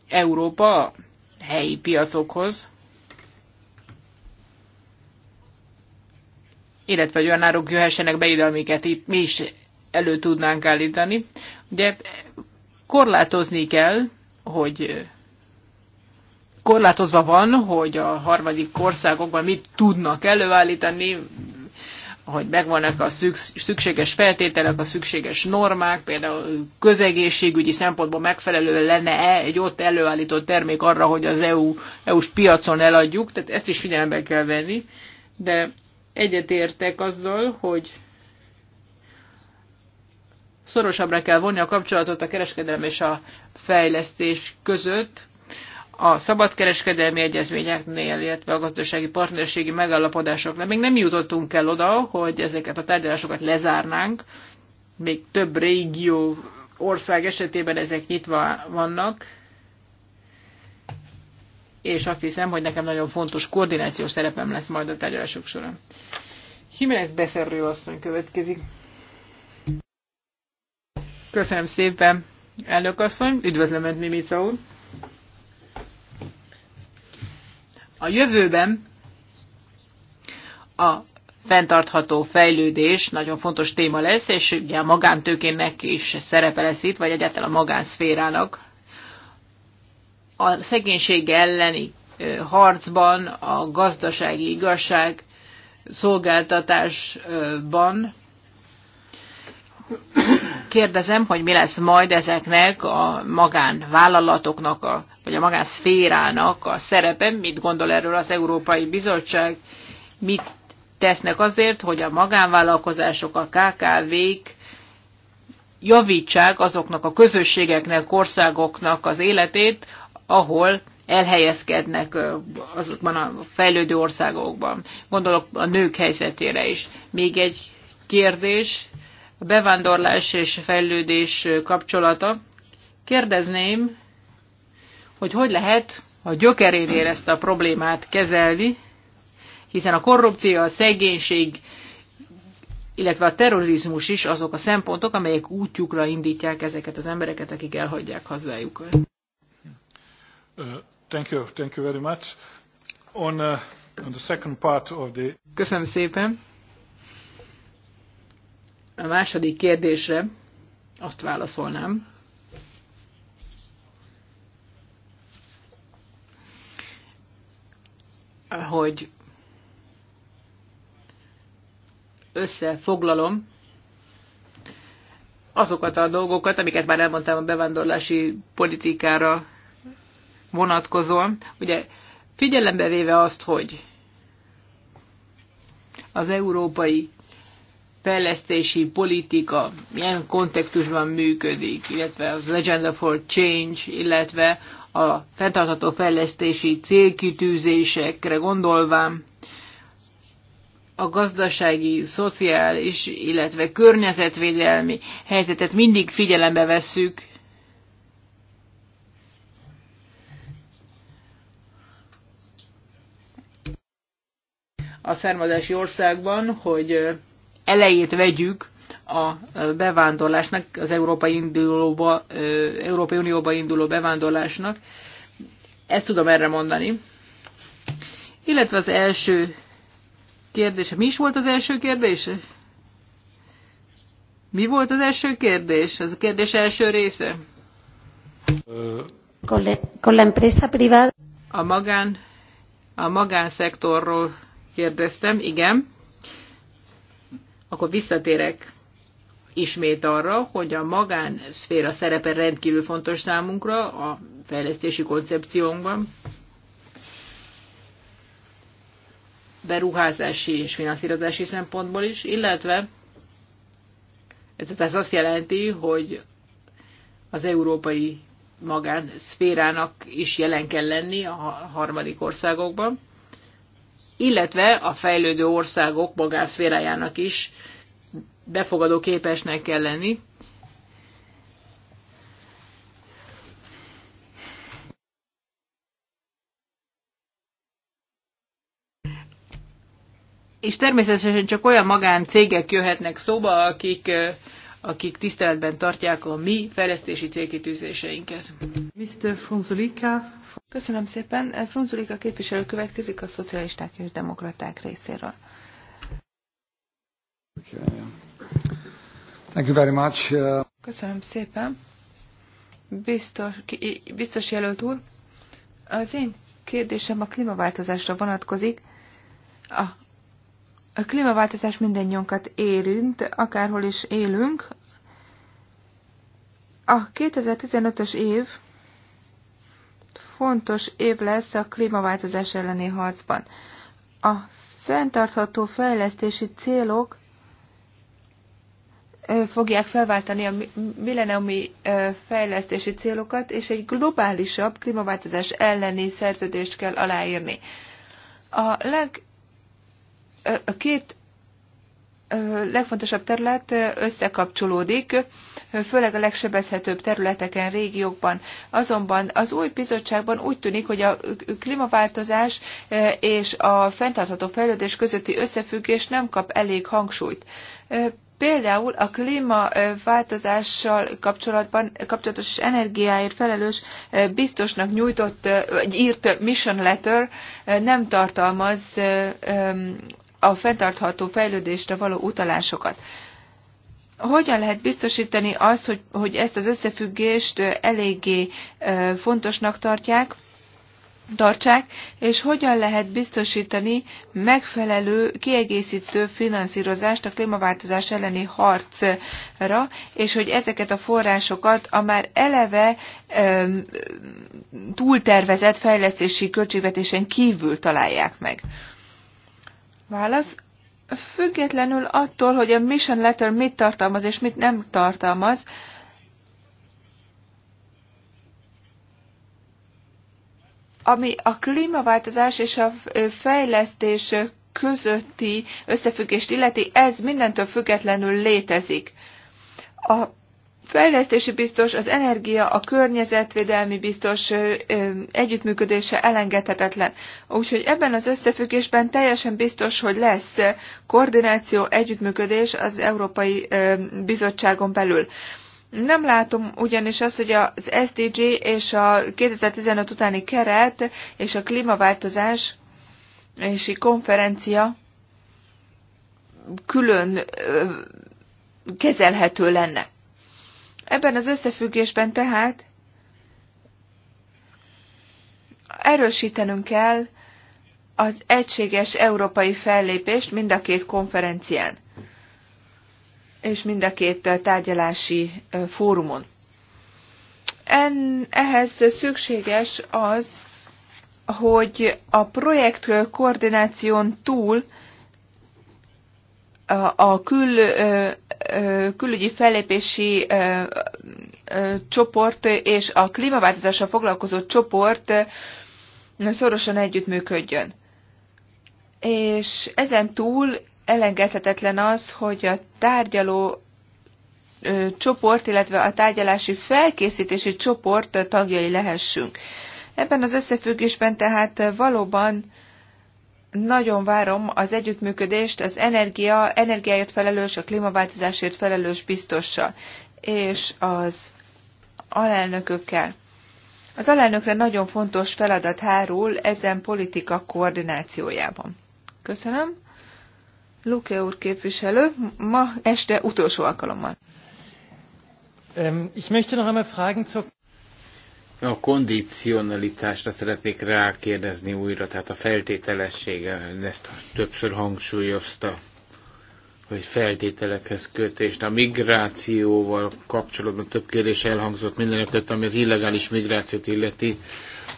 Európa helyi piacokhoz, illetve hogy olyan árok jöhessenek be ide, amiket itt mi is elő tudnánk állítani. Ugye korlátozni kell, hogy korlátozva van, hogy a harmadik országokban mit tudnak előállítani, hogy megvannak a szükséges feltételek, a szükséges normák, például közegészségügyi szempontból megfelelő lenne-e egy ott előállított termék arra, hogy az EU, EU-s piacon eladjuk, tehát ezt is figyelembe kell venni, de egyetértek azzal, hogy szorosabbra kell vonni a kapcsolatot a kereskedelem és a fejlesztés között, a szabadkereskedelmi egyezményeknél, illetve a gazdasági partnerségi megállapodásoknál még nem jutottunk el oda, hogy ezeket a tárgyalásokat lezárnánk. Még több régió ország esetében ezek nyitva vannak, és azt hiszem, hogy nekem nagyon fontos koordinációs szerepem lesz majd a tárgyalások során. Jiménez Beszerről asszony következik. Köszönöm szépen, elnök asszony, üdvözlöm, Mimica úr. a jövőben a fenntartható fejlődés nagyon fontos téma lesz, és ugye a magántőkének is szerepe lesz itt, vagy egyáltalán a magánszférának. A szegénység elleni harcban, a gazdasági igazság szolgáltatásban kérdezem, hogy mi lesz majd ezeknek a magánvállalatoknak a vagy a magánszférának a szerepe, mit gondol erről az Európai Bizottság, mit tesznek azért, hogy a magánvállalkozások, a KKV-k javítsák azoknak a közösségeknek, országoknak az életét, ahol elhelyezkednek azokban a fejlődő országokban. Gondolok a nők helyzetére is. Még egy kérdés, a bevándorlás és fejlődés kapcsolata. Kérdezném, hogy hogy lehet a gyökerénél ezt a problémát kezelni, hiszen a korrupció, a szegénység, illetve a terrorizmus is azok a szempontok, amelyek útjukra indítják ezeket az embereket, akik elhagyják hazájukat. Uh, thank you, thank you very much. On, uh, on the second part of the... Köszönöm szépen. A második kérdésre azt válaszolnám, hogy összefoglalom azokat a dolgokat, amiket már elmondtam a bevándorlási politikára vonatkozóan. Ugye figyelembe véve azt, hogy az európai fejlesztési politika milyen kontextusban működik, illetve az Agenda for Change, illetve a fenntartható fejlesztési célkitűzésekre gondolván a gazdasági, szociális, illetve környezetvédelmi helyzetet mindig figyelembe vesszük, a származási országban, hogy elejét vegyük a bevándorlásnak, az Európai, indulóba, Európai Unióba induló bevándorlásnak. Ezt tudom erre mondani. Illetve az első kérdése. Mi is volt az első kérdése? Mi volt az első kérdés? Ez a kérdés első része. con la empresa privada. A magán, a magánszektorról kérdeztem, igen akkor visszatérek ismét arra, hogy a magánszféra szerepe rendkívül fontos számunkra a fejlesztési koncepciónkban. beruházási és finanszírozási szempontból is, illetve ez azt jelenti, hogy az európai magánszférának is jelen kell lenni a harmadik országokban illetve a fejlődő országok magánszférájának is befogadó képesnek kell lenni. És természetesen csak olyan magáncégek jöhetnek szóba, akik akik tiszteletben tartják a mi fejlesztési célkitűzéseinket. Mr. Frunzulika. Köszönöm szépen. Eh, Frunzulika képviselő következik a szocialisták és demokraták részéről. Thank you very much. Uh, Köszönöm szépen. Biztos, biztos jelölt úr, az én kérdésem a klímaváltozásra vonatkozik. A a klímaváltozás mindennyiunkat érint, akárhol is élünk. A 2015-ös év fontos év lesz a klímaváltozás elleni harcban. A fenntartható fejlesztési célok fogják felváltani a millenniumi fejlesztési célokat, és egy globálisabb klímaváltozás elleni szerződést kell aláírni. A leg a két legfontosabb terület összekapcsolódik, főleg a legsebezhetőbb területeken, régiókban. Azonban az új bizottságban úgy tűnik, hogy a klímaváltozás és a fenntartható fejlődés közötti összefüggés nem kap elég hangsúlyt. Például a klímaváltozással kapcsolatban, kapcsolatos energiáért felelős biztosnak nyújtott, írt mission letter nem tartalmaz a fenntartható fejlődésre való utalásokat. Hogyan lehet biztosítani azt, hogy, hogy ezt az összefüggést eléggé fontosnak tartják, tartsák, és hogyan lehet biztosítani megfelelő kiegészítő finanszírozást a klímaváltozás elleni harcra, és hogy ezeket a forrásokat a már eleve túltervezett fejlesztési költségvetésen kívül találják meg. Válasz. Függetlenül attól, hogy a mission letter mit tartalmaz és mit nem tartalmaz, ami a klímaváltozás és a fejlesztés közötti összefüggést illeti, ez mindentől függetlenül létezik. A fejlesztési biztos, az energia, a környezetvédelmi biztos együttműködése elengedhetetlen. Úgyhogy ebben az összefüggésben teljesen biztos, hogy lesz koordináció, együttműködés az Európai Bizottságon belül. Nem látom ugyanis azt, hogy az SDG és a 2015 utáni keret és a klímaváltozás és konferencia külön kezelhető lenne Ebben az összefüggésben tehát erősítenünk kell az egységes európai fellépést mind a két konferencián és mind a két tárgyalási fórumon. En, ehhez szükséges az, hogy a projekt koordináción túl a kül, külügyi fellépési csoport és a klímaváltozással foglalkozó csoport szorosan együttműködjön. És ezen túl elengedhetetlen az, hogy a tárgyaló csoport, illetve a tárgyalási felkészítési csoport tagjai lehessünk. Ebben az összefüggésben tehát valóban nagyon várom az együttműködést az energia, energiáért felelős, a klímaváltozásért felelős biztossal, és az alelnökökkel. Az alelnökre nagyon fontos feladat hárul ezen politika koordinációjában. Köszönöm. Luke úr képviselő, ma este utolsó alkalommal. Ähm, ich möchte noch einmal fragen zur a kondicionalitásra szeretnék rákérdezni újra, tehát a feltételessége, ezt többször hangsúlyozta, hogy feltételekhez kötést. A migrációval kapcsolatban több kérdés elhangzott mindenekött, ami az illegális migrációt illeti.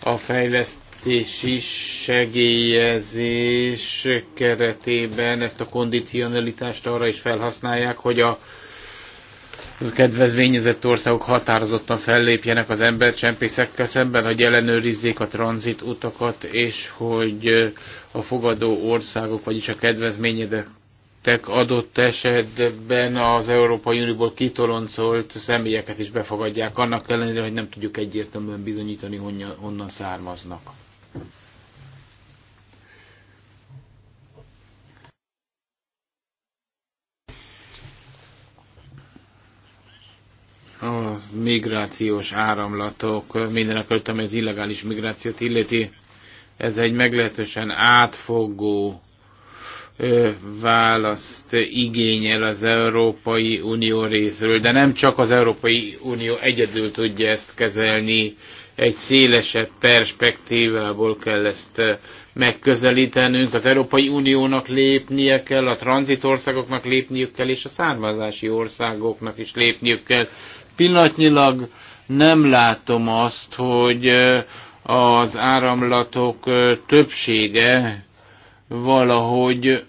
A fejlesztési segélyezés keretében ezt a kondicionalitást arra is felhasználják, hogy a a kedvezményezett országok határozottan fellépjenek az embercsempészekkel szemben, hogy ellenőrizzék a tranzit utakat, és hogy a fogadó országok, vagyis a kedvezményedettek adott esetben az Európai Unióból kitoloncolt személyeket is befogadják, annak ellenére, hogy nem tudjuk egyértelműen bizonyítani, honnan származnak. a migrációs áramlatok, mindenek előtt, ami az illegális migrációt illeti, ez egy meglehetősen átfogó választ igényel az Európai Unió részről, de nem csak az Európai Unió egyedül tudja ezt kezelni, egy szélesebb perspektívából kell ezt megközelítenünk. Az Európai Uniónak lépnie kell, a tranzitországoknak lépniük kell, és a származási országoknak is lépniük kell. Pillanatnyilag nem látom azt, hogy az áramlatok többsége valahogy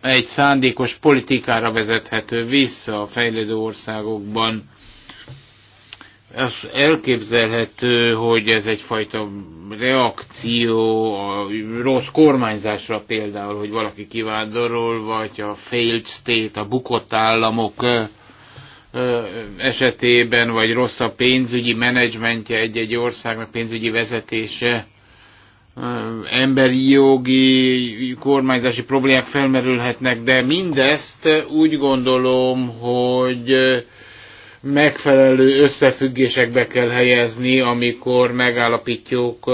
egy szándékos politikára vezethető vissza a fejlődő országokban elképzelhető, hogy ez egyfajta reakció a rossz kormányzásra például, hogy valaki kivándorol, vagy a failed state, a bukott államok esetében, vagy rossz a pénzügyi menedzsmentje egy-egy országnak, pénzügyi vezetése, emberi jogi kormányzási problémák felmerülhetnek, de mindezt úgy gondolom, hogy megfelelő összefüggésekbe kell helyezni, amikor megállapítjuk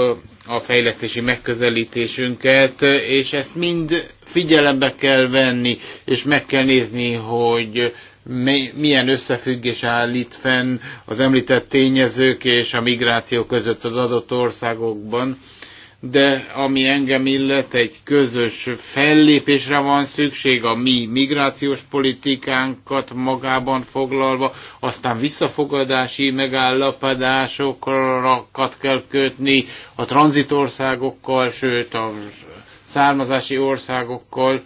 a fejlesztési megközelítésünket, és ezt mind figyelembe kell venni, és meg kell nézni, hogy milyen összefüggés áll itt fenn az említett tényezők és a migráció között az adott országokban de ami engem illet, egy közös fellépésre van szükség a mi migrációs politikánkat magában foglalva, aztán visszafogadási megállapodásokat kell kötni a tranzitországokkal, sőt a származási országokkal,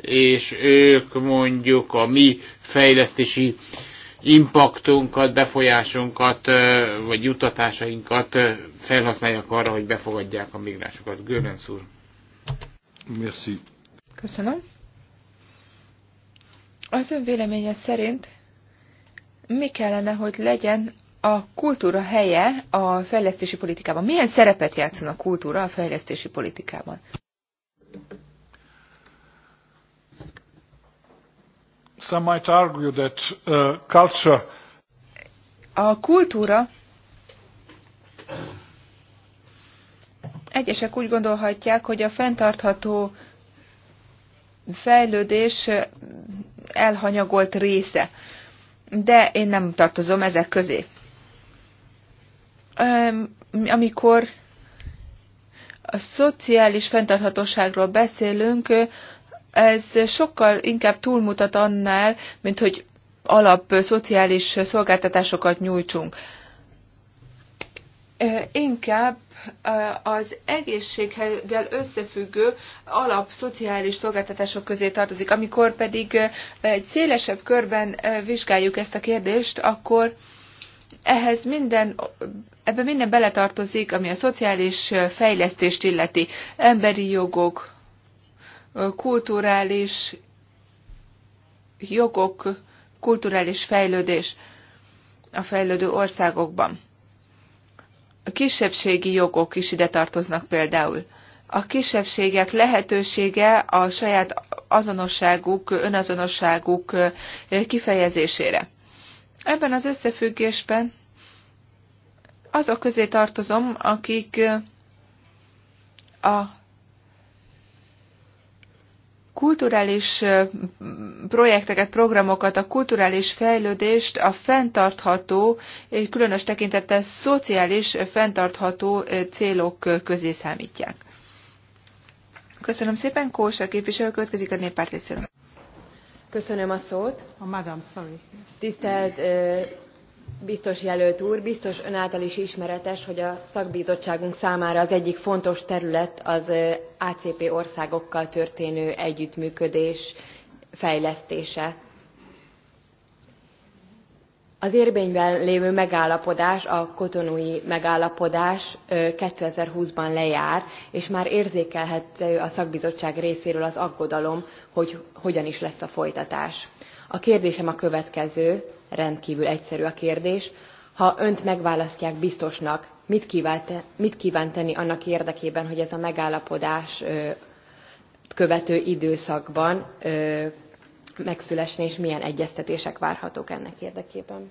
és ők mondjuk a mi fejlesztési impaktunkat, befolyásunkat, vagy juttatásainkat felhasználják arra, hogy befogadják a migránsokat. Görenc úr. Merci. Köszönöm. Az ön véleménye szerint mi kellene, hogy legyen a kultúra helye a fejlesztési politikában? Milyen szerepet játszon a kultúra a fejlesztési politikában? Some might argue that uh, culture a kultúra egyesek úgy gondolhatják, hogy a fenntartható fejlődés elhanyagolt része. De én nem tartozom ezek közé. Amikor a szociális fenntarthatóságról beszélünk, ez sokkal inkább túlmutat annál, mint hogy alap szociális szolgáltatásokat nyújtsunk. Inkább az egészséggel összefüggő alap szociális szolgáltatások közé tartozik. Amikor pedig egy szélesebb körben vizsgáljuk ezt a kérdést, akkor ehhez minden, ebbe minden beletartozik, ami a szociális fejlesztést illeti, emberi jogok, kulturális jogok, kulturális fejlődés a fejlődő országokban. A kisebbségi jogok is ide tartoznak például. A kisebbségek lehetősége a saját azonosságuk, önazonosságuk kifejezésére. Ebben az összefüggésben azok közé tartozom, akik a kulturális projekteket, programokat, a kulturális fejlődést, a fenntartható, különös tekintettel szociális fenntartható célok közé számítják. Köszönöm szépen, Kósa képviselő, következik a néppárt részéről. Köszönöm a szót. A oh, madam, sorry. Tisztelt Biztos jelölt úr, biztos ön által is ismeretes, hogy a szakbizottságunk számára az egyik fontos terület az ACP országokkal történő együttműködés fejlesztése. Az érvényben lévő megállapodás, a kotonui megállapodás 2020-ban lejár, és már érzékelhető a szakbizottság részéről az aggodalom, hogy hogyan is lesz a folytatás. A kérdésem a következő rendkívül egyszerű a kérdés. Ha önt megválasztják biztosnak, mit kíván, mit kíván tenni annak érdekében, hogy ez a megállapodás követő időszakban megszülesni, és milyen egyeztetések várhatók ennek érdekében?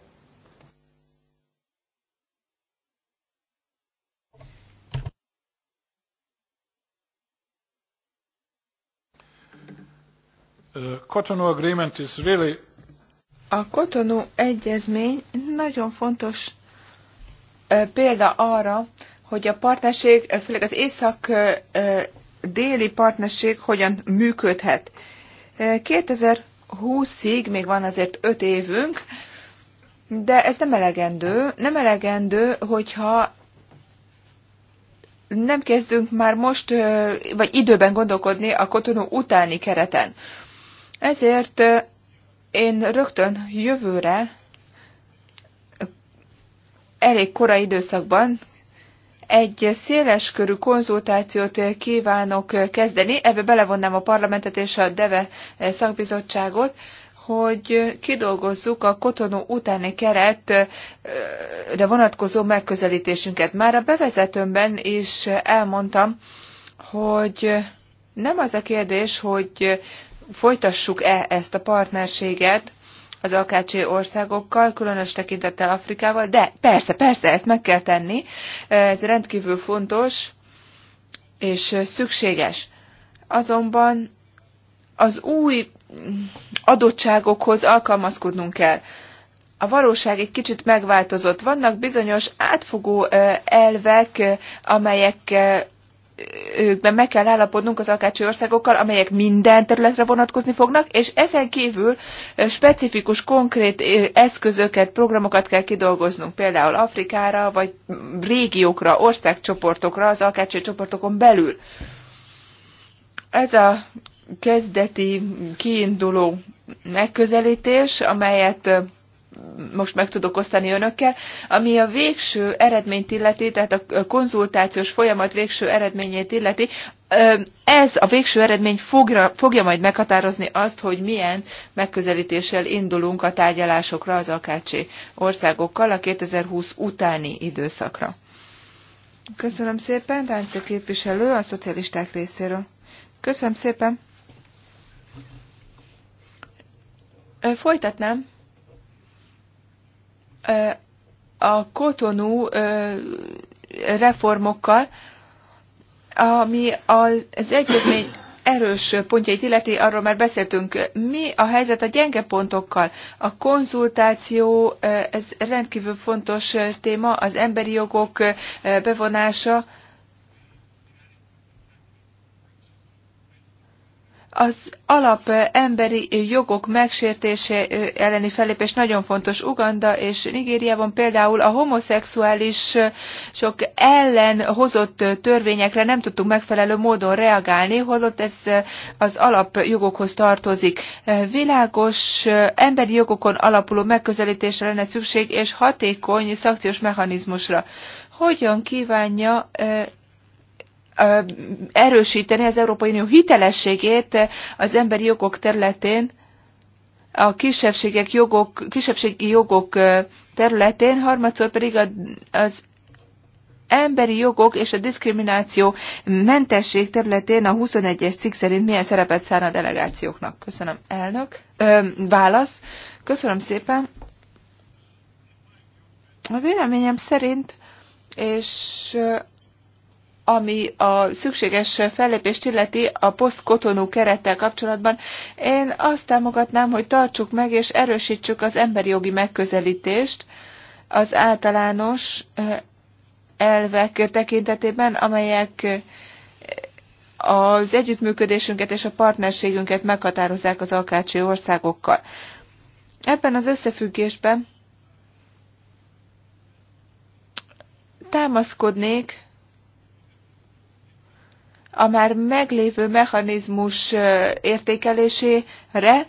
Uh, agreement is really a Kotonó Egyezmény nagyon fontos példa arra, hogy a partnerség, főleg az észak-déli partnerség hogyan működhet. 2020-ig még van azért 5 évünk, de ez nem elegendő. Nem elegendő, hogyha nem kezdünk már most, vagy időben gondolkodni a kotonó utáni kereten. Ezért én rögtön jövőre, elég korai időszakban, egy széles körű konzultációt kívánok kezdeni, ebbe belevonnám a parlamentet és a DEVE szakbizottságot, hogy kidolgozzuk a kotonó utáni keretre vonatkozó megközelítésünket. Már a bevezetőmben is elmondtam, hogy nem az a kérdés, hogy folytassuk-e ezt a partnerséget az akácsi országokkal, különös tekintettel Afrikával, de persze, persze, ezt meg kell tenni, ez rendkívül fontos és szükséges. Azonban az új adottságokhoz alkalmazkodnunk kell. A valóság egy kicsit megváltozott. Vannak bizonyos átfogó elvek, amelyek őkben meg kell állapodnunk az akácsi országokkal, amelyek minden területre vonatkozni fognak, és ezen kívül specifikus, konkrét eszközöket, programokat kell kidolgoznunk, például Afrikára, vagy régiókra, országcsoportokra, az akácsi csoportokon belül. Ez a kezdeti, kiinduló megközelítés, amelyet most meg tudok osztani önökkel. Ami a végső eredményt illeti, tehát a konzultációs folyamat végső eredményét illeti, ez a végső eredmény fogra, fogja majd meghatározni azt, hogy milyen megközelítéssel indulunk a tárgyalásokra az akácsi országokkal a 2020 utáni időszakra. Köszönöm szépen, Tánci képviselő a szocialisták részéről. Köszönöm szépen. Folytatnám a kotonú reformokkal, ami az egyezmény erős pontjait illeti, arról már beszéltünk. Mi a helyzet a gyenge pontokkal? A konzultáció, ez rendkívül fontos téma, az emberi jogok bevonása, Az alap emberi jogok megsértése elleni fellépés nagyon fontos. Uganda és Nigériában például a homoszexuális sok ellen hozott törvényekre nem tudtunk megfelelő módon reagálni, holott ez az alap jogokhoz tartozik. Világos emberi jogokon alapuló megközelítésre lenne szükség, és hatékony szakciós mechanizmusra hogyan kívánja erősíteni az Európai Unió hitelességét az emberi jogok területén, a kisebbségek jogok, kisebbségi jogok területén, harmadszor pedig az emberi jogok és a diszkrimináció mentesség területén a 21-es cikk szerint milyen szerepet szán a delegációknak? Köszönöm, elnök. Ö, válasz. Köszönöm szépen. A véleményem szerint, és ami a szükséges fellépést illeti a posztkotonú kerettel kapcsolatban, én azt támogatnám, hogy tartsuk meg és erősítsük az emberi jogi megközelítést az általános eh, elvek tekintetében, amelyek eh, az együttműködésünket és a partnerségünket meghatározzák az alkácsi országokkal. Ebben az összefüggésben támaszkodnék a már meglévő mechanizmus értékelésére,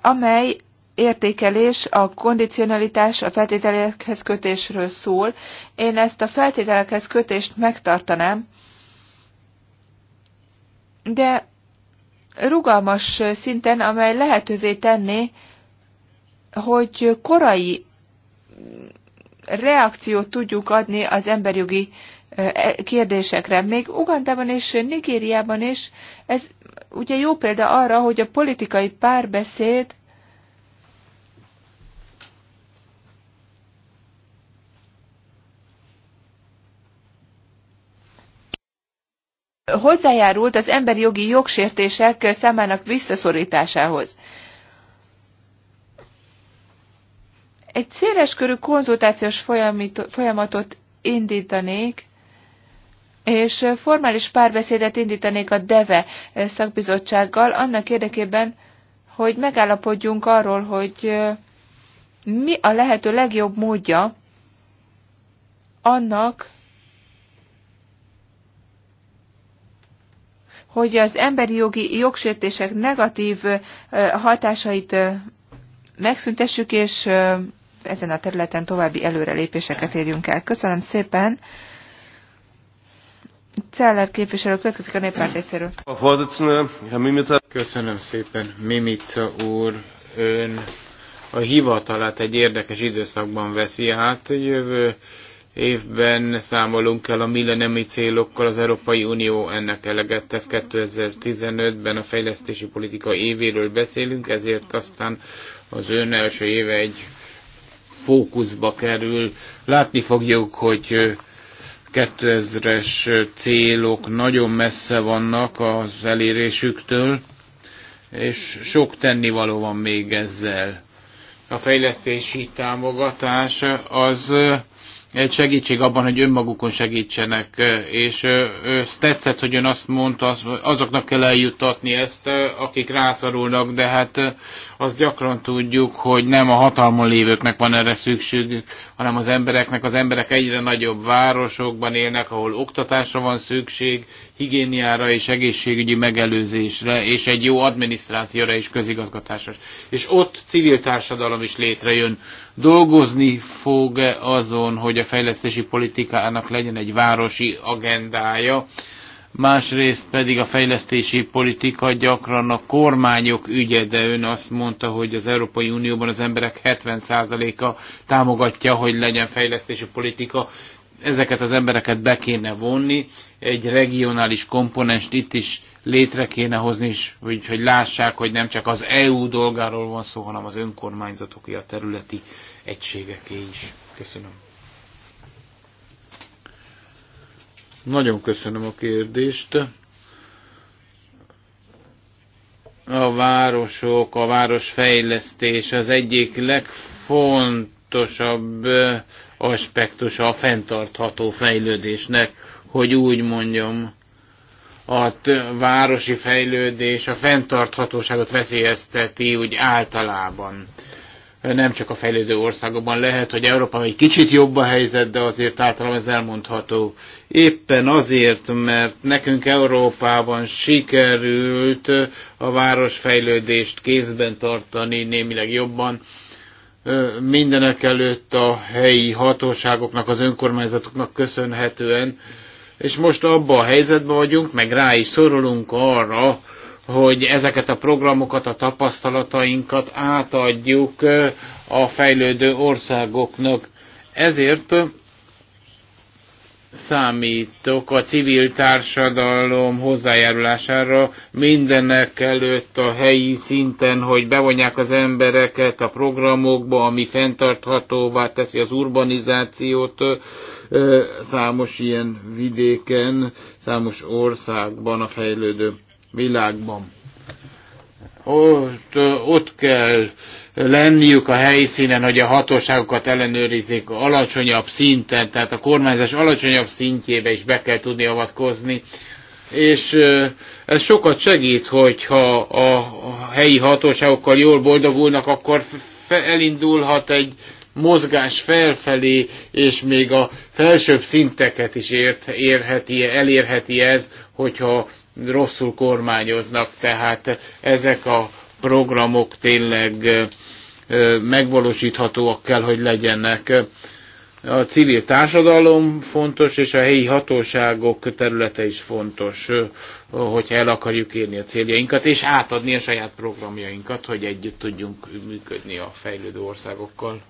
amely értékelés a kondicionalitás, a feltételekhez kötésről szól. Én ezt a feltételekhez kötést megtartanám, de rugalmas szinten, amely lehetővé tenné, hogy korai reakciót tudjuk adni az emberjogi E, kérdésekre. Még Ugandában és Nigériában is ez ugye jó példa arra, hogy a politikai párbeszéd hozzájárult az emberi jogi jogsértések számának visszaszorításához. Egy széleskörű konzultációs folyamatot indítanék és formális párbeszédet indítanék a DEVE szakbizottsággal annak érdekében, hogy megállapodjunk arról, hogy mi a lehető legjobb módja annak, hogy az emberi jogi jogsértések negatív hatásait megszüntessük, és ezen a területen további előrelépéseket érjünk el. Köszönöm szépen! Celler képviselő következik a néppárt részéről. Köszönöm szépen, Mimica úr, ön a hivatalát egy érdekes időszakban veszi át. Jövő évben számolunk el a millenemi célokkal, az Európai Unió ennek eleget tesz. 2015-ben a fejlesztési politika évéről beszélünk, ezért aztán az ön első éve egy fókuszba kerül. Látni fogjuk, hogy 2000-es célok nagyon messze vannak az elérésüktől, és sok tennivaló van még ezzel. A fejlesztési támogatás az egy segítség abban, hogy önmagukon segítsenek, és ez tetszett, hogy ön azt mondta, az, azoknak kell eljuttatni ezt, akik rászorulnak, de hát azt gyakran tudjuk, hogy nem a hatalmon lévőknek van erre szükségük, hanem az embereknek. Az emberek egyre nagyobb városokban élnek, ahol oktatásra van szükség, higiéniára és egészségügyi megelőzésre, és egy jó adminisztrációra és közigazgatásra. És ott civil társadalom is létrejön. Dolgozni fog azon, hogy a fejlesztési politikának legyen egy városi agendája, másrészt pedig a fejlesztési politika gyakran a kormányok ügye, de ön azt mondta, hogy az Európai Unióban az emberek 70%-a támogatja, hogy legyen fejlesztési politika ezeket az embereket be kéne vonni, egy regionális komponenst itt is létre kéne hozni, és hogy, hogy lássák, hogy nem csak az EU dolgáról van szó, hanem az önkormányzatoké, a területi egységeké is. Köszönöm. Nagyon köszönöm a kérdést. A városok, a városfejlesztés az egyik legfontosabb aspektusa a fenntartható fejlődésnek, hogy úgy mondjam, a városi fejlődés a fenntarthatóságot veszélyezteti úgy általában. Nem csak a fejlődő országokban lehet, hogy Európa egy kicsit jobb a helyzet, de azért általában ez elmondható. Éppen azért, mert nekünk Európában sikerült a városfejlődést kézben tartani némileg jobban, mindenek előtt a helyi hatóságoknak, az önkormányzatoknak köszönhetően, és most abba a helyzetben vagyunk, meg rá is szorulunk arra, hogy ezeket a programokat, a tapasztalatainkat átadjuk a fejlődő országoknak. Ezért számítok a civil társadalom hozzájárulására mindenek előtt a helyi szinten, hogy bevonják az embereket a programokba, ami fenntarthatóvá teszi az urbanizációt számos ilyen vidéken, számos országban, a fejlődő világban. Ott, ott kell lenniük a helyszínen, hogy a hatóságokat ellenőrizzék alacsonyabb szinten, tehát a kormányzás alacsonyabb szintjébe is be kell tudni avatkozni. És ez sokat segít, hogyha a helyi hatóságokkal jól boldogulnak, akkor elindulhat egy mozgás felfelé, és még a felsőbb szinteket is ért, érheti, elérheti ez, hogyha rosszul kormányoznak. Tehát ezek a programok tényleg megvalósíthatóak kell, hogy legyenek. A civil társadalom fontos, és a helyi hatóságok területe is fontos, hogyha el akarjuk érni a céljainkat, és átadni a saját programjainkat, hogy együtt tudjunk működni a fejlődő országokkal.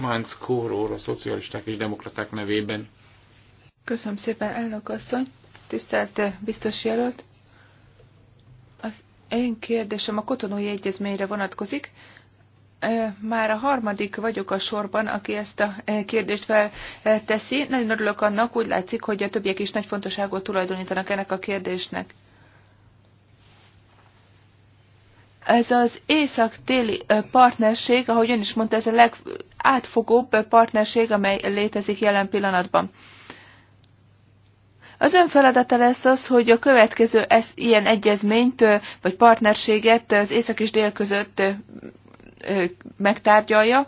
Mánc Kóról, a szocialisták és demokraták nevében. Köszönöm szépen, elnök asszony, tisztelt biztos jelölt. Én kérdésem a kotonói egyezményre vonatkozik. Már a harmadik vagyok a sorban, aki ezt a kérdést felteszi. Nagyon örülök annak, úgy látszik, hogy a többiek is nagy fontosságot tulajdonítanak ennek a kérdésnek. Ez az észak-téli partnerség, ahogy ön is mondta, ez a legátfogóbb partnerség, amely létezik jelen pillanatban. Az ön feladata lesz az, hogy a következő ez, ilyen egyezményt vagy partnerséget az észak és dél között megtárgyalja.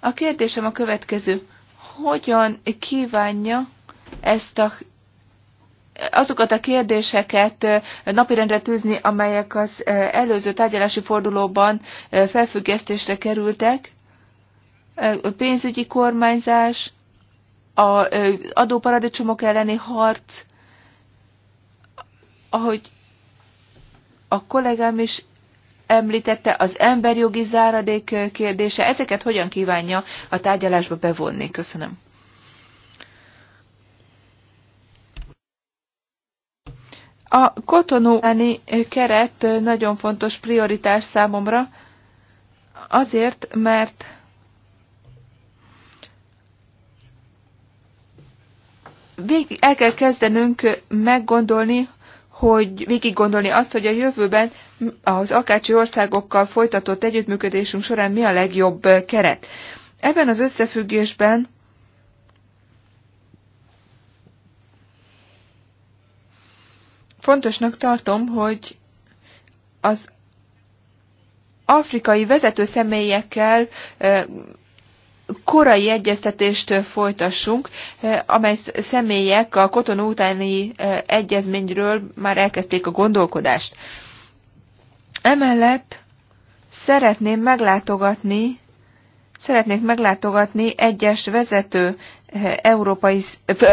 A kérdésem a következő. Hogyan kívánja ezt a azokat a kérdéseket napirendre tűzni, amelyek az előző tárgyalási fordulóban felfüggesztésre kerültek, pénzügyi kormányzás, a adóparadicsomok elleni harc, ahogy a kollégám is említette, az emberjogi záradék kérdése, ezeket hogyan kívánja a tárgyalásba bevonni? Köszönöm. A kotonóáni keret nagyon fontos prioritás számomra, azért, mert végig el kell kezdenünk meggondolni, hogy végig gondolni azt, hogy a jövőben az akácsi országokkal folytatott együttműködésünk során mi a legjobb keret. Ebben az összefüggésben fontosnak tartom, hogy az afrikai vezető személyekkel eh, korai egyeztetést folytassunk, amely személyek a kotonó utáni egyezményről már elkezdték a gondolkodást. Emellett szeretném meglátogatni, szeretnék meglátogatni egyes vezető európai,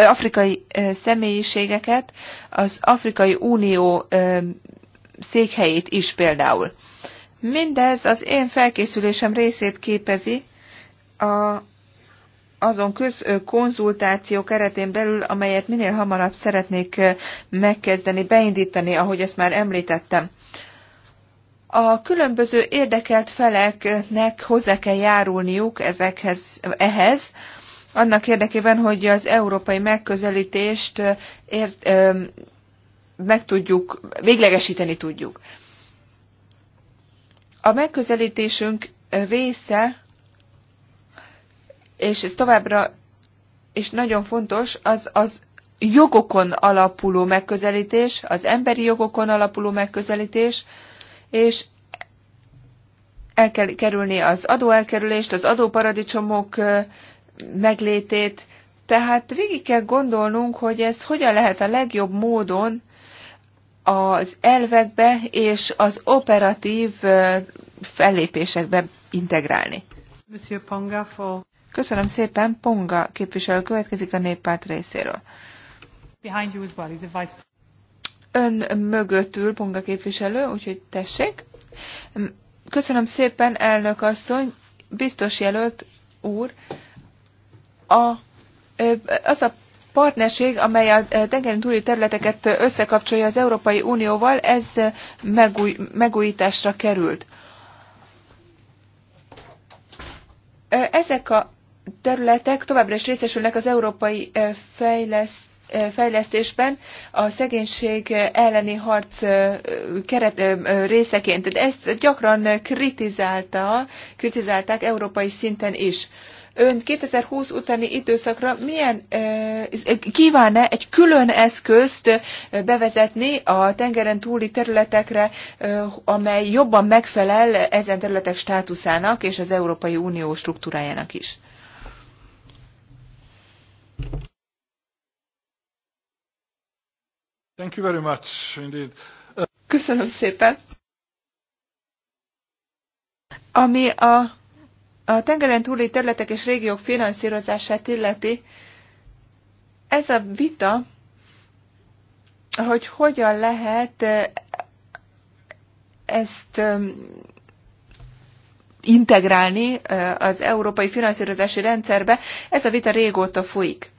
afrikai személyiségeket, az Afrikai Unió székhelyét is például. Mindez az én felkészülésem részét képezi, a, azon konzultáció keretén belül, amelyet minél hamarabb szeretnék megkezdeni, beindítani, ahogy ezt már említettem. A különböző érdekelt feleknek hozzá kell járulniuk ezekhez, ehhez, annak érdekében, hogy az európai megközelítést ért, ö, meg tudjuk, véglegesíteni tudjuk. A megközelítésünk része és ez továbbra és nagyon fontos, az az jogokon alapuló megközelítés, az emberi jogokon alapuló megközelítés, és el kell kerülni az adóelkerülést, az adóparadicsomok meglétét, tehát végig kell gondolnunk, hogy ez hogyan lehet a legjobb módon az elvekbe és az operatív fellépésekbe integrálni. Monsieur Panga for... Köszönöm szépen, Ponga képviselő következik a néppárt részéről. Behind you as well is the vice... Ön mögöttül Ponga képviselő, úgyhogy tessék. Köszönöm szépen, elnök asszony, biztos jelölt úr. A, az a partnerség, amely a tengeri túli területeket összekapcsolja az Európai Unióval, ez megúj, megújításra került. Ezek a területek továbbra is részesülnek az európai fejlesztés fejlesztésben a szegénység elleni harc keret, részeként. De ezt gyakran kritizálta, kritizálták európai szinten is. Ön 2020 utáni időszakra milyen kíván-e egy külön eszközt bevezetni a tengeren túli területekre, amely jobban megfelel ezen területek státuszának és az Európai Unió struktúrájának is? Thank you very much indeed. Köszönöm szépen. Ami a, a tengeren túli területek és régiók finanszírozását illeti, ez a vita, hogy hogyan lehet eh, ezt eh, integrálni az európai finanszírozási rendszerbe. Ez a vita régóta folyik.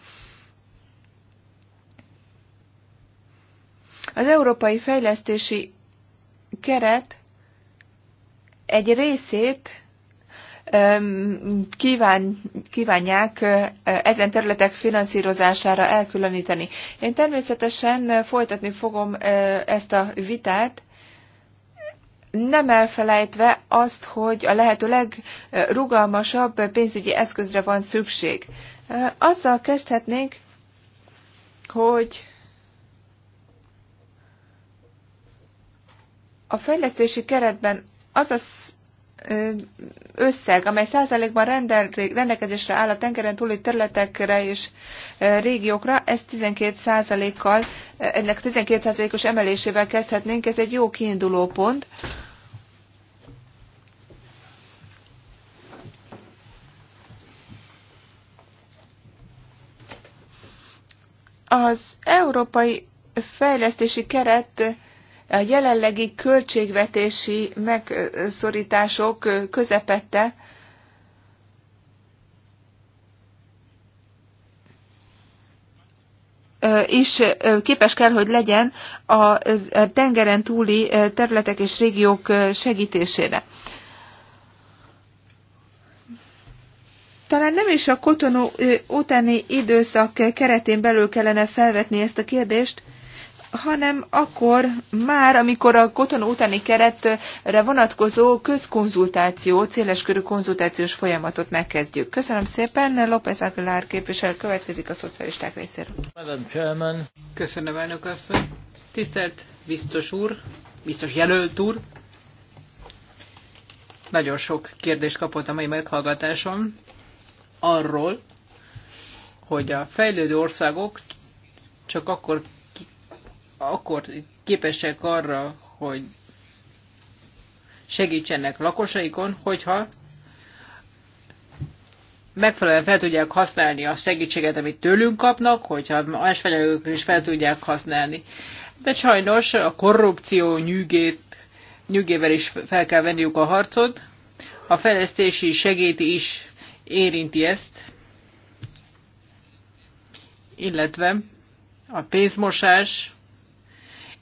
Az európai fejlesztési keret egy részét kíván, kívánják ezen területek finanszírozására elkülöníteni. Én természetesen folytatni fogom ezt a vitát, nem elfelejtve azt, hogy a lehető legrugalmasabb pénzügyi eszközre van szükség. Azzal kezdhetnénk, hogy a fejlesztési keretben az a összeg, amely százalékban rendel, rendelkezésre áll a tengeren túli területekre és régiókra, ez 12 százalékkal, ennek 12 százalékos emelésével kezdhetnénk, ez egy jó kiinduló pont. Az európai fejlesztési keret a jelenlegi költségvetési megszorítások közepette is képes kell, hogy legyen a tengeren túli területek és régiók segítésére. Talán nem is a kotonó utáni időszak keretén belül kellene felvetni ezt a kérdést, hanem akkor már, amikor a kotonó utáni keretre vonatkozó közkonzultáció, széleskörű konzultációs folyamatot megkezdjük. Köszönöm szépen, López Aguilar képviselő következik a szocialisták részéről. Madam Köszönöm, elnök asszony. Tisztelt biztos úr, biztos jelölt úr. Nagyon sok kérdést kapott a mai meghallgatásom arról, hogy a fejlődő országok csak akkor akkor képesek arra, hogy segítsenek lakosaikon, hogyha megfelelően fel tudják használni a segítséget, amit tőlünk kapnak, hogyha más fegyelők is fel tudják használni. De sajnos a korrupció nyűgét, nyűgével is fel kell venniük a harcot. A fejlesztési segéti is érinti ezt, illetve a pénzmosás,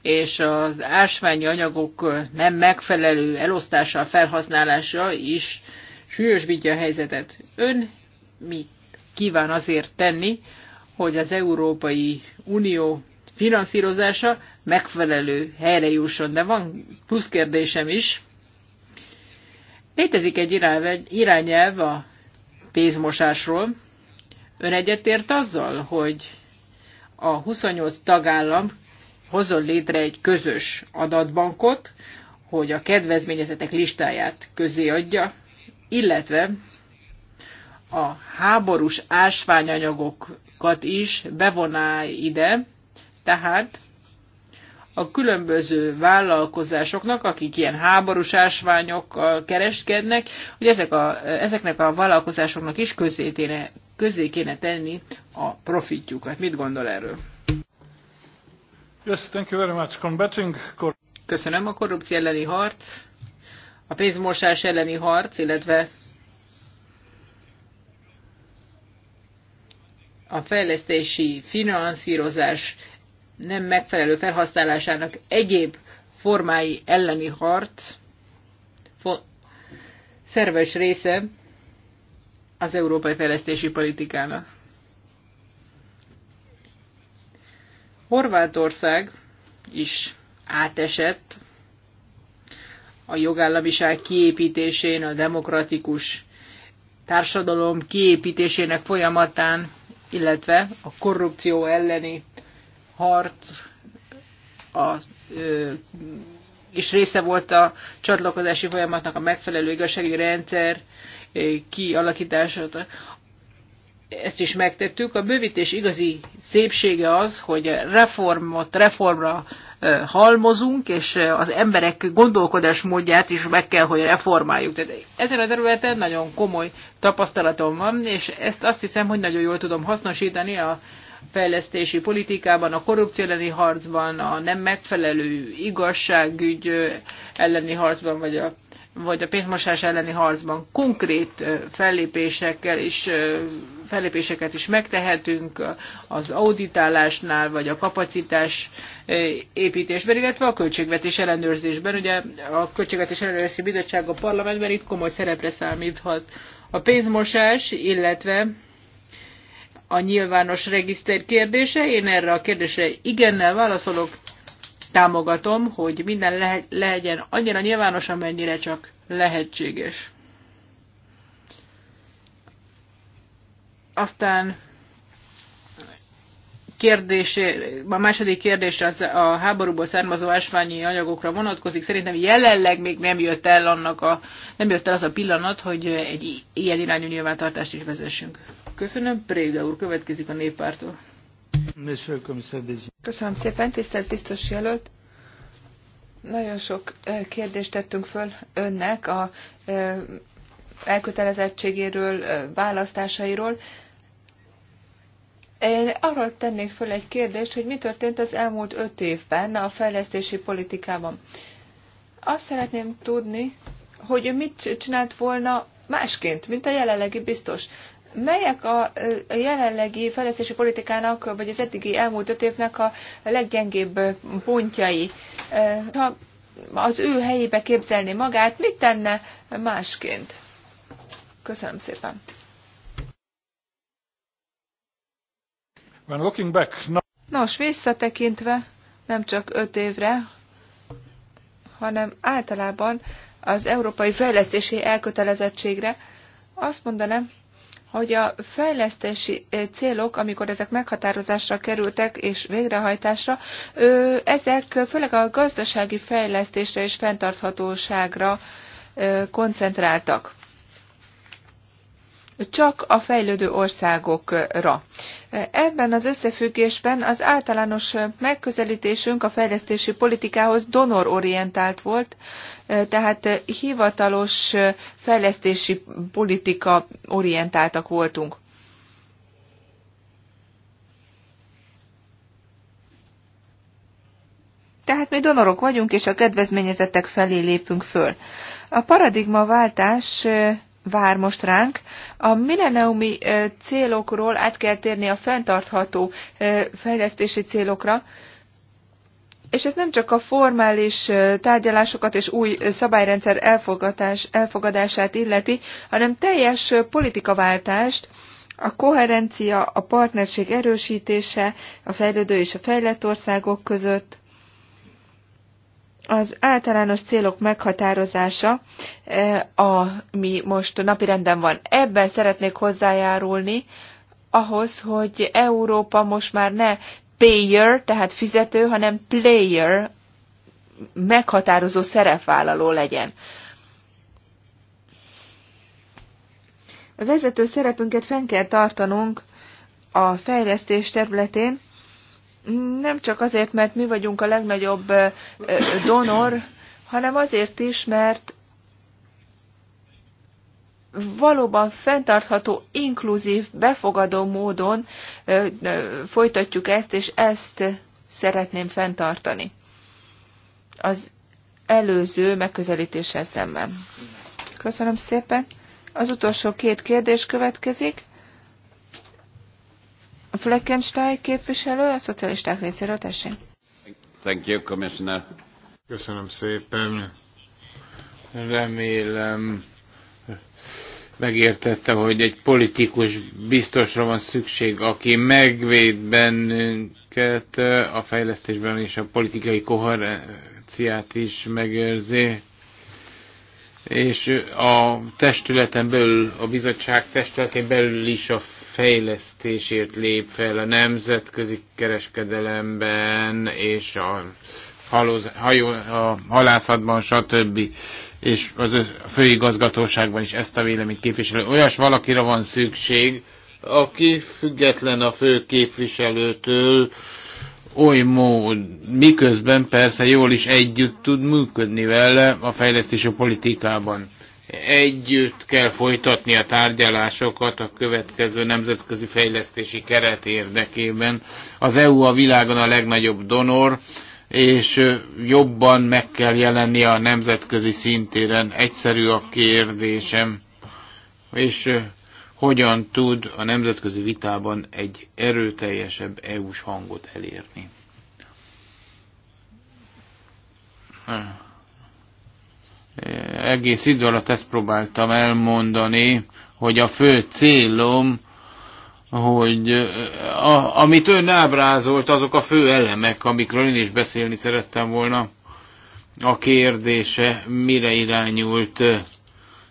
és az ásványi anyagok nem megfelelő elosztása, felhasználása is súlyosbítja a helyzetet. Ön mit kíván azért tenni, hogy az Európai Unió finanszírozása megfelelő helyre jusson. De van plusz kérdésem is. Létezik egy irányelv a pénzmosásról. Ön egyetért azzal, hogy a 28 tagállam hozzon létre egy közös adatbankot, hogy a kedvezményezetek listáját közé adja, illetve a háborús ásványanyagokat is bevoná ide, tehát a különböző vállalkozásoknak, akik ilyen háborús ásványokkal kereskednek, hogy ezek a, ezeknek a vállalkozásoknak is közé, téne, közé kéne tenni a profitjukat. Mit gondol erről? Yes, thank you very much. Combating Köszönöm a korrupció elleni harc, a pénzmosás elleni harc, illetve a fejlesztési finanszírozás nem megfelelő felhasználásának egyéb formái elleni harc szerves része az európai fejlesztési politikának. Horvátország is átesett a jogállamiság kiépítésén, a demokratikus társadalom kiépítésének folyamatán, illetve a korrupció elleni harc a, és része volt a csatlakozási folyamatnak a megfelelő igazsági rendszer kialakítását ezt is megtettük. A bővítés igazi szépsége az, hogy reformot reformra halmozunk, és az emberek módját is meg kell, hogy reformáljuk. Tehát ezen a területen nagyon komoly tapasztalatom van, és ezt azt hiszem, hogy nagyon jól tudom hasznosítani a fejlesztési politikában, a korrupció elleni harcban, a nem megfelelő igazságügy elleni harcban, vagy a, vagy a pénzmosás elleni harcban konkrét fellépésekkel is, fellépéseket is megtehetünk az auditálásnál, vagy a kapacitás építésben, illetve a költségvetés ellenőrzésben. Ugye a Költségvetés Ellenőrzési Bizottság a parlamentben itt komoly szerepre számíthat a pénzmosás, illetve a nyilvános regiszter kérdése. Én erre a kérdésre igennel válaszolok, támogatom, hogy minden le- legyen annyira nyilvános, amennyire csak lehetséges. Aztán kérdésé, a második kérdés az a háborúból származó ásványi anyagokra vonatkozik. Szerintem jelenleg még nem jött el annak a, nem jött el az a pillanat, hogy egy ilyen irányú nyilvántartást is vezessünk. Köszönöm. Préda úr következik a néppártól. Köszönöm szépen, tisztelt biztos jelölt. Nagyon sok kérdést tettünk föl önnek a elkötelezettségéről, választásairól. Én arról tennék föl egy kérdést, hogy mi történt az elmúlt öt évben a fejlesztési politikában. Azt szeretném tudni, hogy mit csinált volna másként, mint a jelenlegi biztos. Melyek a, a jelenlegi fejlesztési politikának, vagy az eddigi elmúlt öt évnek a leggyengébb pontjai? E, ha az ő helyébe képzelni magát, mit tenne másként? Köszönöm szépen. When looking back, no... Nos, visszatekintve nem csak öt évre, hanem általában az európai fejlesztési elkötelezettségre, azt mondanám, hogy a fejlesztési eh, célok, amikor ezek meghatározásra kerültek és végrehajtásra, ezek főleg a gazdasági fejlesztésre és fenntarthatóságra eh, koncentráltak. Csak a fejlődő országokra. Ebben az összefüggésben az általános megközelítésünk a fejlesztési politikához donororientált volt, tehát hivatalos fejlesztési politika orientáltak voltunk. Tehát mi donorok vagyunk, és a kedvezményezettek felé lépünk föl. A paradigma váltás vár most ránk. A milleniumi célokról át kell térni a fenntartható fejlesztési célokra, és ez nem csak a formális tárgyalásokat és új szabályrendszer elfogadás, elfogadását illeti, hanem teljes politikaváltást, a koherencia, a partnerség erősítése a fejlődő és a fejlett országok között, az általános célok meghatározása, e, ami most napirenden van. Ebben szeretnék hozzájárulni, ahhoz, hogy Európa most már ne payer, tehát fizető, hanem player, meghatározó szerepvállaló legyen. A vezető szerepünket fenn kell tartanunk a fejlesztés területén, nem csak azért, mert mi vagyunk a legnagyobb donor, hanem azért is, mert valóban fenntartható, inkluzív, befogadó módon folytatjuk ezt, és ezt szeretném fenntartani az előző megközelítéssel szemben. Köszönöm szépen. Az utolsó két kérdés következik. Fleckenstein képviselő, a szocialisták részéről, tessék. Thank you, Commissioner. Köszönöm szépen. Remélem, megértette, hogy egy politikus biztosra van szükség, aki megvéd bennünket a fejlesztésben és a politikai koherenciát is megőrzi. És a testületen belül, a bizottság testületén belül is a fejlesztésért lép fel a nemzetközi kereskedelemben és a, halóz, hajó, a halászatban, stb és az a főigazgatóságban is ezt a véleményt képviselő. Olyas valakire van szükség, aki független a fő képviselőtől, oly mód, miközben persze jól is együtt tud működni vele a fejlesztési politikában. Együtt kell folytatni a tárgyalásokat a következő nemzetközi fejlesztési keret érdekében. Az EU a világon a legnagyobb donor, és jobban meg kell jelenni a nemzetközi szintéren. Egyszerű a kérdésem, és hogyan tud a nemzetközi vitában egy erőteljesebb EU-s hangot elérni. Egész idő alatt ezt próbáltam elmondani, hogy a fő célom hogy a, amit ön ábrázolt, azok a fő elemek, amikről én is beszélni szerettem volna. A kérdése mire irányult?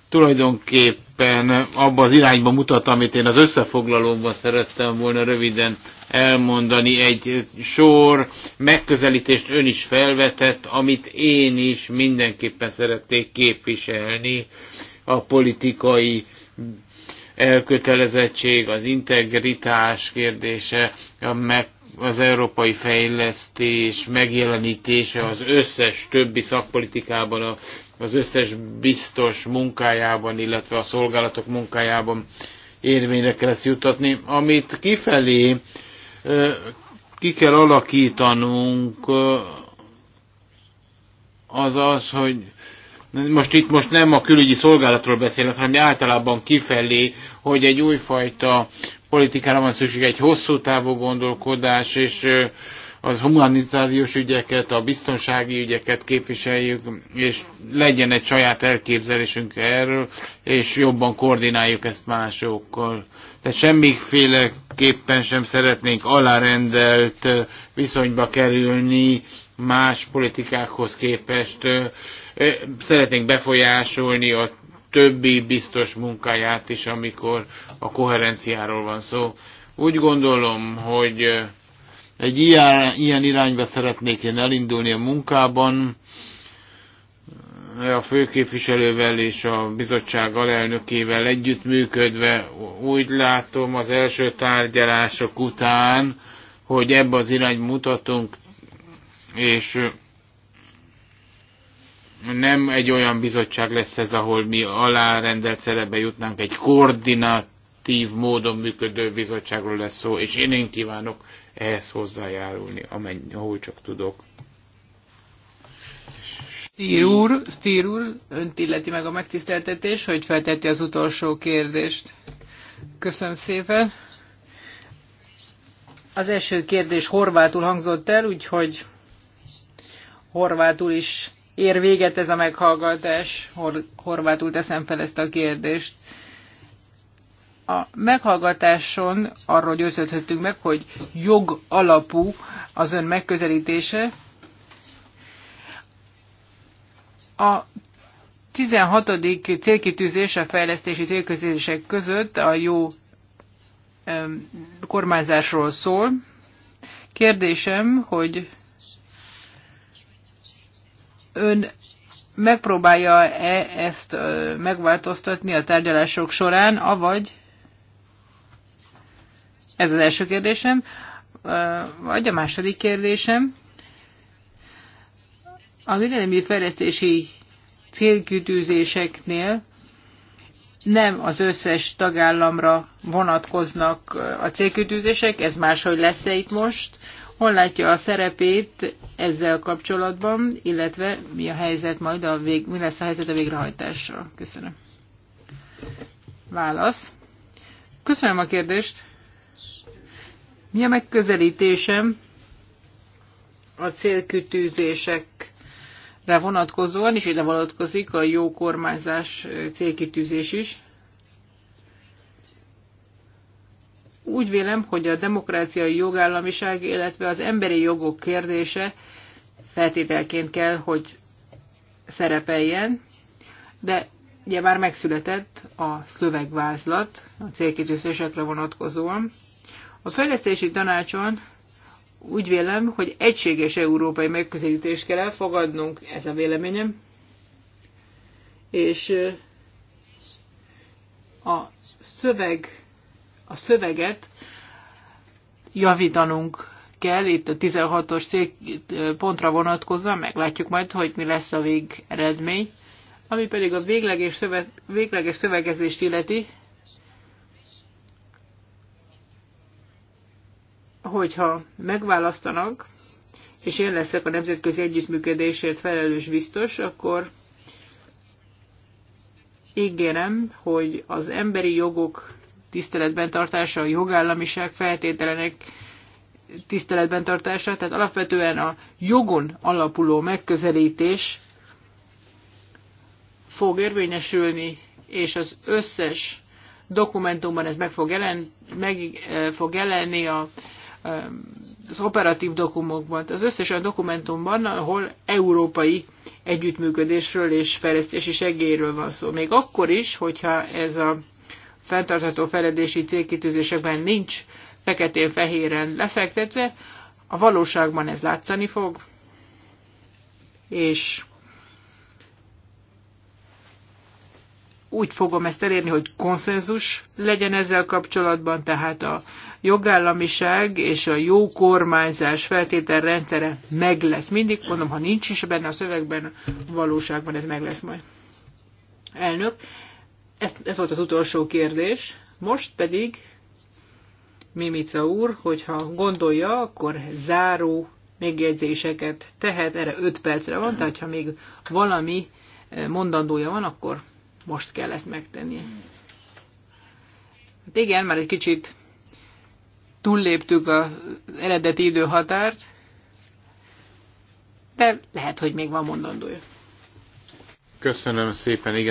Tulajdonképpen abba az irányba mutat, amit én az összefoglalóban szerettem volna röviden elmondani. Egy sor megközelítést ön is felvetett, amit én is mindenképpen szerették képviselni a politikai elkötelezettség, az integritás kérdése, a meg, az európai fejlesztés megjelenítése az összes többi szakpolitikában, az összes biztos munkájában, illetve a szolgálatok munkájában érvényre kell ezt jutatni. Amit kifelé ki kell alakítanunk, az az, hogy most itt most nem a külügyi szolgálatról beszélek, hanem általában kifelé, hogy egy újfajta politikára van szükség, egy hosszú távú gondolkodás, és az humanitárius ügyeket, a biztonsági ügyeket képviseljük, és legyen egy saját elképzelésünk erről, és jobban koordináljuk ezt másokkal. Tehát semmiféleképpen sem szeretnénk alárendelt viszonyba kerülni más politikákhoz képest, Szeretnénk befolyásolni a többi biztos munkáját is, amikor a koherenciáról van szó. Úgy gondolom, hogy egy ilyen, ilyen irányba szeretnék én elindulni a munkában, a főképviselővel és a bizottság alelnökével együttműködve úgy látom az első tárgyalások után, hogy ebbe az irány mutatunk, és nem egy olyan bizottság lesz ez, ahol mi alárendelt szerepbe jutnánk, egy koordinatív módon működő bizottságról lesz szó, és én, én kívánok ehhez hozzájárulni, amennyi, ahol csak tudok. Stír úr, Stír úr, önt illeti meg a megtiszteltetés, hogy feltetti az utolsó kérdést. Köszönöm szépen. Az első kérdés horvátul hangzott el, úgyhogy horvátul is ér véget ez a meghallgatás? Hor- horvátul teszem fel ezt a kérdést. A meghallgatáson arról győződhetünk meg, hogy jog alapú az ön megközelítése. A 16. célkitűzés a fejlesztési célközések között a jó kormányzásról szól. Kérdésem, hogy ön megpróbálja-e ezt megváltoztatni a tárgyalások során, avagy ez az első kérdésem, vagy a második kérdésem, a védelmi fejlesztési célkütőzéseknél nem az összes tagállamra vonatkoznak a célkütőzések, ez máshogy lesz -e itt most. Hol látja a szerepét ezzel kapcsolatban, illetve mi a helyzet majd, a vég, mi lesz a helyzet a végrehajtással? Köszönöm. Válasz. Köszönöm a kérdést. Mi a megközelítésem a célkütőzésekre vonatkozóan, és ide vonatkozik a jó kormányzás célkütőzés is. úgy vélem, hogy a demokráciai jogállamiság, illetve az emberi jogok kérdése feltételként kell, hogy szerepeljen, de ugye már megszületett a szövegvázlat vázlat a célkitűzésekre vonatkozóan. A fejlesztési tanácson úgy vélem, hogy egységes európai megközelítést kell elfogadnunk, ez a véleményem, és a szöveg a szöveget javítanunk kell, itt a 16-os pontra vonatkozva, meglátjuk majd, hogy mi lesz a végeredmény. Ami pedig a végleges, szöveg, végleges szövegezést illeti, hogyha megválasztanak, és én leszek a nemzetközi együttműködésért felelős biztos, akkor ígérem, hogy az emberi jogok tiszteletben tartása, a jogállamiság feltételenek tiszteletben tartása, tehát alapvetően a jogon alapuló megközelítés fog érvényesülni, és az összes dokumentumban ez meg fog, jelen, meg eh, fog jelenni a, eh, az operatív dokumokban, az összes olyan dokumentumban, ahol európai együttműködésről és fejlesztési segélyről van szó. Még akkor is, hogyha ez a fenntartható fejlődési célkitűzésekben nincs feketén-fehéren lefektetve, a valóságban ez látszani fog, és úgy fogom ezt elérni, hogy konszenzus legyen ezzel kapcsolatban, tehát a jogállamiság és a jó kormányzás rendszere meg lesz. Mindig mondom, ha nincs is benne a szövegben, a valóságban ez meg lesz majd. Elnök, ez, ez volt az utolsó kérdés. Most pedig Mimica úr, hogyha gondolja, akkor záró megjegyzéseket tehet, erre 5 percre van, tehát ha még valami eh, mondandója van, akkor most kell ezt megtennie. Hát igen, már egy kicsit túlléptük az eredeti időhatárt, de lehet, hogy még van mondandója. Köszönöm szépen, igen.